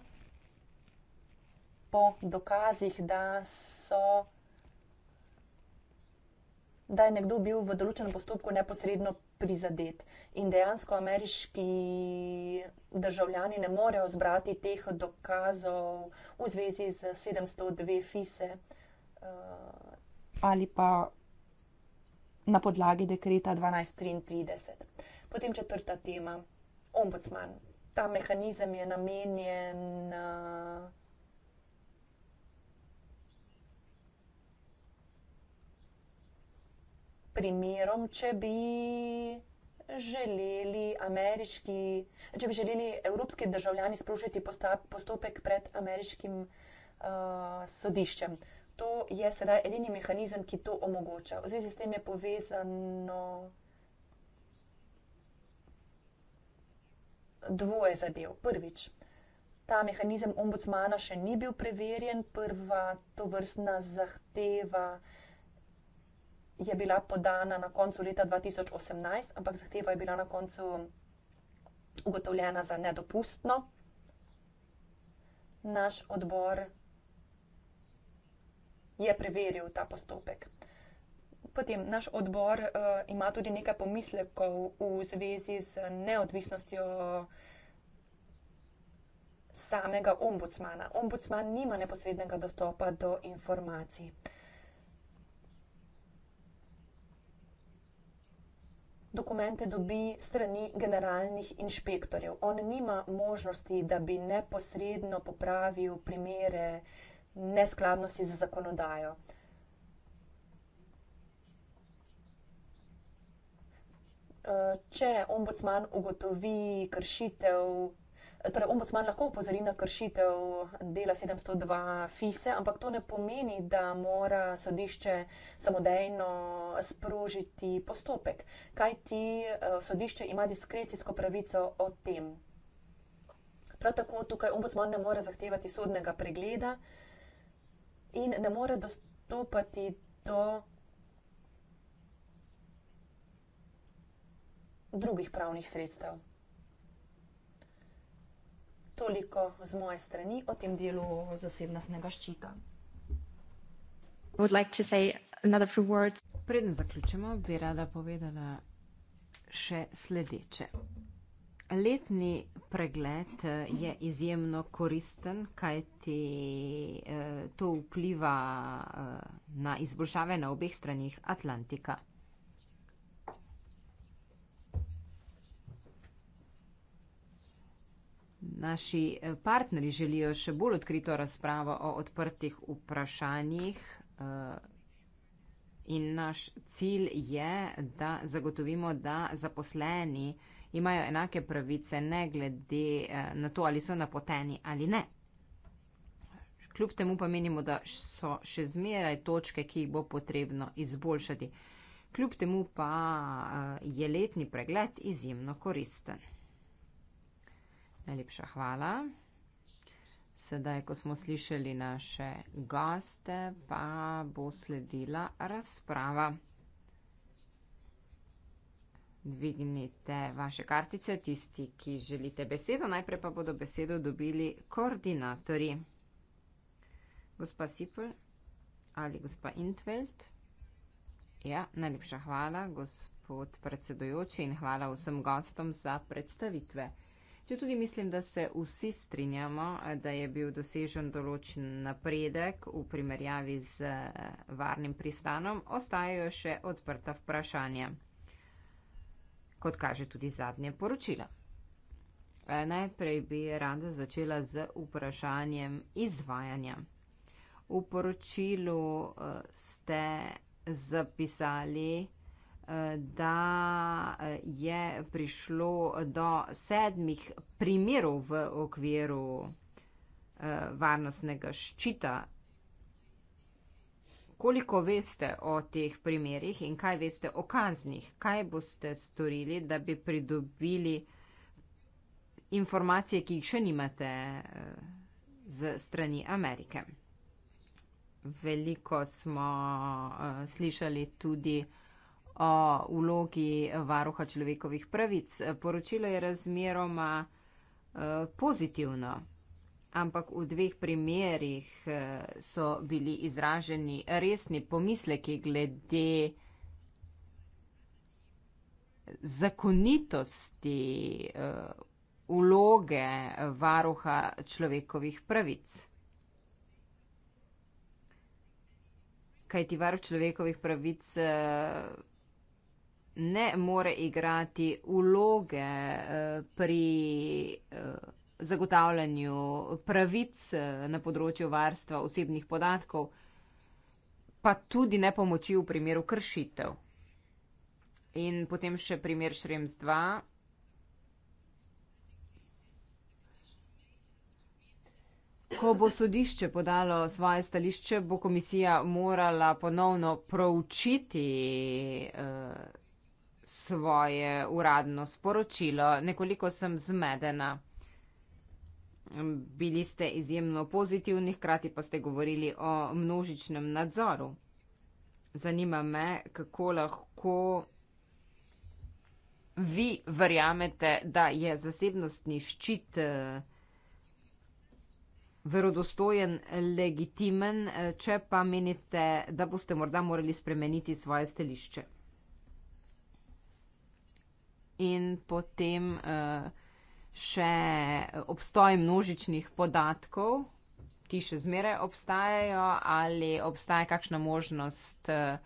po dokazih, da, so, da je nekdo bil v določenem postopku neposredno prizadet. In dejansko ameriški državljani ne morejo zbrati teh dokazov v zvezi z 702 fise. Uh, ali pa na podlagi dekreta 1233. Potem četrta tema, ombudsman. Ta mehanizem je namenjen. Eh, primerom, če bi želeli ameriški, če bi želeli evropski državljani sprožiti postopek pred ameriškim uh, sodiščem. Uh, to je sedaj edini mehanizem, ki to omogoča. V zvezi s tem je povezano dvoje zadev. Prvič, ta mehanizem ombudsmana še ni bil preverjen, prva to vrstna zahteva je bila podana na koncu leta 2018, ampak zahteva je bila na koncu ugotovljena za nedopustno. Naš odbor je preveril ta postopek. Potem naš odbor uh, ima tudi nekaj pomislekov v zvezi z neodvisnostjo samega ombudsmana. Ombudsman nima neposrednega dostopa do informacij. Dokumente dobi strani generalnih inšpektorjev. On nima možnosti, da bi neposredno popravil primere uh, neskladnosti z zakonodajo. Eh, če ombudsman ugotovi kršitev, torej ombudsman lahko upozori na kršitev dela 702 FISE, ampak to ne pomeni, da mora sodišče samodejno sprožiti postopek, kaj ti eh, sodišče ima diskrecijsko pravico o tem. Prav tako tukaj ombudsman ne more zahtevati sodnega pregleda, uh, in ne more dostopati do drugih pravnih sredstev. Toliko z moje strani o tem delu zasebnostnega ščita. Preden zaključimo, bi rada povedala še sledeče. Letni pregled eh, je izjemno koristen, kajti eh, to vpliva eh, na izboljšave na obeh stranih Atlantika. Naši partnerji želijo še bolj odkrito razpravo o odprtih vprašanjih. In naš cilj je, da zagotovimo, da zaposleni imajo enake pravice, ne glede eh, na to, ali so napoteni ali ne. Kljub temu pa menimo, da so še zmeraj točke, ki jih bo potrebno izboljšati. Kljub temu pa eh, je letni pregled izjemno koristen. Najlepša hvala. Sedaj, ko smo slišali naše goste, pa bo sledila razprava dvignite vaše kartice, tisti, ki želite besedo. Najprej pa bodo besedo dobili koordinatorji. Gospa Sipl ali gospa Intveld. Ja, najlepša hvala, gospod predsedojoči, in hvala vsem gostom za predstavitve. Če tudi mislim, da se vsi strinjamo, da je bil dosežen določen napredek v primerjavi z eh, varnim pristanom, ostajajo še odprta vprašanja kot kaže tudi zadnje poročilo. E, najprej bi rada začela z vprašanjem izvajanja. V poročilu e, ste zapisali, e, da je prišlo do sedmih primerov v okviru varnostnega ščita koliko veste o teh primerjih in kaj veste o kaznih? Kaj boste storili, da bi pridobili informacije, ki jih še nimate eh, z strani Amerike? Veliko smo eh, slišali tudi o vlogi varuha človekovih pravic. Poročilo je razmeroma eh, pozitivno ampak v dveh primerjih eh, so bili izraženi resni pomisleki glede zakonitosti uloge eh, varuha človekovih pravic. Kajti varuh človekovih pravic eh, ne more igrati uloge pri zagotavljanju pravic eh, na področju varstva osebnih podatkov, pa tudi ne pomoči v primeru kršitev. In potem še primer Šrems 2. Ko bo sodišče podalo svoje stališče, bo komisija morala ponovno proučiti eh, svoje uradno sporočilo. Nekoliko sem zmedena. Bili ste izjemno pozitivni, hkrati pa ste govorili o množičnem nadzoru. Zanima me, kako lahko vi verjamete, da je zasebnostni ščit eh, verodostojen, legitimen, eh, če pa menite, da boste morda morali spremeniti svoje stališče. In potem. Uh, še obstoj množičnih podatkov, ti še zmeraj obstajajo, ali obstaja kakšna možnost, eh,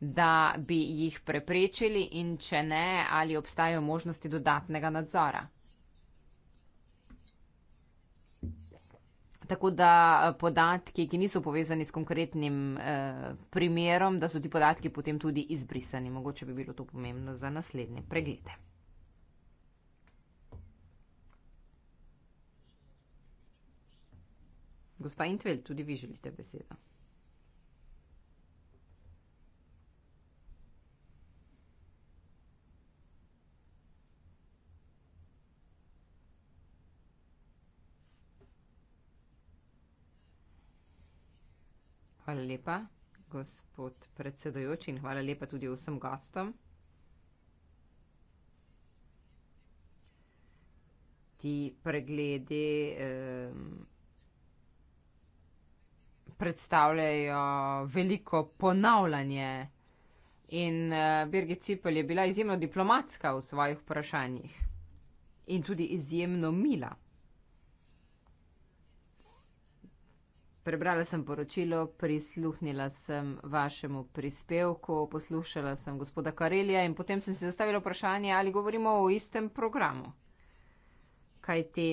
da bi jih preprečili, in če ne, ali obstajajo možnosti dodatnega nadzora. Tako da eh, podatki, ki niso povezani s konkretnim eh, primerom, da so ti podatki potem tudi izbrisani. Mogoče bi bilo to pomembno za naslednje preglede. Gospa Intvel, tudi vi želite besedo. Hvala lepa, gospod predsedojoči, in hvala lepa tudi vsem gostom. Ti pregledi. Eh, predstavljajo veliko ponavljanje. In eh, Birgit Cipel je bila izjemno diplomatska v svojih vprašanjih in tudi izjemno mila. Prebrala sem poročilo, prisluhnila sem vašemu prispevku, poslušala sem gospoda Karelija in potem sem si zastavila vprašanje, ali govorimo o istem programu. Kaj te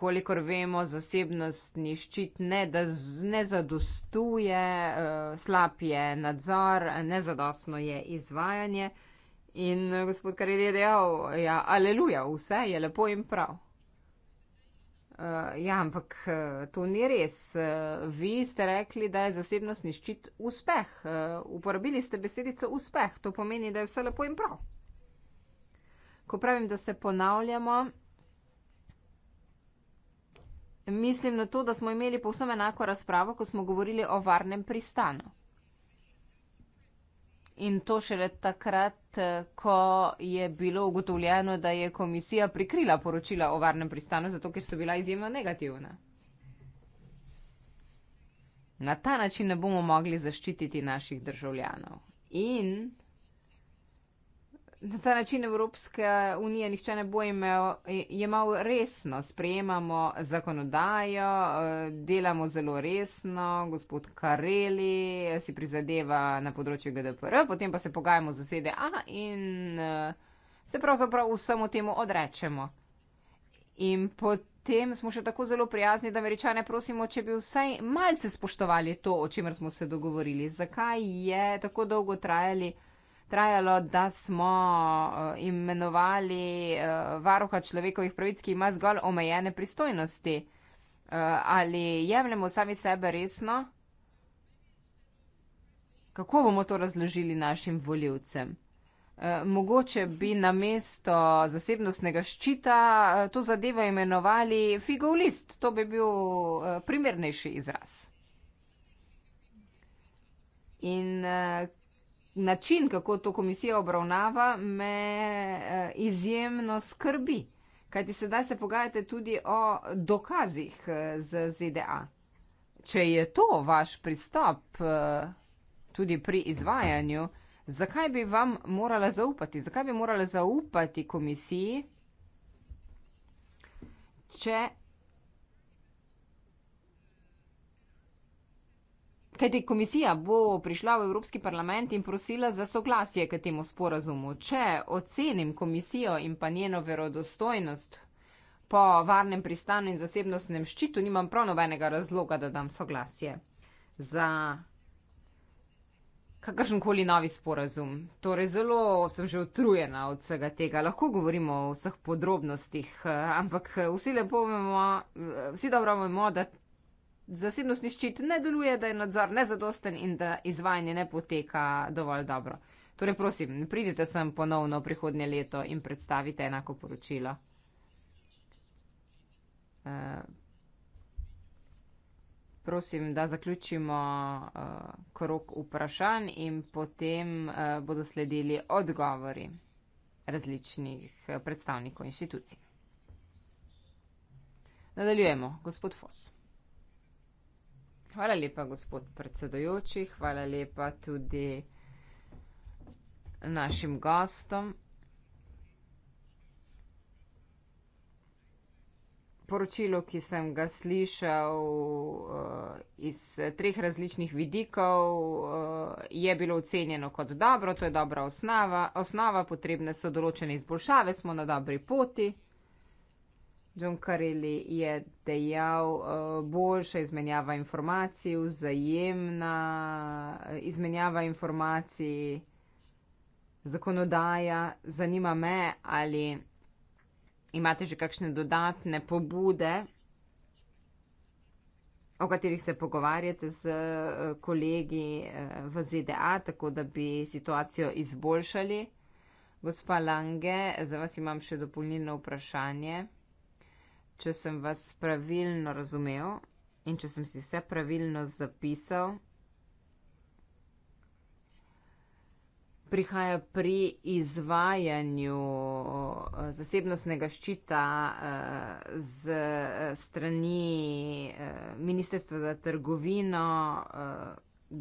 kolikor vemo, zasebnostni ščit ne, da, ne zadostuje, eh, slab je nadzor, nezadostno je izvajanje. In eh, gospod Karel je dejal, ja, aleluja, vse je lepo in prav. Eh, ja, ampak to ni res. Vi ste rekli, da je zasebnostni ščit uspeh. Uporabili ste besedico uspeh, to pomeni, da je vse lepo in prav. Ko pravim, da se ponavljamo, Mislim na to, da smo imeli povsem enako razpravo, ko smo govorili o varnem pristanu. In to šele takrat, eh, ko je bilo ugotovljeno, da je komisija prikrila poročila o varnem pristanu, zato ker so bila izjemno negativna. Na ta način ne bomo mogli zaščititi naših državljanov. In na ta način Evropske unije nihče ne bo imel, je imel resno. Sprejemamo zakonodajo, eh, delamo zelo resno, gospod Kareli eh, si prizadeva na področju GDPR, potem pa se pogajamo z ZDA in eh, se pravzaprav vsemu temu odrečemo. In potem smo še tako zelo prijazni, da američane prosimo, če bi vsaj malce spoštovali to, o čemer smo se dogovorili. Zakaj je tako dolgo trajali? trajalo, da smo uh, imenovali uh, varuha človekovih pravic, ki ima zgolj omejene pristojnosti. Uh, ali jemljemo sami sebe resno? Kako bomo to razložili našim voljivcem? Mogoče bi na mesto zasebnostnega ščita to zadevo imenovali figov list. To bi bil primernejši izraz. In način, kako to komisija obravnava, me eh, izjemno skrbi. Kaj ti sedaj se pogajate tudi o dokazih eh, z ZDA? Če je to vaš pristop eh, tudi pri izvajanju, zakaj bi vam morala zaupati? Zakaj bi morala zaupati komisiji, če Kajti komisija bo prišla v Evropski parlament in prosila za soglasje k temu sporazumu. Če ocenim komisijo in pa njeno verodostojnost po varnem pristanu in zasebnostnem ščitu, nimam prav nobenega razloga, da dam soglasje za kakršenkoli novi sporazum. Torej, zelo sem že utrujena od vsega tega. Lahko govorimo o vseh podrobnostih, eh, ampak eh, vsi lepo vemo, eh, vsi dobro vemo, da zasebnostni ščit ne deluje, da je nadzor nezadosten in da izvajanje ne poteka dovolj dobro. Torej, prosim, pridite sem ponovno prihodnje leto in predstavite enako poročilo. Uh, prosim, da zaključimo uh, eh, krok vprašanj in potem uh, bodo sledili odgovori različnih predstavnikov inštitucij. Nadaljujemo, gospod Foss. Hvala lepa, gospod predsedojoči, hvala lepa tudi našim gostom. Poročilo, ki sem ga slišal eh, iz treh različnih vidikov, eh, je bilo ocenjeno kot dobro, to je dobra osnova, osnova potrebne so določene izboljšave, smo na dobri poti. John Kareli je dejal, eh, boljša izmenjava informacij, vzajemna eh, izmenjava informacij, zakonodaja. Zanima me, ali imate že kakšne dodatne pobude, o katerih se pogovarjate z eh, kolegi v ZDA, tako da bi situacijo izboljšali. Gospa Lange, za vas imam še dopolnilno vprašanje. Če sem vas pravilno razumel in če sem si vse pravilno zapisal, prihaja pri izvajanju eh, zasebnostnega ščita eh, z eh, strani Ministrstva za trgovino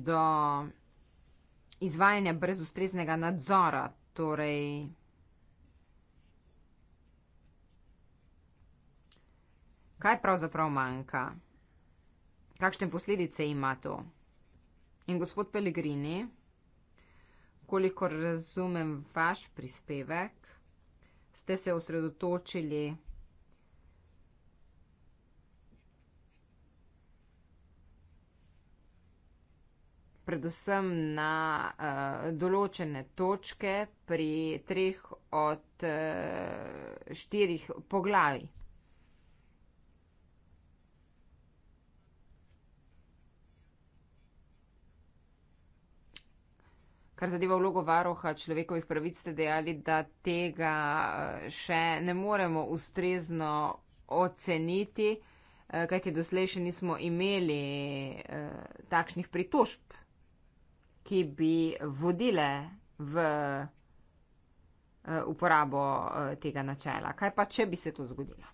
do izvajanja brez ustreznega nadzora. Torej, kaj pravzaprav manjka, kakšne posledice ima to. In gospod Pellegrini, kolikor razumem vaš prispevek, ste se osredotočili predvsem na uh, določene točke pri treh od uh, štirih poglavij. kar zadeva vlogo varoha človekovih pravic, ste dejali, da tega eh, še ne moremo ustrezno oceniti, eh, kajti doslej še nismo imeli eh, takšnih pritožb, ki bi vodile v uporabo tega načela. Kaj pa, če bi se to zgodilo?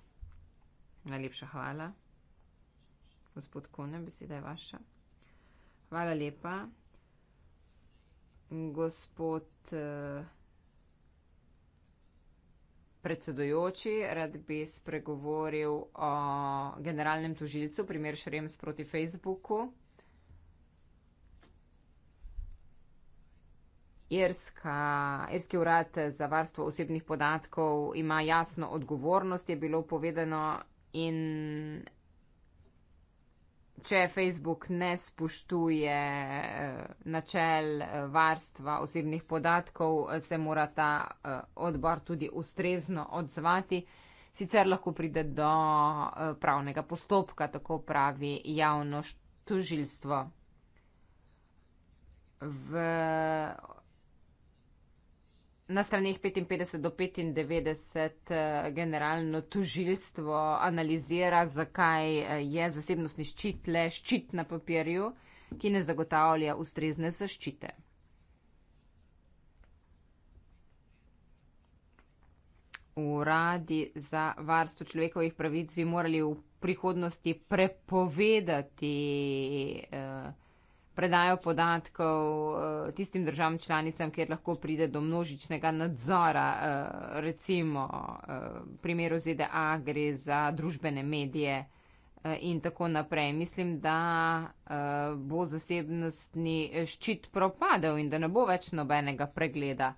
Najlepša hvala. Gospod Kone, beseda je vaša. Hvala lepa gospod eh, predsedojoči, rad bi spregovoril o generalnem tužilcu, primer Šrems proti Facebooku. Irska, Irski urad za varstvo osebnih podatkov ima jasno odgovornost, je bilo povedano in če Facebook ne spoštuje eh, načel eh, varstva osebnih podatkov, eh, se mora ta odbor tudi ustrezno odzvati. Sicer lahko pride do pravnega postopka, tako pravi javno tužilstvo. V Na straneh 55 do 95 eh, generalno tužilstvo analizira, zakaj eh, je zasebnostni ščit le ščit na papirju, ki ne zagotavlja ustrezne zaščite. Uradi za varstvo človekovih pravic bi morali v prihodnosti prepovedati. Eh, predajo podatkov eh, tistim državam članicam, kjer lahko pride do množičnega nadzora. Eh, recimo v eh, primeru ZDA gre za družbene medije in tako naprej. Mislim, da bo zasebnostni ščit propadel in da ne bo več nobenega pregleda.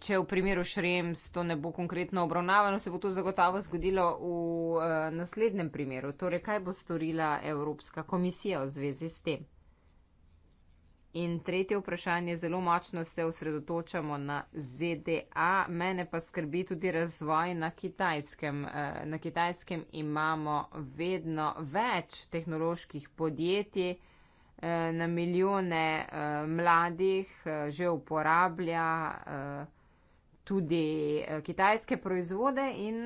Če v primeru Šrems to ne bo konkretno obravnavano, se bo to zagotavo zgodilo v eh, naslednjem primeru. Torej, kaj bo storila Evropska komisija v zvezi s tem? In tretje vprašanje, zelo močno se osredotočamo na ZDA, mene pa skrbi tudi razvoj na kitajskem. Eh, na kitajskem imamo vedno več tehnoloških podjetij. Eh, na milijone eh, mladih eh, že uporablja tudi kitajske proizvode in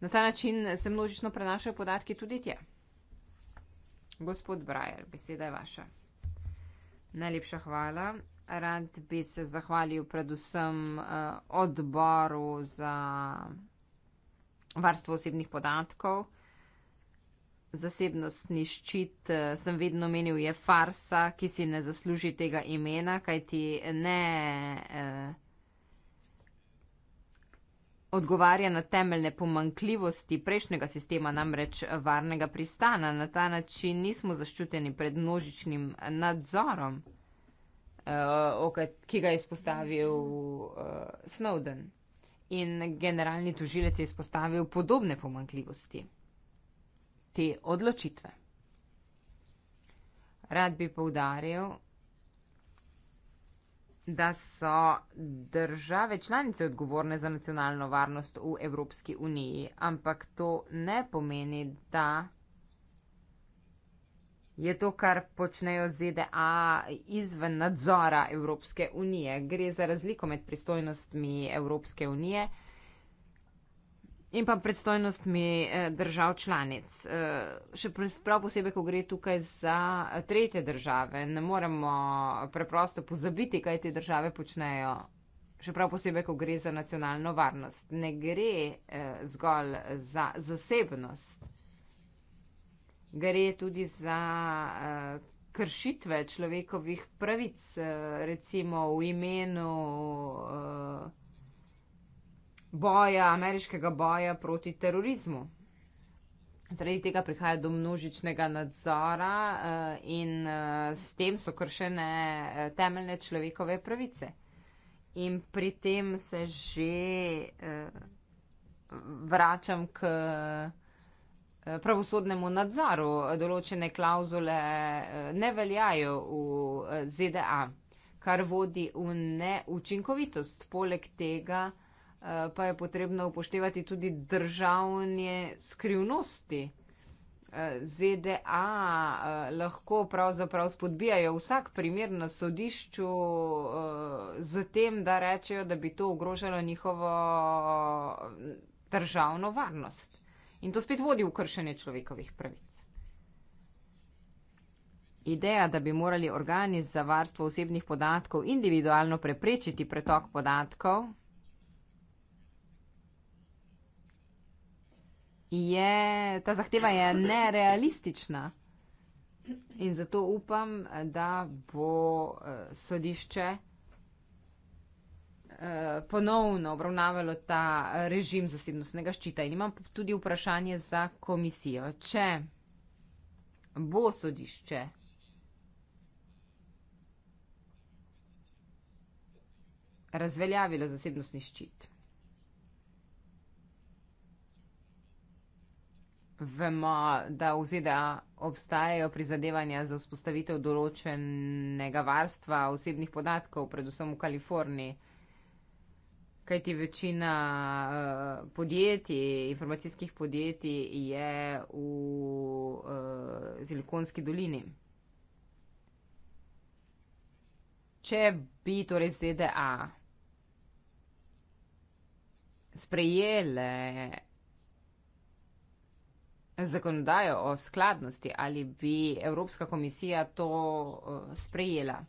na ta način se množično prenašajo podatki tudi tje. Gospod Brajer, beseda je vaša. Najlepša hvala. Rad bi se zahvalil predvsem odboru za varstvo osebnih podatkov zasebnost ni ščit, eh, sem vedno menil, je farsa, ki si ne zasluži tega imena, kajti ne eh, odgovarja na temeljne pomankljivosti prejšnjega sistema, namreč varnega pristana. Na ta način nismo zaščiteni pred množičnim nadzorom, eh, ki ga je izpostavil Snowden. In generalni tužilec je izpostavil podobne pomankljivosti te odločitve. Rad bi povdaril, da so države članice odgovorne za nacionalno varnost v Evropski uniji, ampak to ne pomeni, da je to, kar počnejo ZDA izven nadzora Evropske unije. Gre za razliko med pristojnostmi Evropske unije. In pa predstojnostmi eh, držav članic. Eh, še prav posebej, ko gre tukaj za eh, tretje države, ne moremo preprosto pozabiti, kaj te države počnejo. Še prav posebej, ko gre za nacionalno varnost. Ne gre zgolj za zasebnost. Gre tudi za kršitve človekovih pravic, recimo v imenu boja, ameriškega boja proti terorizmu. Zaradi tega prihaja do množičnega nadzora eh, in eh, s tem so kršene eh, temeljne človekove pravice. In pri tem se že vračam k pravosodnemu nadzoru. Določene klauzule ne veljajo v ZDA, kar vodi v neučinkovitost. Poleg tega, Eh, pa je potrebno upoštevati tudi državne skrivnosti. Eh, ZDA eh, lahko pravzaprav spodbijajo vsak primer na sodišču z tem, da rečejo, da bi to ogrožalo njihovo državno varnost. In to spet vodi v kršenje človekovih pravic. Ideja, da bi morali organi za varstvo osebnih podatkov individualno preprečiti pretok podatkov je, ta zahteva je nerealistična. In zato upam, da bo eh, sodišče eh, ponovno obravnavalo ta režim zasebnostnega ščita. In imam tudi vprašanje za komisijo. Če bo sodišče razveljavilo zasebnostni ščit. Vemo, da v ZDA obstajajo prizadevanja za vzpostavitev določenega varstva osebnih podatkov, predvsem v Kaliforniji, kajti večina eh, podjetij, informacijskih podjetij je v eh, Silikonski dolini. Če bi torej ZDA sprejele zakonodajo o skladnosti, ali bi Evropska komisija to eh, sprejela,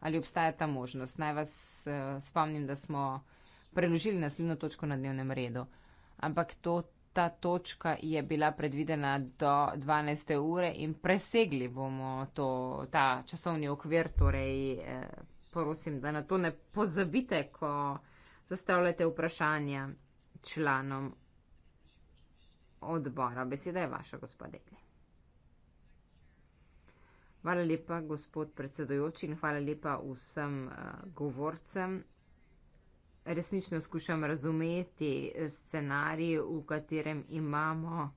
ali obstaja ta možnost. Naj vas eh, spomnim, da smo preložili naslednjo točko na dnevnem redu, ampak to, ta točka je bila predvidena do 12. ure in presegli bomo to, ta časovni okvir, torej eh, prosim, da na to ne pozabite, ko zastavljate vprašanja članom odbora. Beseda je vaša, gospodelje. Hvala lepa, gospod predsedojoči, in hvala lepa vsem uh, govorcem. Resnično skušam razumeti scenarij, v katerem imamo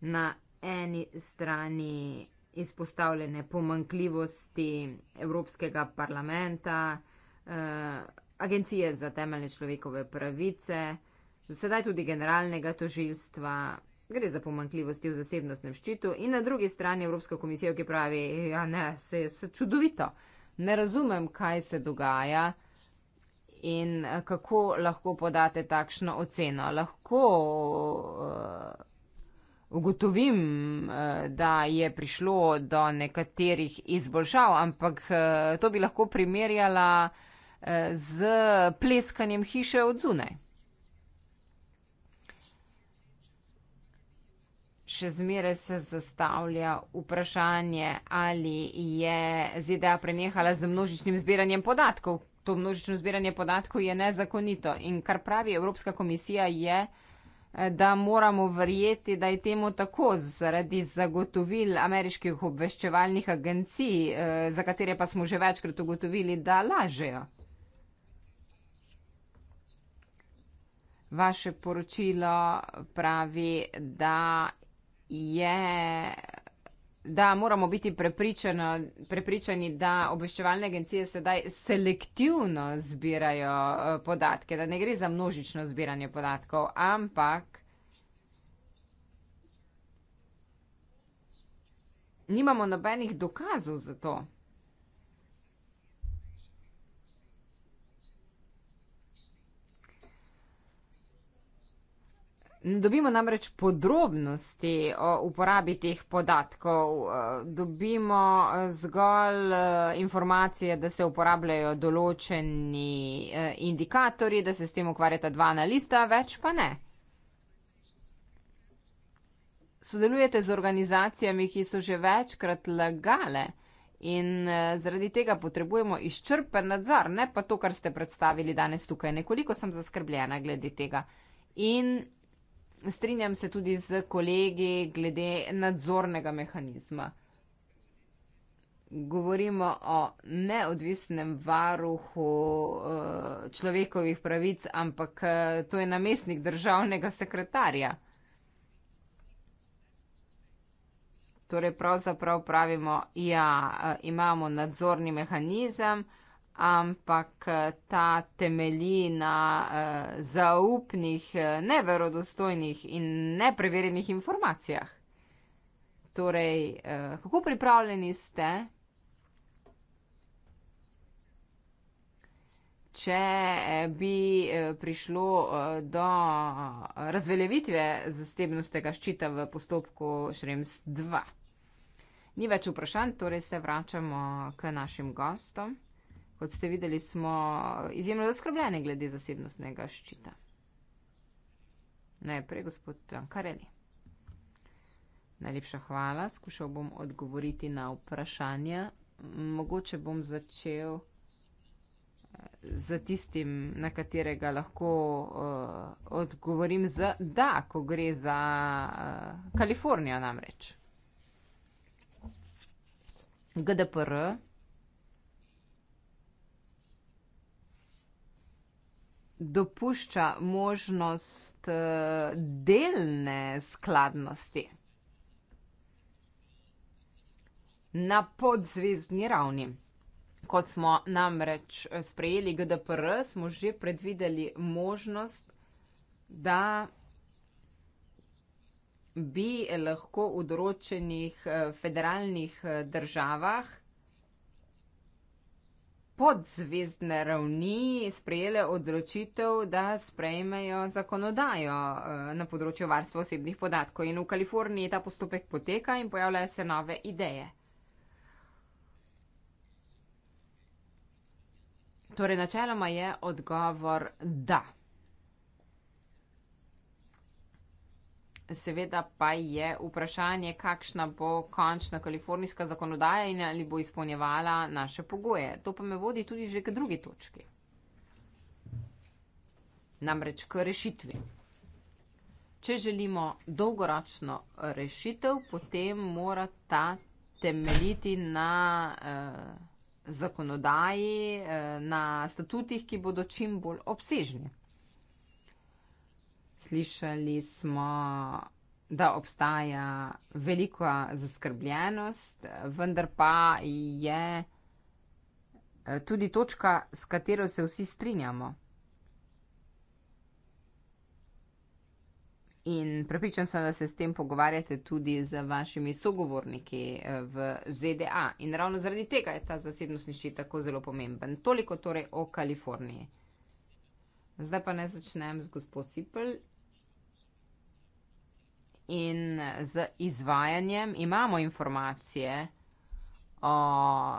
na eni strani izpostavljene pomankljivosti Evropskega parlamenta, uh, agencije za temeljne človekove pravice, sedaj tudi generalnega tožilstva. Gre za pomankljivosti v zasebnostnem ščitu in na drugi strani Evropska komisija, ki pravi, ja ne, se je čudovito. Ne razumem, kaj se dogaja in eh, kako lahko podate takšno oceno. Lahko uh, ugotovim, uh, da je prišlo do nekaterih izboljšav, ampak uh, to bi lahko primerjala uh, z pleskanjem hiše od zunaj. še zmeraj se zastavlja vprašanje, ali je ZDA prenehala z množičnim zbiranjem podatkov. To množično zbiranje podatkov je nezakonito in kar pravi Evropska komisija je, eh, da moramo verjeti, da je temu tako zaradi zagotovil ameriških obveščevalnih agencij, eh, za katere pa smo že večkrat ugotovili, da lažejo. Vaše poročilo pravi, da je, da moramo biti prepričani, da obveščevalne agencije sedaj selektivno zbirajo eh, podatke, da ne gre za množično zbiranje podatkov, ampak. Nimamo nobenih dokazov za to. Ne dobimo namreč podrobnosti o uporabi teh podatkov, dobimo eh, zgolj eh, informacije, da se uporabljajo določeni eh, indikatori, da se s tem ukvarjata dva analista, več pa ne. Sodelujete z organizacijami, ki so že večkrat lagale in zaradi tega potrebujemo izčrpen nadzor, ne pa to, kar ste predstavili danes tukaj. Nekoliko sem zaskrbljena glede tega. In strinjam se tudi z kolegi glede nadzornega mehanizma. Govorimo o neodvisnem varuhu eh, človekovih pravic, ampak eh, to je namestnik državnega sekretarja. Torej pravzaprav pravimo, ja, eh, imamo nadzorni mehanizem, ampak eh, ta temelji na uh, zaupnih, eh, neverodostojnih in nepreverjenih informacijah. Torej, uh, kako pripravljeni ste, če bi prišlo uh, do razveljavitve zastebnostega ščita v postopku Šrems 2? Ni več vprašanj, torej se vračamo k našim gostom kot ste videli, smo izjemno zaskrbljeni glede zasebnostnega ščita. Najprej gospod Kareli. Najlepša hvala. Skušal bom odgovoriti na vprašanja. Mogoče bom začel z eh, tistim, na katerega lahko uh, odgovorim z da, ko gre za uh, Kalifornijo namreč. GDPR dopušča možnost eh, delne skladnosti na podzvezdni ravni. Ko smo namreč eh, sprejeli GDPR, smo že predvideli možnost, da bi lahko v določenih eh, federalnih državah podzvezdne ravni sprejele odločitev, da sprejmejo zakonodajo eh, na področju varstva osebnih podatkov in v Kaliforniji ta postopek poteka in pojavljajo se nove ideje. Torej, načeloma je odgovor da. Seveda pa je vprašanje, kakšna bo končna kalifornijska zakonodaja in ali bo izpolnjevala naše pogoje. To pa me vodi tudi že k drugi točki. Namreč k rešitvi. Če želimo dolgoročno rešitev, potem mora ta temeljiti na eh, zakonodaji, eh, na statutih, ki bodo čim bolj obsežni. Slišali smo, da obstaja velika zaskrbljenost, vendar pa je eh, tudi točka, s katero se vsi strinjamo. In prepričan sem, da se s tem pogovarjate tudi z vašimi sogovorniki eh, v ZDA. In ravno zaradi tega je ta zasebnost nišči tako zelo pomemben. Toliko torej o Kaliforniji. Zdaj pa ne začnem z gospod Sipl in z izvajanjem imamo informacije o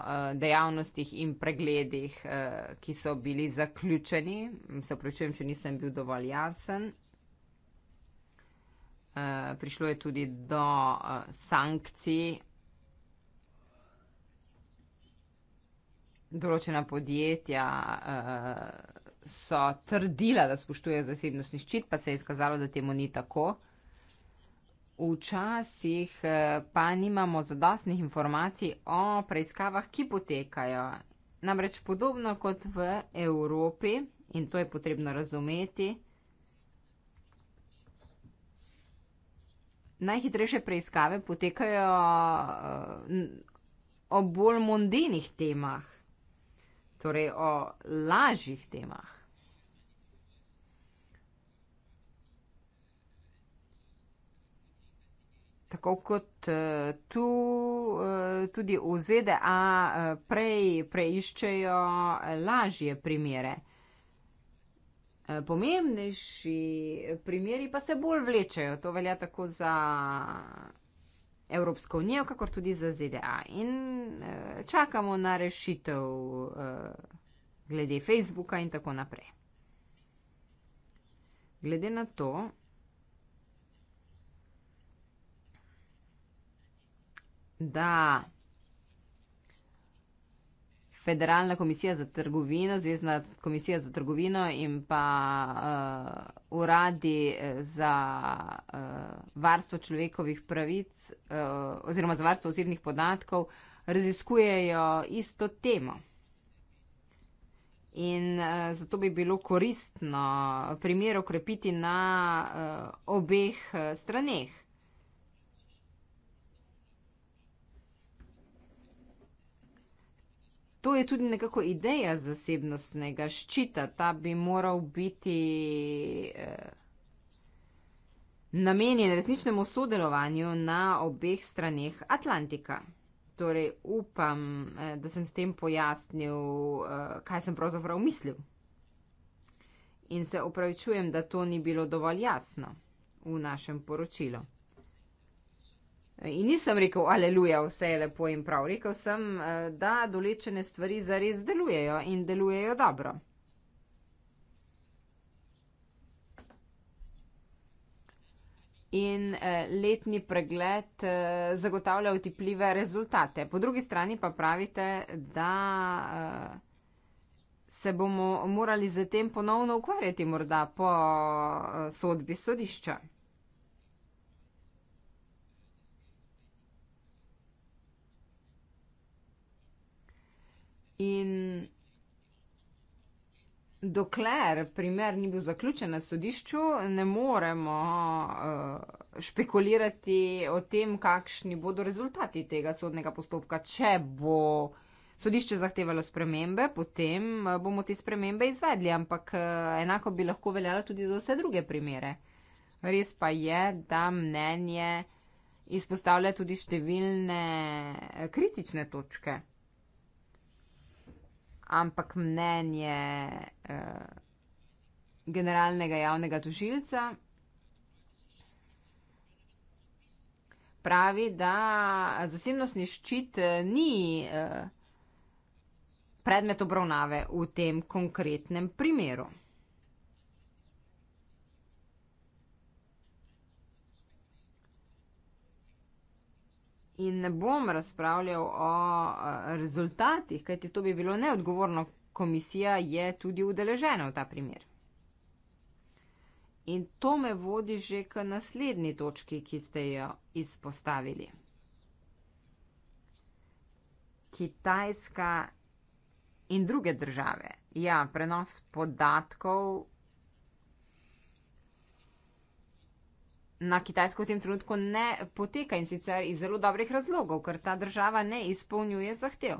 eh, dejavnostih in pregledih, eh, ki so bili zaključeni. Se upravičujem, če nisem bil dovolj jasen. Eh, prišlo je tudi do sankcij. Določena podjetja so trdila, da spoštuje zasebnostni ščit, pa se je izkazalo, da temu ni tako včasih eh, pa nimamo zadostnih informacij o preiskavah, ki potekajo. Namreč podobno kot v Evropi, in to je potrebno razumeti, najhitrejše preiskave potekajo eh, o bolj mondenih temah, torej o lažjih temah. tako kot eh, tu, eh, tudi v ZDA eh, prej preiščejo lažje primere. Pomembnejši primeri pa se bolj vlečejo. To velja tako za Evropsko unijo, kakor tudi za ZDA. In čakamo na rešitev glede Facebooka in tako naprej. Glede na to, da Federalna komisija za trgovino, Zvezdna komisija za trgovino in pa uh, uradi eh, za uh, varstvo človekovih pravic uh, oziroma za varstvo osebnih podatkov raziskujejo isto temo. In uh, zato bi bilo koristno primer okrepiti na uh, obeh straneh. To je tudi nekako ideja zasebnostnega ščita. Ta bi moral biti eh, namenjen resničnemu sodelovanju na obeh straneh Atlantika. Torej upam, eh, da sem s tem pojasnil, eh, kaj sem pravzaprav mislil. In se opravičujem, da to ni bilo dovolj jasno v našem poročilu. In nisem rekel, aleluja, vse je lepo in prav. Rekl sem, eh, da določene stvari zares delujejo in delujejo dobro. In eh, letni pregled eh, zagotavlja otipljive rezultate. Po drugi strani pa pravite, da se bomo morali z tem ponovno ukvarjati, morda po sodbi sodišča. In dokler primer ni bil zaključen na sodišču, ne moremo uh, špekulirati o tem, kakšni bodo rezultati tega sodnega postopka. Če bo sodišče zahtevalo spremembe, potem eh, bomo te spremembe izvedli, ampak uh, enako bi lahko veljalo tudi za vse druge primere. Res pa je, da mnenje izpostavlja tudi številne kritične točke ampak mnenje eh, generalnega javnega tožilca. Pravi, da zasebnostni ščit eh, ni eh, predmet obravnave v tem konkretnem primeru. in ne bom razpravljal o rezultatih, kajti to bi bilo neodgovorno. Komisija je tudi udeležena v ta primer. In to me vodi že k naslednji točki, ki ste jo izpostavili. Kitajska in druge države. Ja, prenos podatkov na Kitajsko v tem trenutku ne poteka in sicer iz zelo dobrih razlogov, ker ta država ne izpolnjuje zahtev.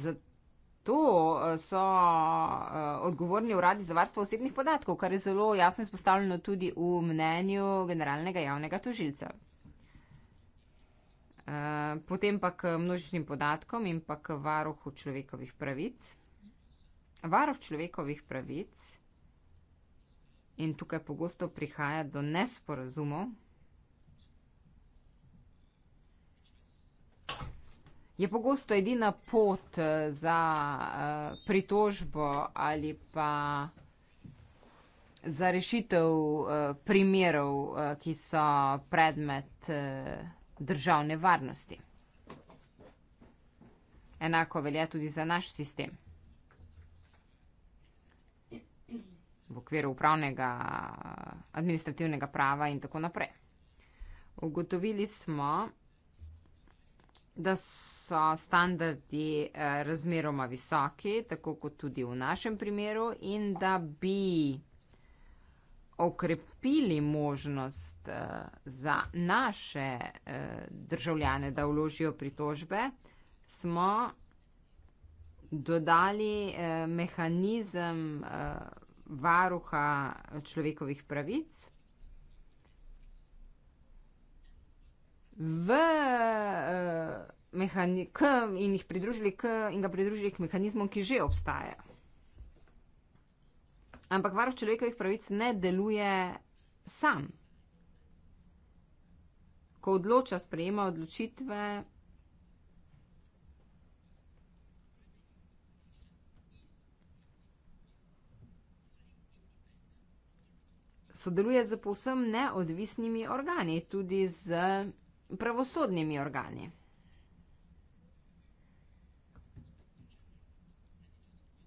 Zato eh, so eh, odgovorni uradi za varstvo osebnih podatkov, kar je zelo jasno izpostavljeno tudi v mnenju generalnega javnega tožilca. Eh, potem pa k množičnim podatkom in pa k varuhu človekovih pravic. Varuh človekovih pravic in tukaj pogosto prihaja do nesporazumov. Je pogosto edina pot eh, za uh, pritožbo ali pa za rešitev uh, primerov, uh, ki so predmet uh, državne varnosti. Enako velja tudi za naš sistem. V okviru upravnega, administrativnega prava in tako naprej. Ugotovili smo, da so standardi eh, razmeroma visoki, tako kot tudi v našem primeru, in da bi okrepili možnost eh, za naše eh, državljane, da vložijo pritožbe, smo dodali eh, mehanizem varuha človekovih pravic. V, mehani, k, in, k, in ga pridružili k mehanizmom, ki že obstajajo. Ampak varuh človekovih pravic ne deluje sam. Ko odloča, sprejema odločitve. Sodeluje z povsem neodvisnimi organi, tudi z pravosodnimi organi.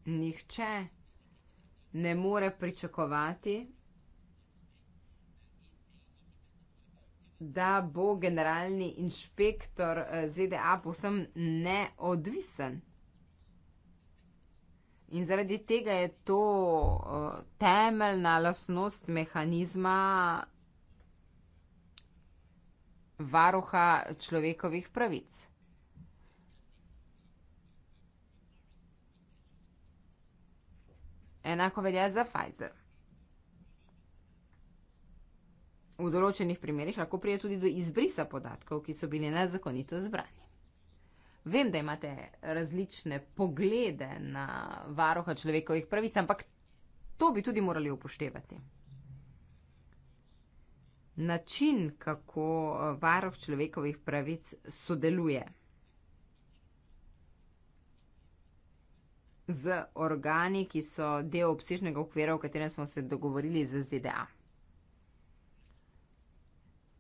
Nihče ne more pričakovati, da bo generalni inšpektor eh, ZDA povsem neodvisen. In zaradi tega je to eh, temeljna lasnost mehanizma varuha človekovih pravic. Enako velja za Pfizer. V določenih primerjih lahko prije tudi do izbrisa podatkov, ki so bili nezakonito zbrani. Vem, da imate različne poglede na varoha človekovih pravic, ampak to bi tudi morali upoštevati. Način, kako eh, varoh človekovih pravic sodeluje. z organi, ki so del obsežnega okvira, v katerem smo se dogovorili z ZDA.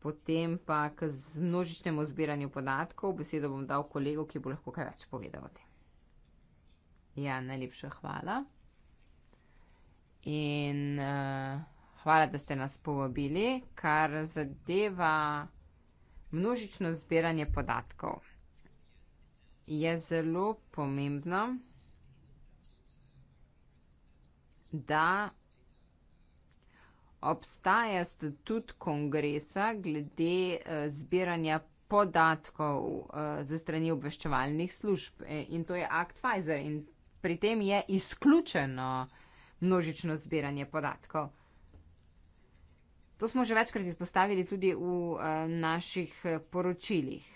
Potem pa k množičnemu zbiranju podatkov besedo bom dal kolegu, ki bo lahko kaj več povedal o tem. Ja, najlepša hvala. In uh, hvala, da ste nas povabili, kar zadeva množično zbiranje podatkov. Je zelo pomembno da obstaja statut kongresa glede uh, zbiranja podatkov uh, ze strani obveščevalnih služb e, in to je akt Pfizer in pri tem je izključeno množično zbiranje podatkov. To smo že večkrat izpostavili tudi v uh, naših poročilih.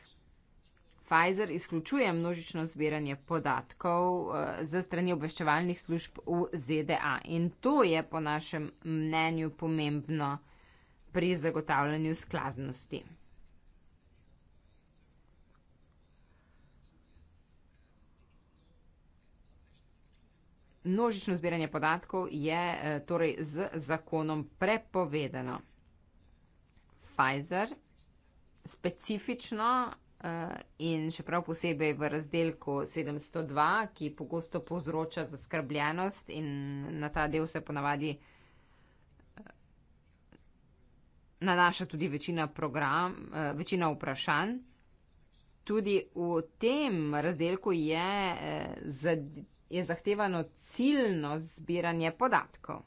Pfizer izključuje množično zbiranje podatkov uh, eh, za strani obveščevalnih služb v ZDA. In to je po našem mnenju pomembno pri zagotavljanju skladnosti. Množično zbiranje podatkov je eh, torej z zakonom prepovedano. Pfizer specifično Eh, in še prav posebej v razdelku 702, ki pogosto povzroča zaskrbljenost in na ta del se ponavadi eh, nanaša tudi večina, program, eh, večina vprašanj. Tudi v tem razdelku je, je zahtevano ciljno zbiranje podatkov.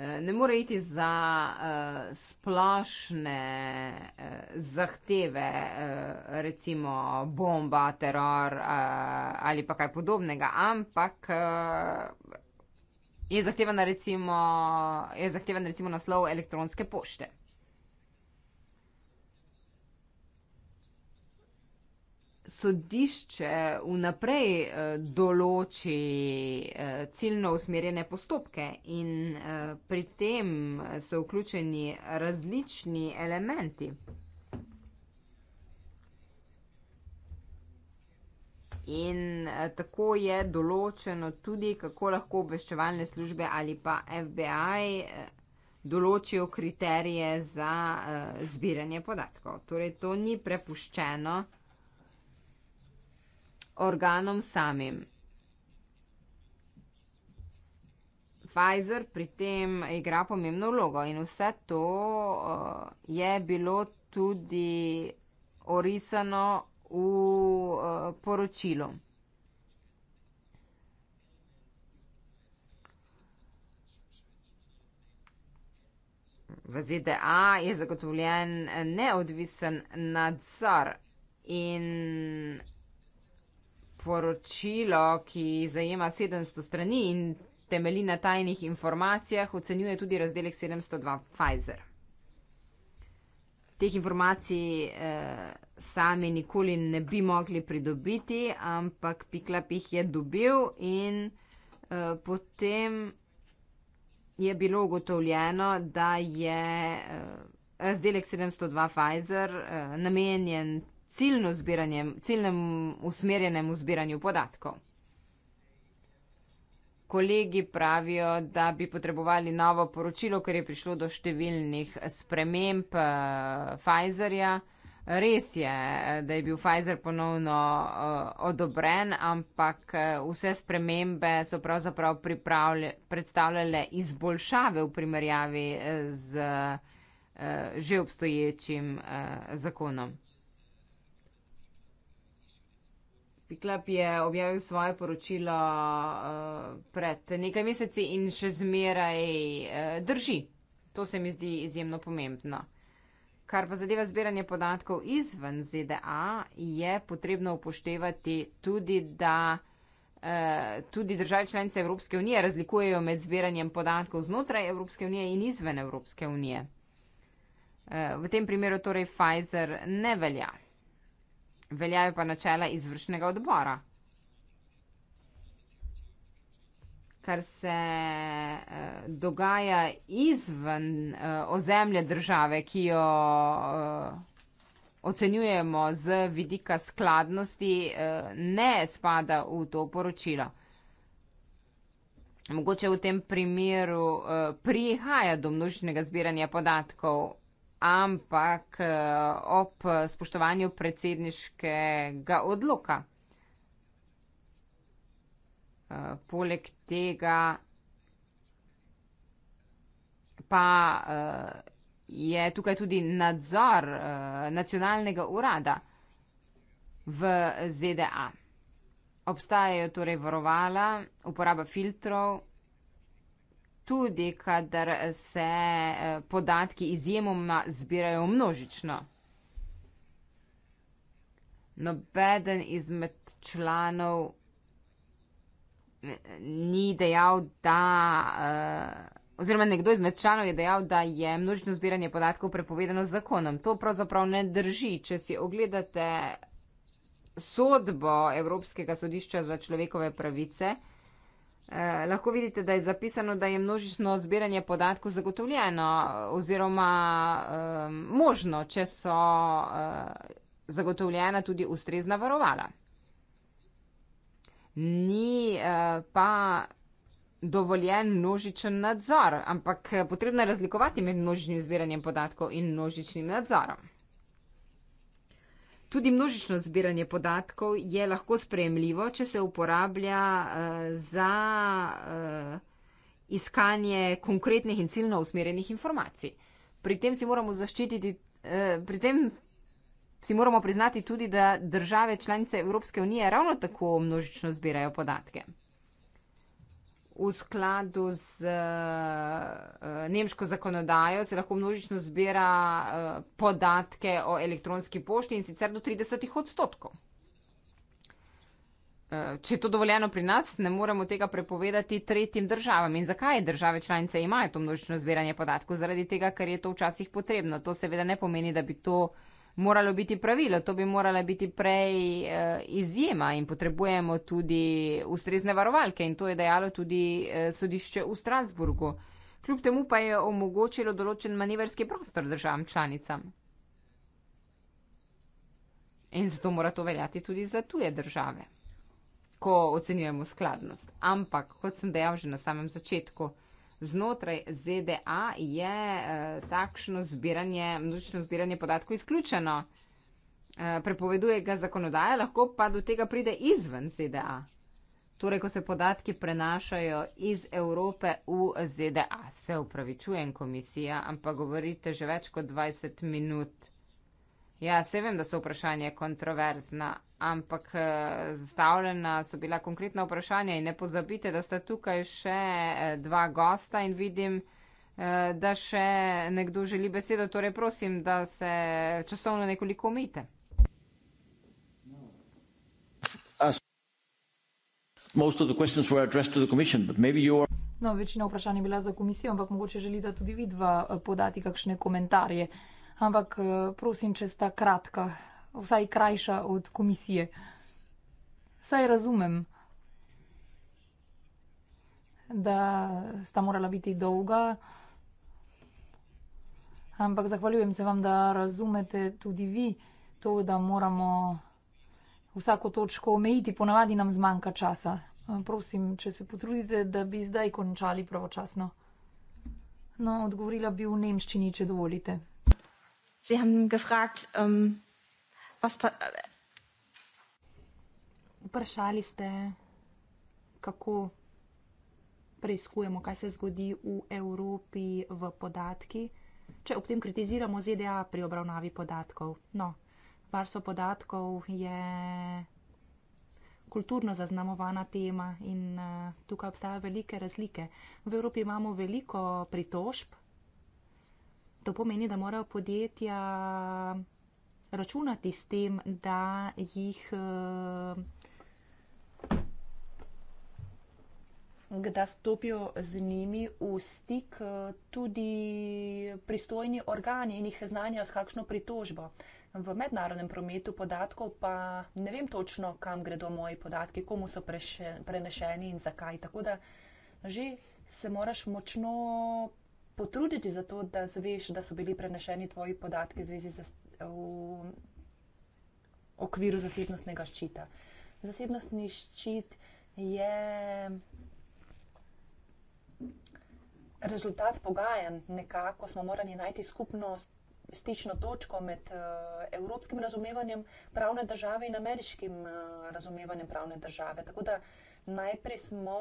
Eh, ne more iti za uh, splošne uh, zahteve, uh, recimo bomba, teror uh, ali pa kaj podobnega, ampak uh, je, zahtevan, recimo, je zahtevan recimo naslov elektronske pošte. sodišče vnaprej eh, določi eh, ciljno usmerjene postopke in eh, pri tem so vključeni različni elementi. In tako je določeno tudi, kako lahko obveščevalne službe ali pa FBI določijo kriterije za zbiranje podatkov. Torej, to ni prepuščeno organom samim. Pfizer pri tem igra pomembno vlogo in vse to uh, je bilo tudi orisano v uh, poročilu. V ZDA je zagotovljen neodvisen nadzor in poročilo, ki zajema 700 strani in temeli na tajnih informacijah, ocenjuje tudi razdelek 702 Pfizer. Teh informacij eh, sami nikoli ne bi mogli pridobiti, ampak Piklap jih je dobil in eh, potem je bilo ugotovljeno, da je eh, razdelek 702 Pfizer eh, namenjen ciljno zbiranje, ciljnem usmerjenemu zbiranju podatkov. Kolegi pravijo, da bi potrebovali novo poročilo, ker je prišlo do številnih sprememb eh, Pfizerja. Res je, eh, da je bil Pfizer ponovno eh, odobren, ampak vse spremembe so pravzaprav predstavljale izboljšave v primerjavi z že obstoječim zakonom. Piklap je objavil svoje poročilo uh, pred nekaj meseci in še zmeraj uh, drži. To se mi zdi izjemno pomembno. Kar pa zadeva zbiranje podatkov izven ZDA, je potrebno upoštevati tudi, da eh, tudi države članice Evropske unije razlikujejo med zbiranjem podatkov znotraj Evropske unije in izven Evropske unije. Eh, v tem primeru torej Pfizer ne velja. Veljajo pa načela izvršnega odbora. Kar se uh, dogaja izven uh, ozemlja države, ki jo uh, ocenjujemo z vidika skladnosti, uh, ne spada v to poročilo. Mogoče v tem primeru uh, prihaja do množnega zbiranja podatkov ampak eh, ob spoštovanju predsedniškega odloka. Eh, poleg tega pa eh, je tukaj tudi nadzor nacionalnega urada v ZDA. Obstajajo torej varovala, uporaba filtrov tudi, kadar se eh, podatki izjemoma zbirajo množično. Nobeden izmed članov eh, ni dejal, da, eh, oziroma nekdo izmed članov je dejal, da je množično zbiranje podatkov prepovedano z zakonom. To pravzaprav ne drži. Če si ogledate sodbo Evropskega sodišča za človekove pravice, Eh, lahko vidite, da je zapisano, da je množično zbiranje podatkov zagotovljeno oziroma uh, možno, če so uh, zagotovljena tudi ustrezna varovala. Ni uh, pa dovoljen množičen nadzor, ampak potrebno je razlikovati med množičnim zbiranjem podatkov in množičnim nadzorom. Tudi množično zbiranje podatkov je lahko sprejemljivo, če se uporablja uh, za uh, iskanje konkretnih in ciljno usmerjenih informacij. Pri tem si moramo zaščititi, uh, pri tem. Vsi moramo priznati tudi, da države članice Evropske unije ravno tako množično zbirajo podatke v skladu z uh, nemško zakonodajo, se lahko množično zbira uh, podatke o elektronski pošti in sicer do 30 odstotkov. Uh, če je to dovoljeno pri nas, ne moremo tega prepovedati tretjim državam. In zakaj države članice imajo to množično zbiranje podatkov? Zaradi tega, ker je to včasih potrebno. To seveda ne pomeni, da bi to moralo biti pravilo, to bi morala biti prej eh, izjema in potrebujemo tudi ustrezne varovalke in to je dejalo tudi eh, sodišče v Strasburgu. Kljub temu pa je omogočilo določen manevrski prostor državam članicam. In zato mora to veljati tudi za tuje države, ko ocenjujemo skladnost. Ampak, kot sem dejal že na samem začetku, znotraj ZDA je uh, takšno zbiranje, množično zbiranje podatkov izključeno. Eh, prepoveduje ga zakonodaja, lahko pa do tega pride izven ZDA. Torej, ko se podatki prenašajo iz Evrope v ZDA, se upravičujem, komisija, ampak govorite že več kot 20 minut. Ja, se vem, da so vprašanja kontroverzna, ampak eh, zastavljena so bila konkretna vprašanja in ne pozabite, da sta tukaj še eh, dva gosta in vidim, eh, da še nekdo želi besedo, torej prosim, da se časovno nekoliko umite. No, večina vprašanj je bila za komisijo, ampak mogoče želite tudi vi dva podati kakšne komentarje ampak eh, prosim, če sta kratka, vsaj krajša od komisije. Saj razumem, da sta morala biti dolga, ampak zahvaljujem se vam, da razumete tudi vi to, da moramo vsako točko omejiti, ponavadi nam zmanjka časa. Prosim, če se potrudite, da bi zdaj končali pravočasno. No, odgovorila bi v nemščini, če dovolite. Sie haben gefragt, ähm, was Vprašali ste, kako preiskujemo, kaj se zgodi v Evropi v podatki, če ob tem kritiziramo ZDA pri obravnavi podatkov. No, varstvo podatkov je kulturno zaznamovana tema in eh, tukaj obstajajo velike razlike. V Evropi imamo veliko pritožb To pomeni, da morajo podjetja računati s tem, da jih. Eh, da stopijo z njimi v stik eh, tudi pristojni organi in jih seznanjajo s kakšno pritožbo. V mednarodnem prometu podatkov pa ne vem točno, kam gredo moji podatki, komu so prenešeni in zakaj. Tako da že se moraš močno potruditi za to, da zveš, da so bili prenešeni tvoji podatki v, v okviru zasebnostnega ščita. Zasebnostni ščit je rezultat pogajanj, nekako smo morali najti skupno stično točko med uh, evropskim razumevanjem pravne države in ameriškim uh, razumevanjem pravne države. Tako da najprej smo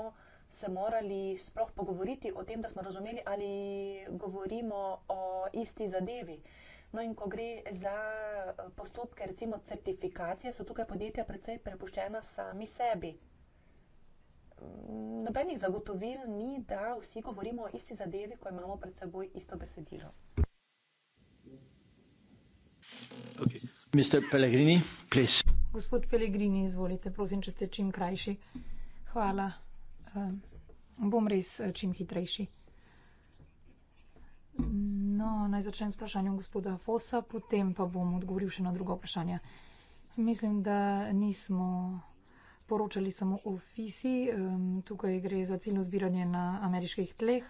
se morali sploh pogovoriti o tem, da smo razumeli, ali govorimo o isti zadevi. No, in ko gre za eh, postopke, recimo certifikacije, so tukaj podjetja precej prepuščena sami sebi. Mm, nobenih zagotovil ni, da vsi govorimo o isti zadevi, ko imamo pred seboj isto besedilo. Okay. Pellegrini, Gospod Pellegrini, izvolite, prosim, če ste čim krajši. Hvala bom res eh, čim hitrejši. No, naj začnem s vprašanjem gospoda Fosa, potem pa bom odgovoril še na drugo vprašanje. Mislim, da nismo poročali samo o FISI, tukaj gre za ciljno zbiranje na ameriških tleh.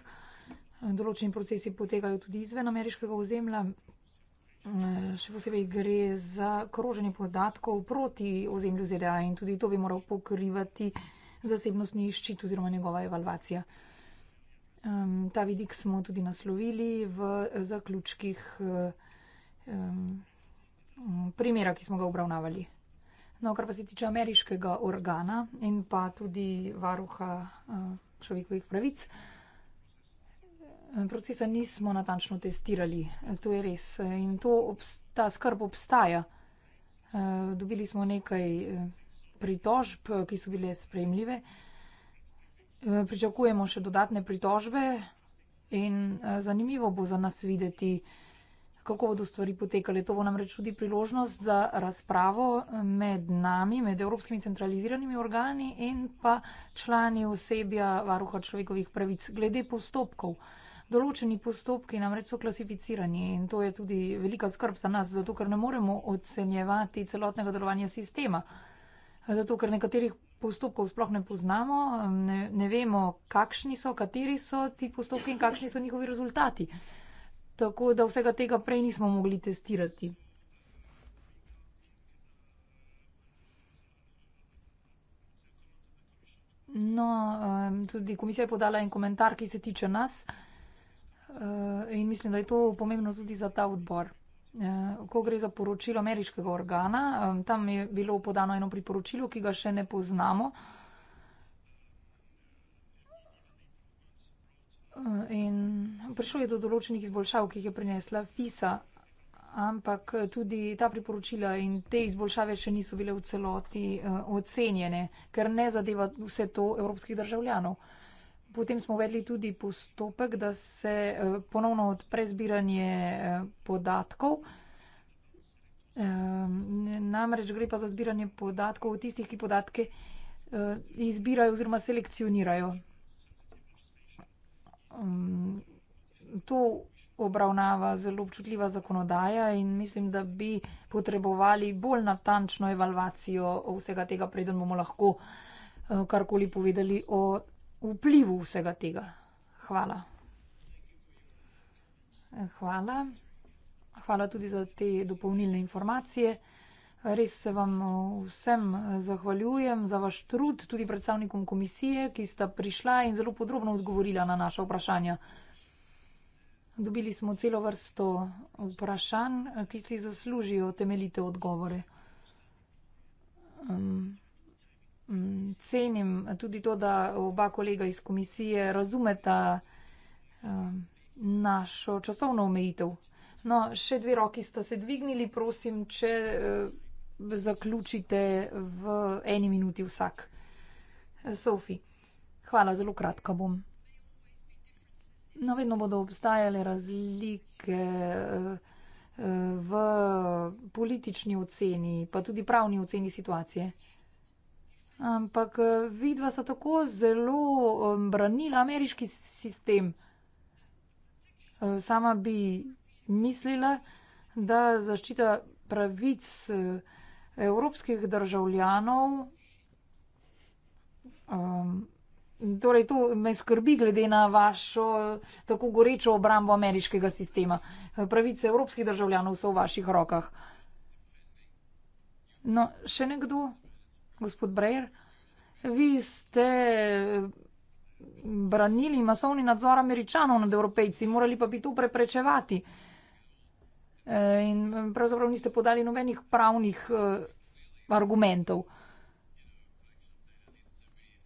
Določeni procesi potekajo tudi izven ameriškega ozemlja. Eh, še posebej gre za kroženje podatkov proti ozemlju ZDA in tudi to bi moral pokrivati uh, zasebnostni ščit oziroma njegova evalvacija. Um, ta vidik smo tudi naslovili v eh, zaključkih um, primera, ki smo ga obravnavali. No, kar pa se tiče ameriškega organa in pa tudi varuha uh, človekovih pravic, procesa nismo natančno testirali. To je res. In to obst ta skrb obstaja. Uh, dobili smo nekaj. Uh, pritožb, eh, ki so bile sprejemljive. Eh, pričakujemo še dodatne pritožbe in eh, zanimivo bo za nas videti, kako bodo stvari potekale. To bo namreč tudi priložnost za razpravo med nami, med evropskimi centraliziranimi organi in pa člani osebja varuha človekovih pravic glede postopkov. Določeni postopki namreč so klasificirani in to je tudi velika skrb za nas, zato ker ne moremo ocenjevati celotnega delovanja sistema. Zato, ker nekaterih postopkov sploh ne poznamo, ne, ne vemo, kakšni so, kateri so ti postopki in kakšni so njihovi rezultati. Tako da vsega tega prej nismo mogli testirati. No, tudi komisija je podala en komentar, ki se tiče nas eh, in mislim, da je to pomembno tudi za ta odbor. Eh, ko gre za poročilo ameriškega organa, tam je bilo podano eno priporočilo, ki ga še ne poznamo. Eh, in prišlo je do določenih izboljšav, ki jih je prinesla FISA, ampak tudi ta priporočila in te izboljšave še niso bile v celoti eh, ocenjene, ker ne zadeva vse to evropskih državljanov. Potem smo uvedli tudi postopek, da se eh, ponovno odpre zbiranje eh, podatkov. Ehm, namreč gre pa za zbiranje podatkov tistih, ki podatke eh, izbirajo oziroma selekcionirajo. Ehm, to obravnava zelo občutljiva zakonodaja in mislim, da bi potrebovali bolj natančno evalvacijo vsega tega, preden bomo lahko karkoli povedali o vplivu vsega tega. Hvala. Hvala. Hvala tudi za te dopolnilne informacije. Res se vam eh, vsem eh, zahvaljujem za vaš trud, tudi predstavnikom komisije, ki sta prišla in zelo podrobno odgovorila na naša vprašanja. Dobili smo celo vrsto vprašanj, ki si zaslužijo temeljite odgovore. Um. Mm, cenim tudi to, da oba kolega iz komisije razumeta um, našo časovno omejitev. No, še dve roki sta se dvignili, prosim, če eh, zaključite v eni minuti vsak. Sofi, hvala, zelo kratka bom. No, vedno bodo obstajale razlike eh, v politični oceni, pa tudi pravni oceni situacije. Ampak eh, vidva sta tako zelo um, branila ameriški sistem. Eh, sama bi mislila, da zaščita pravic eh, evropskih državljanov. Um, torej, to me skrbi glede na vašo tako gorečo obrambo ameriškega sistema. Pravice evropskih državljanov so v vaših rokah. No, še nekdo? gospod Brejer, vi ste branili masovni nadzor američanov nad evropejci, morali pa bi to preprečevati. Eh, in pravzaprav niste podali nobenih pravnih eh, argumentov.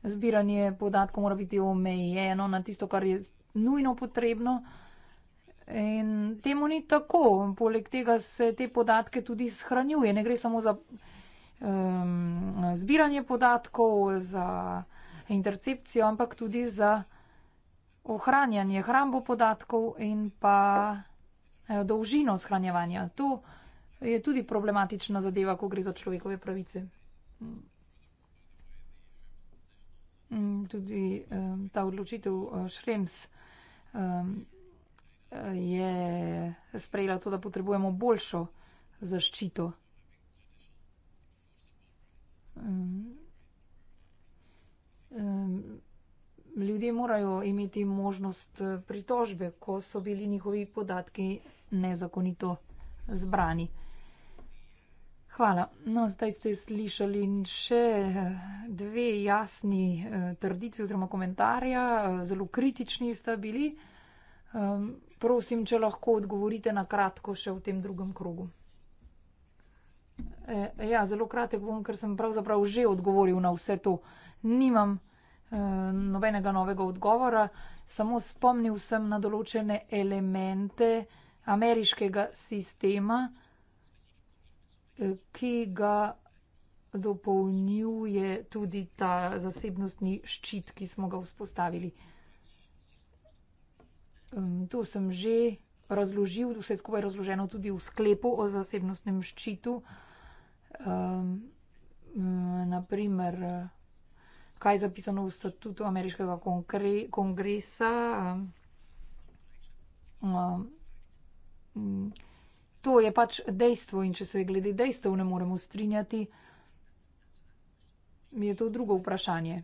Zbiranje podatkov mora biti omejeno na tisto, kar je nujno potrebno. In temu ni tako. Poleg tega se te podatke tudi shranjuje. Ne gre samo za um, zbiranje podatkov, za intercepcijo, ampak tudi za ohranjanje hrambo podatkov in pa eh, dolžino shranjevanja. To je tudi problematična zadeva, ko gre za človekove pravice. Mm, tudi um, ta odločitev Šrems eh, um, eh, je sprejela to, da potrebujemo boljšo zaščito um, ljudje morajo imeti možnost eh, pritožbe, ko so bili njihovi podatki nezakonito zbrani. Hvala. No, zdaj ste slišali še eh, dve jasni eh, trditvi oziroma komentarja, zelo kritični sta bili. Prosim, če lahko odgovorite na kratko še v tem drugem krogu. E, ja, zelo kratek bom, ker sem pravzaprav že odgovoril na vse to. Nimam e, nobenega novega odgovora, samo spomnil sem na določene elemente ameriškega sistema, e, ki ga dopolnjuje tudi ta zasebnostni ščit, ki smo ga vzpostavili. E, to sem že razložil, vse skupaj razloženo tudi v sklepu o zasebnostnem ščitu um, ehm, mm, naprimer, kaj je zapisano v statutu ameriškega kongre, kongresa. Um, to je pač dejstvo in če se glede dejstev ne moremo strinjati, je to drugo vprašanje.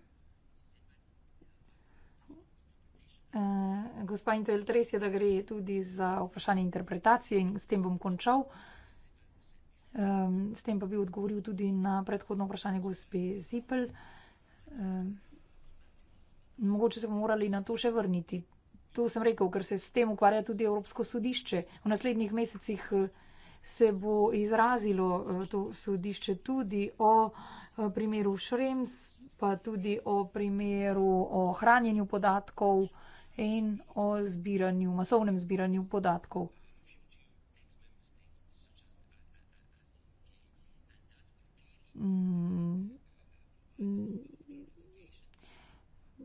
Uh, gospa Intel, res je, da gre tudi za vprašanje interpretacije in s tem bom končal. Uh, Um, s tem pa bi odgovoril tudi na predhodno vprašanje gospe Zipel. Um, mogoče se bomo morali na to še vrniti. To sem rekel, ker se s tem ukvarja tudi Evropsko sodišče. V naslednjih mesecih eh, se bo izrazilo eh, to sodišče tudi o eh, primeru Šrems, pa tudi o primeru o hranjenju podatkov in o zbiranju, masovnem zbiranju podatkov.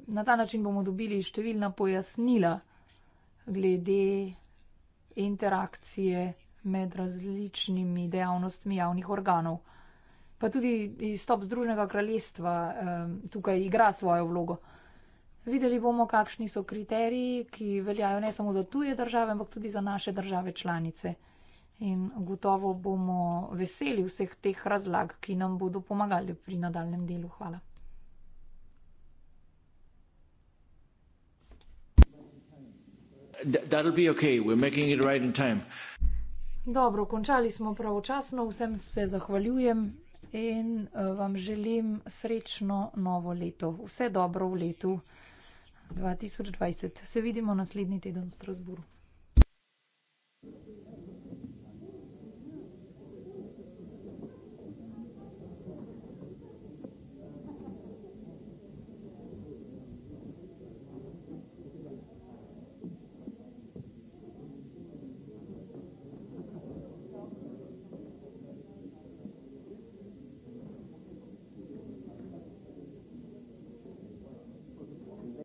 Na ta način bomo dobili številna pojasnila glede interakcije med različnimi dejavnostmi javnih organov. Pa tudi izstop Združnega kraljestva tukaj igra svojo vlogo. Videli bomo, kakšni so kriteriji, ki veljajo ne samo za tuje države, ampak tudi za naše države članice. In gotovo bomo veseli vseh teh razlag, ki nam bodo pomagali pri nadaljem delu. Hvala. Dobro, končali smo pravočasno, vsem se zahvaljujem in eh, vam želim srečno novo leto. Vse dobro v letu 2020. Se vidimo naslednji teden v Strasburu.